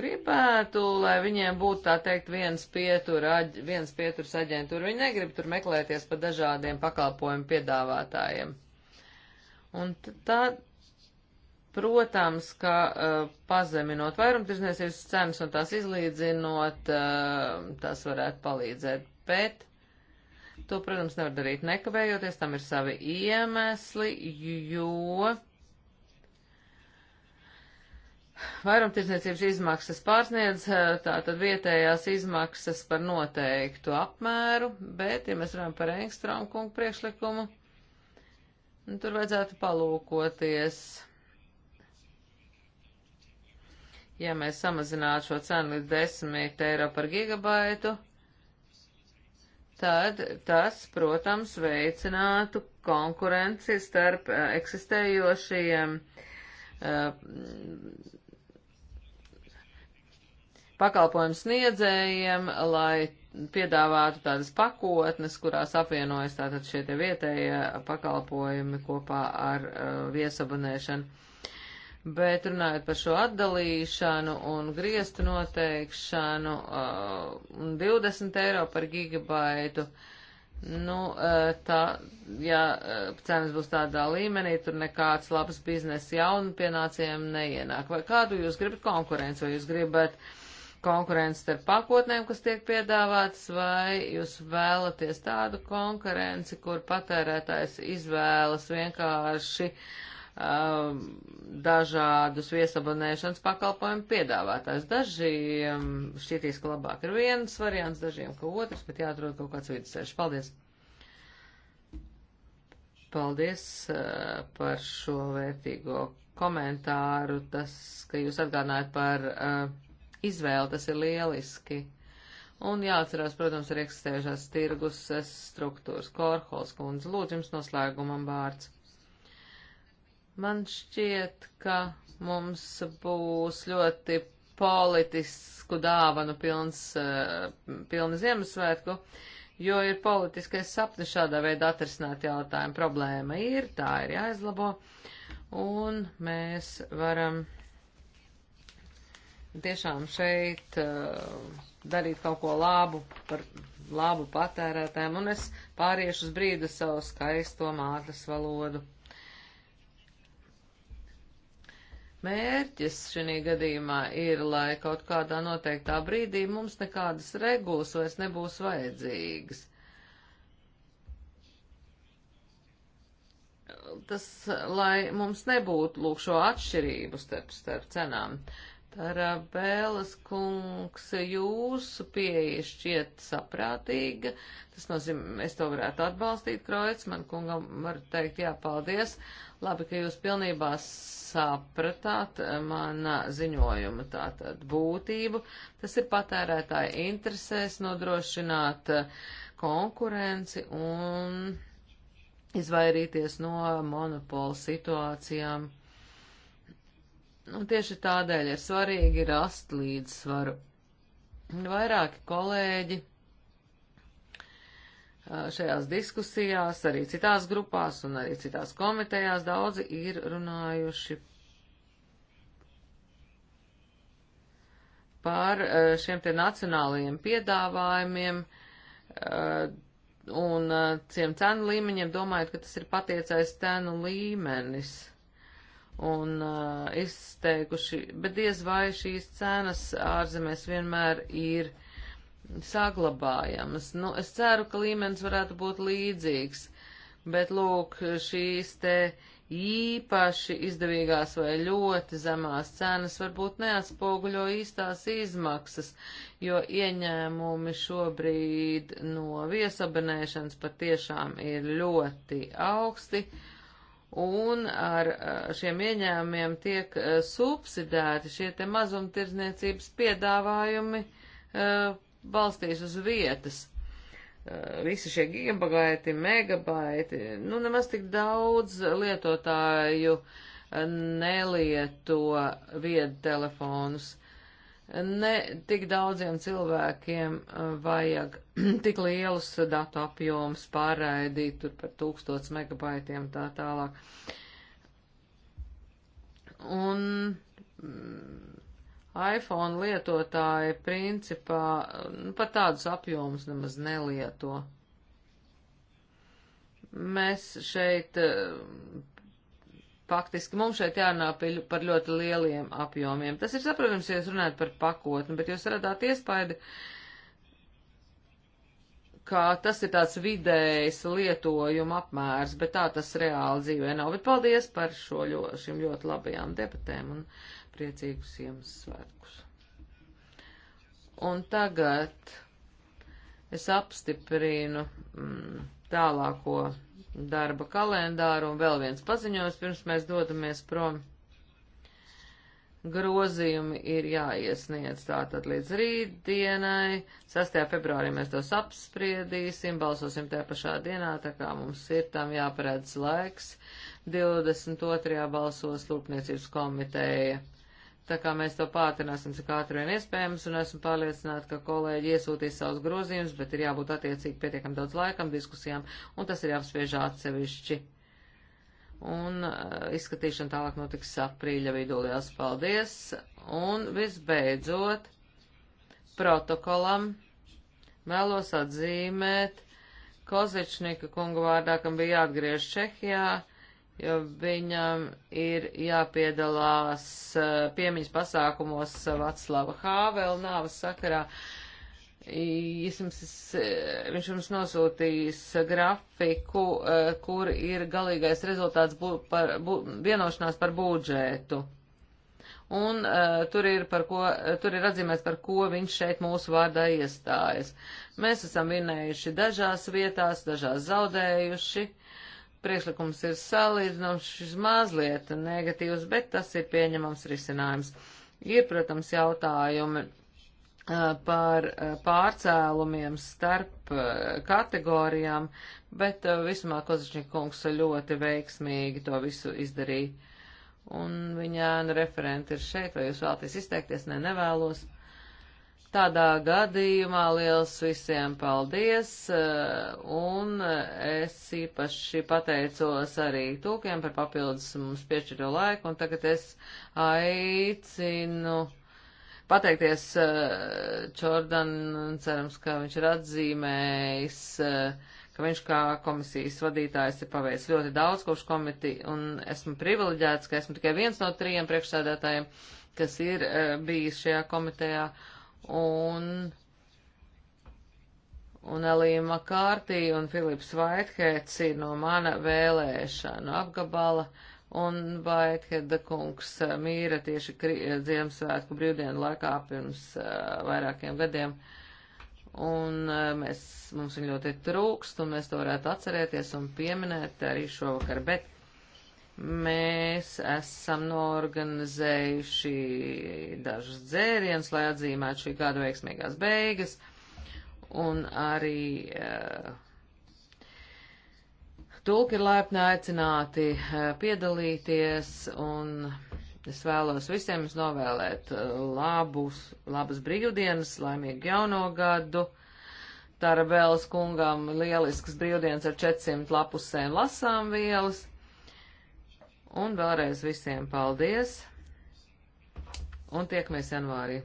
gribētu, lai viņiem būtu tā teikt viens, pietur, aģ, viens pieturs aģentūra. Viņi negrib tur meklēties pa dažādiem pakalpojumu piedāvātājiem. Un tad, protams, ka uh, pazeminot vairumtirdzniecības cenas un tās izlīdzinot, uh, tas varētu palīdzēt. Bet to, protams, nevar darīt nekavējoties, tam ir savi iemesli, jo vairumtirdzniecības izmaksas pārsniedz uh, tātad vietējās izmaksas par noteiktu apmēru, bet, ja mēs runājam par Engstrom kungu priekšlikumu, uh, Un tur vajadzētu palūkoties. Ja mēs samazinātu šo cenu līdz 10 eiro par gigabaitu, tad tas, protams, veicinātu konkurenci starp eh, eksistējošajiem uh, eh, pakalpojumu sniedzējiem, lai piedāvātu tādas pakotnes, kurās apvienojas tātad šie te vietējie pakalpojumi kopā ar uh, viesabunēšanu. Bet runājot par šo atdalīšanu un griestu noteikšanu, uh, 20 eiro par gigabaitu, nu, uh, tā, ja uh, cenas būs tādā līmenī, tur nekāds labs biznesa jaunu pienācējiem neienāk. Vai kādu jūs gribat konkurenci, vai jūs gribat uh, konkurence starp pakotnēm, kas tiek piedāvātas, vai jūs vēlaties tādu konkurenci, kur patērētājs izvēlas vienkārši um, dažādus viesabonēšanas pakalpojumu piedāvātājs. Dažiem šķitīs, ka labāk ir viens variants, dažiem, ka otrs, bet jāatrod kaut kāds vidusceļš. Paldies! Paldies uh, par šo vērtīgo komentāru, tas, ka jūs atgādinājāt par uh, izvēle, tas ir lieliski. Un jāatcerās, protams, ir eksistējušās tirgus struktūras. Korhols kundze, lūdzu jums noslēgumam vārds. Man šķiet, ka mums būs ļoti politisku dāvanu pilns, eh, pilni Ziemassvētku, jo ir politiskais sapnis šādā veidā atrisināt jautājumu. Problēma ir, tā ir jāizlabo, un mēs varam tiešām šeit eh, darīt kaut ko labu par labu patērētājiem, un es pāriešu uz brīdi savu skaisto mātes valodu. Mērķis šī gadījumā ir, lai kaut kādā noteiktā brīdī mums nekādas regulas vairs nebūs vajadzīgas. Tas, lai mums nebūtu lūk šo atšķirību starp, starp cenām. Uh, Tarabēlas kungs, jūsu pieeja šķiet saprātīga. Tas nozīmē, es to varētu atbalstīt, Kroits, man kungam var teikt jā, paldies. Labi, ka jūs pilnībā sapratāt mana ziņojuma tātad būtību. Tas ir patērētāja interesēs nodrošināt konkurenci un izvairīties no monopola situācijām Un nu, tieši tādēļ ir svarīgi rast līdzsvaru. Vairāki kolēģi šajās diskusijās, arī citās grupās un arī citās komitejās daudzi ir runājuši par šiem te nacionālajiem piedāvājumiem un ciem cenu līmeņiem, domājot, ka tas ir patiecais cenu līmenis un uh, izteikuši, bet diez vai šīs cenas ārzemēs vienmēr ir saglabājamas. Nu, es ceru, ka līmenis varētu būt līdzīgs, bet lūk, šīs te īpaši izdevīgās vai ļoti zemās cenas varbūt neatspoguļo īstās izmaksas, jo ieņēmumi šobrīd no viesabinēšanas patiešām ir ļoti augsti. Uh, un ar eh, šiem ieņēmumiem tiek eh, subsidēti šie te mazumtirdzniecības piedāvājumi eh, balstīs uz vietas. Visi šie gigabaiti, megabaiti, nu nemaz tik daudz lietotāju nelieto viedtelefonus. Ne tik daudziem cilvēkiem uh, vajag tik lielus datu apjomus pārraidīt tur par tūkstots megabaitiem tā tālāk. Un mm, iPhone lietotāji principā uh, nu, pat tādus apjomus nemaz nelieto. Mēs šeit uh, Faktiski mums šeit jārunā par ļoti lieliem apjomiem. Tas ir saprotams, ja jūs runājat par pakotni, bet jūs radāt iespaidu, ka tas ir tāds vidējs lietojuma apmērs, bet tā tas reāli dzīvē nav. Bet paldies par šo ļo, šim ļoti labajām debatēm un priecīgus Ziemassvētkus. Un tagad es apstiprinu mm, tālāko darba kalendāru un vēl viens paziņojums, pirms mēs dodamies prom. Grozījumi ir jāiesniedz tātad līdz rītdienai. 6. februārī mēs tos apspriedīsim, balsosim tajā pašā dienā, tā kā mums ir tam jāparedz laiks. 22. balsos Lūpniecības komiteja Tā kā mēs to pātrināsim cik ātri vien iespējams, un esmu pārliecināta, ka kolēģi iesūtīs savus grozījumus, bet ir jābūt attiecīgi pietiekam daudz laikam diskusijām, un tas ir jāapspiež atsevišķi. Un uh, izskatīšana tālāk notiks aprīļa vidū. Lielas paldies! Un visbeidzot, protokolam vēlos atzīmēt Kozečnika kungu vārdā, kam bija jāatgriež Čehijā jo viņam ir jāpiedalās eh, piemiņas pasākumos Vaclava Hāvela nāvas sakarā. Jums, eh, viņš mums nosūtīs grafiku, eh, kur ir galīgais rezultāts bū, par, bū, vienošanās par budžetu. Un uh, tur, ir ko, tur ir atzīmēts, par ko viņš šeit mūsu vārdā iestājas. Mēs esam vinējuši dažās vietās, dažās zaudējuši. Uh, priekšlikums ir salīdzinošs mazliet negatīvs, bet tas ir pieņemams risinājums. Ir, protams, jautājumi par pārcēlumiem starp kategorijām, bet vismā Kozačņikungs ļoti veiksmīgi to visu izdarīja. Un viņa referenti ir šeit, vai jūs vēlaties izteikties? Nē, ne, nevēlos. Tādā gadījumā liels visiem paldies, eh, un eh, es īpaši pateicos arī tūkiem par papildus mums piešķirto laiku, un tagad es aicinu pateikties eh, Čordan, cerams, ka viņš ir atzīmējis, ka viņš kā komisijas vadītājs ir paveicis ļoti daudz kopš komiti, un esmu privileģēts, ka esmu tikai viens no trījiem priekšsēdētājiem, kas ir bijis šajā komitejā. Uh, un, un Elīma Kārtī un Filips Vaithēts ir no mana vēlēšanu apgabala, un Vaithēda kungs eh, mīra tieši eh, Ziemassvētku brīvdienu laikā pirms uh, vairākiem gadiem. Un uh, mēs, mums viņa ļoti trūkst, un mēs to varētu atcerēties un pieminēt arī šovakar. Bet Mēs esam norganizējuši dažus dzērienus, lai atzīmētu šī gada veiksmīgās beigas, un arī uh, tulki ir laipni aicināti uh, piedalīties, un es vēlos visiem jums novēlēt uh, labus, labas brīvdienas, laimīgu jauno gadu. Tarabēlas kungam lielisks brīvdienas ar 400 lapusēm lasām vielas. Un vēlreiz visiem paldies. Un tiekamies janvārī.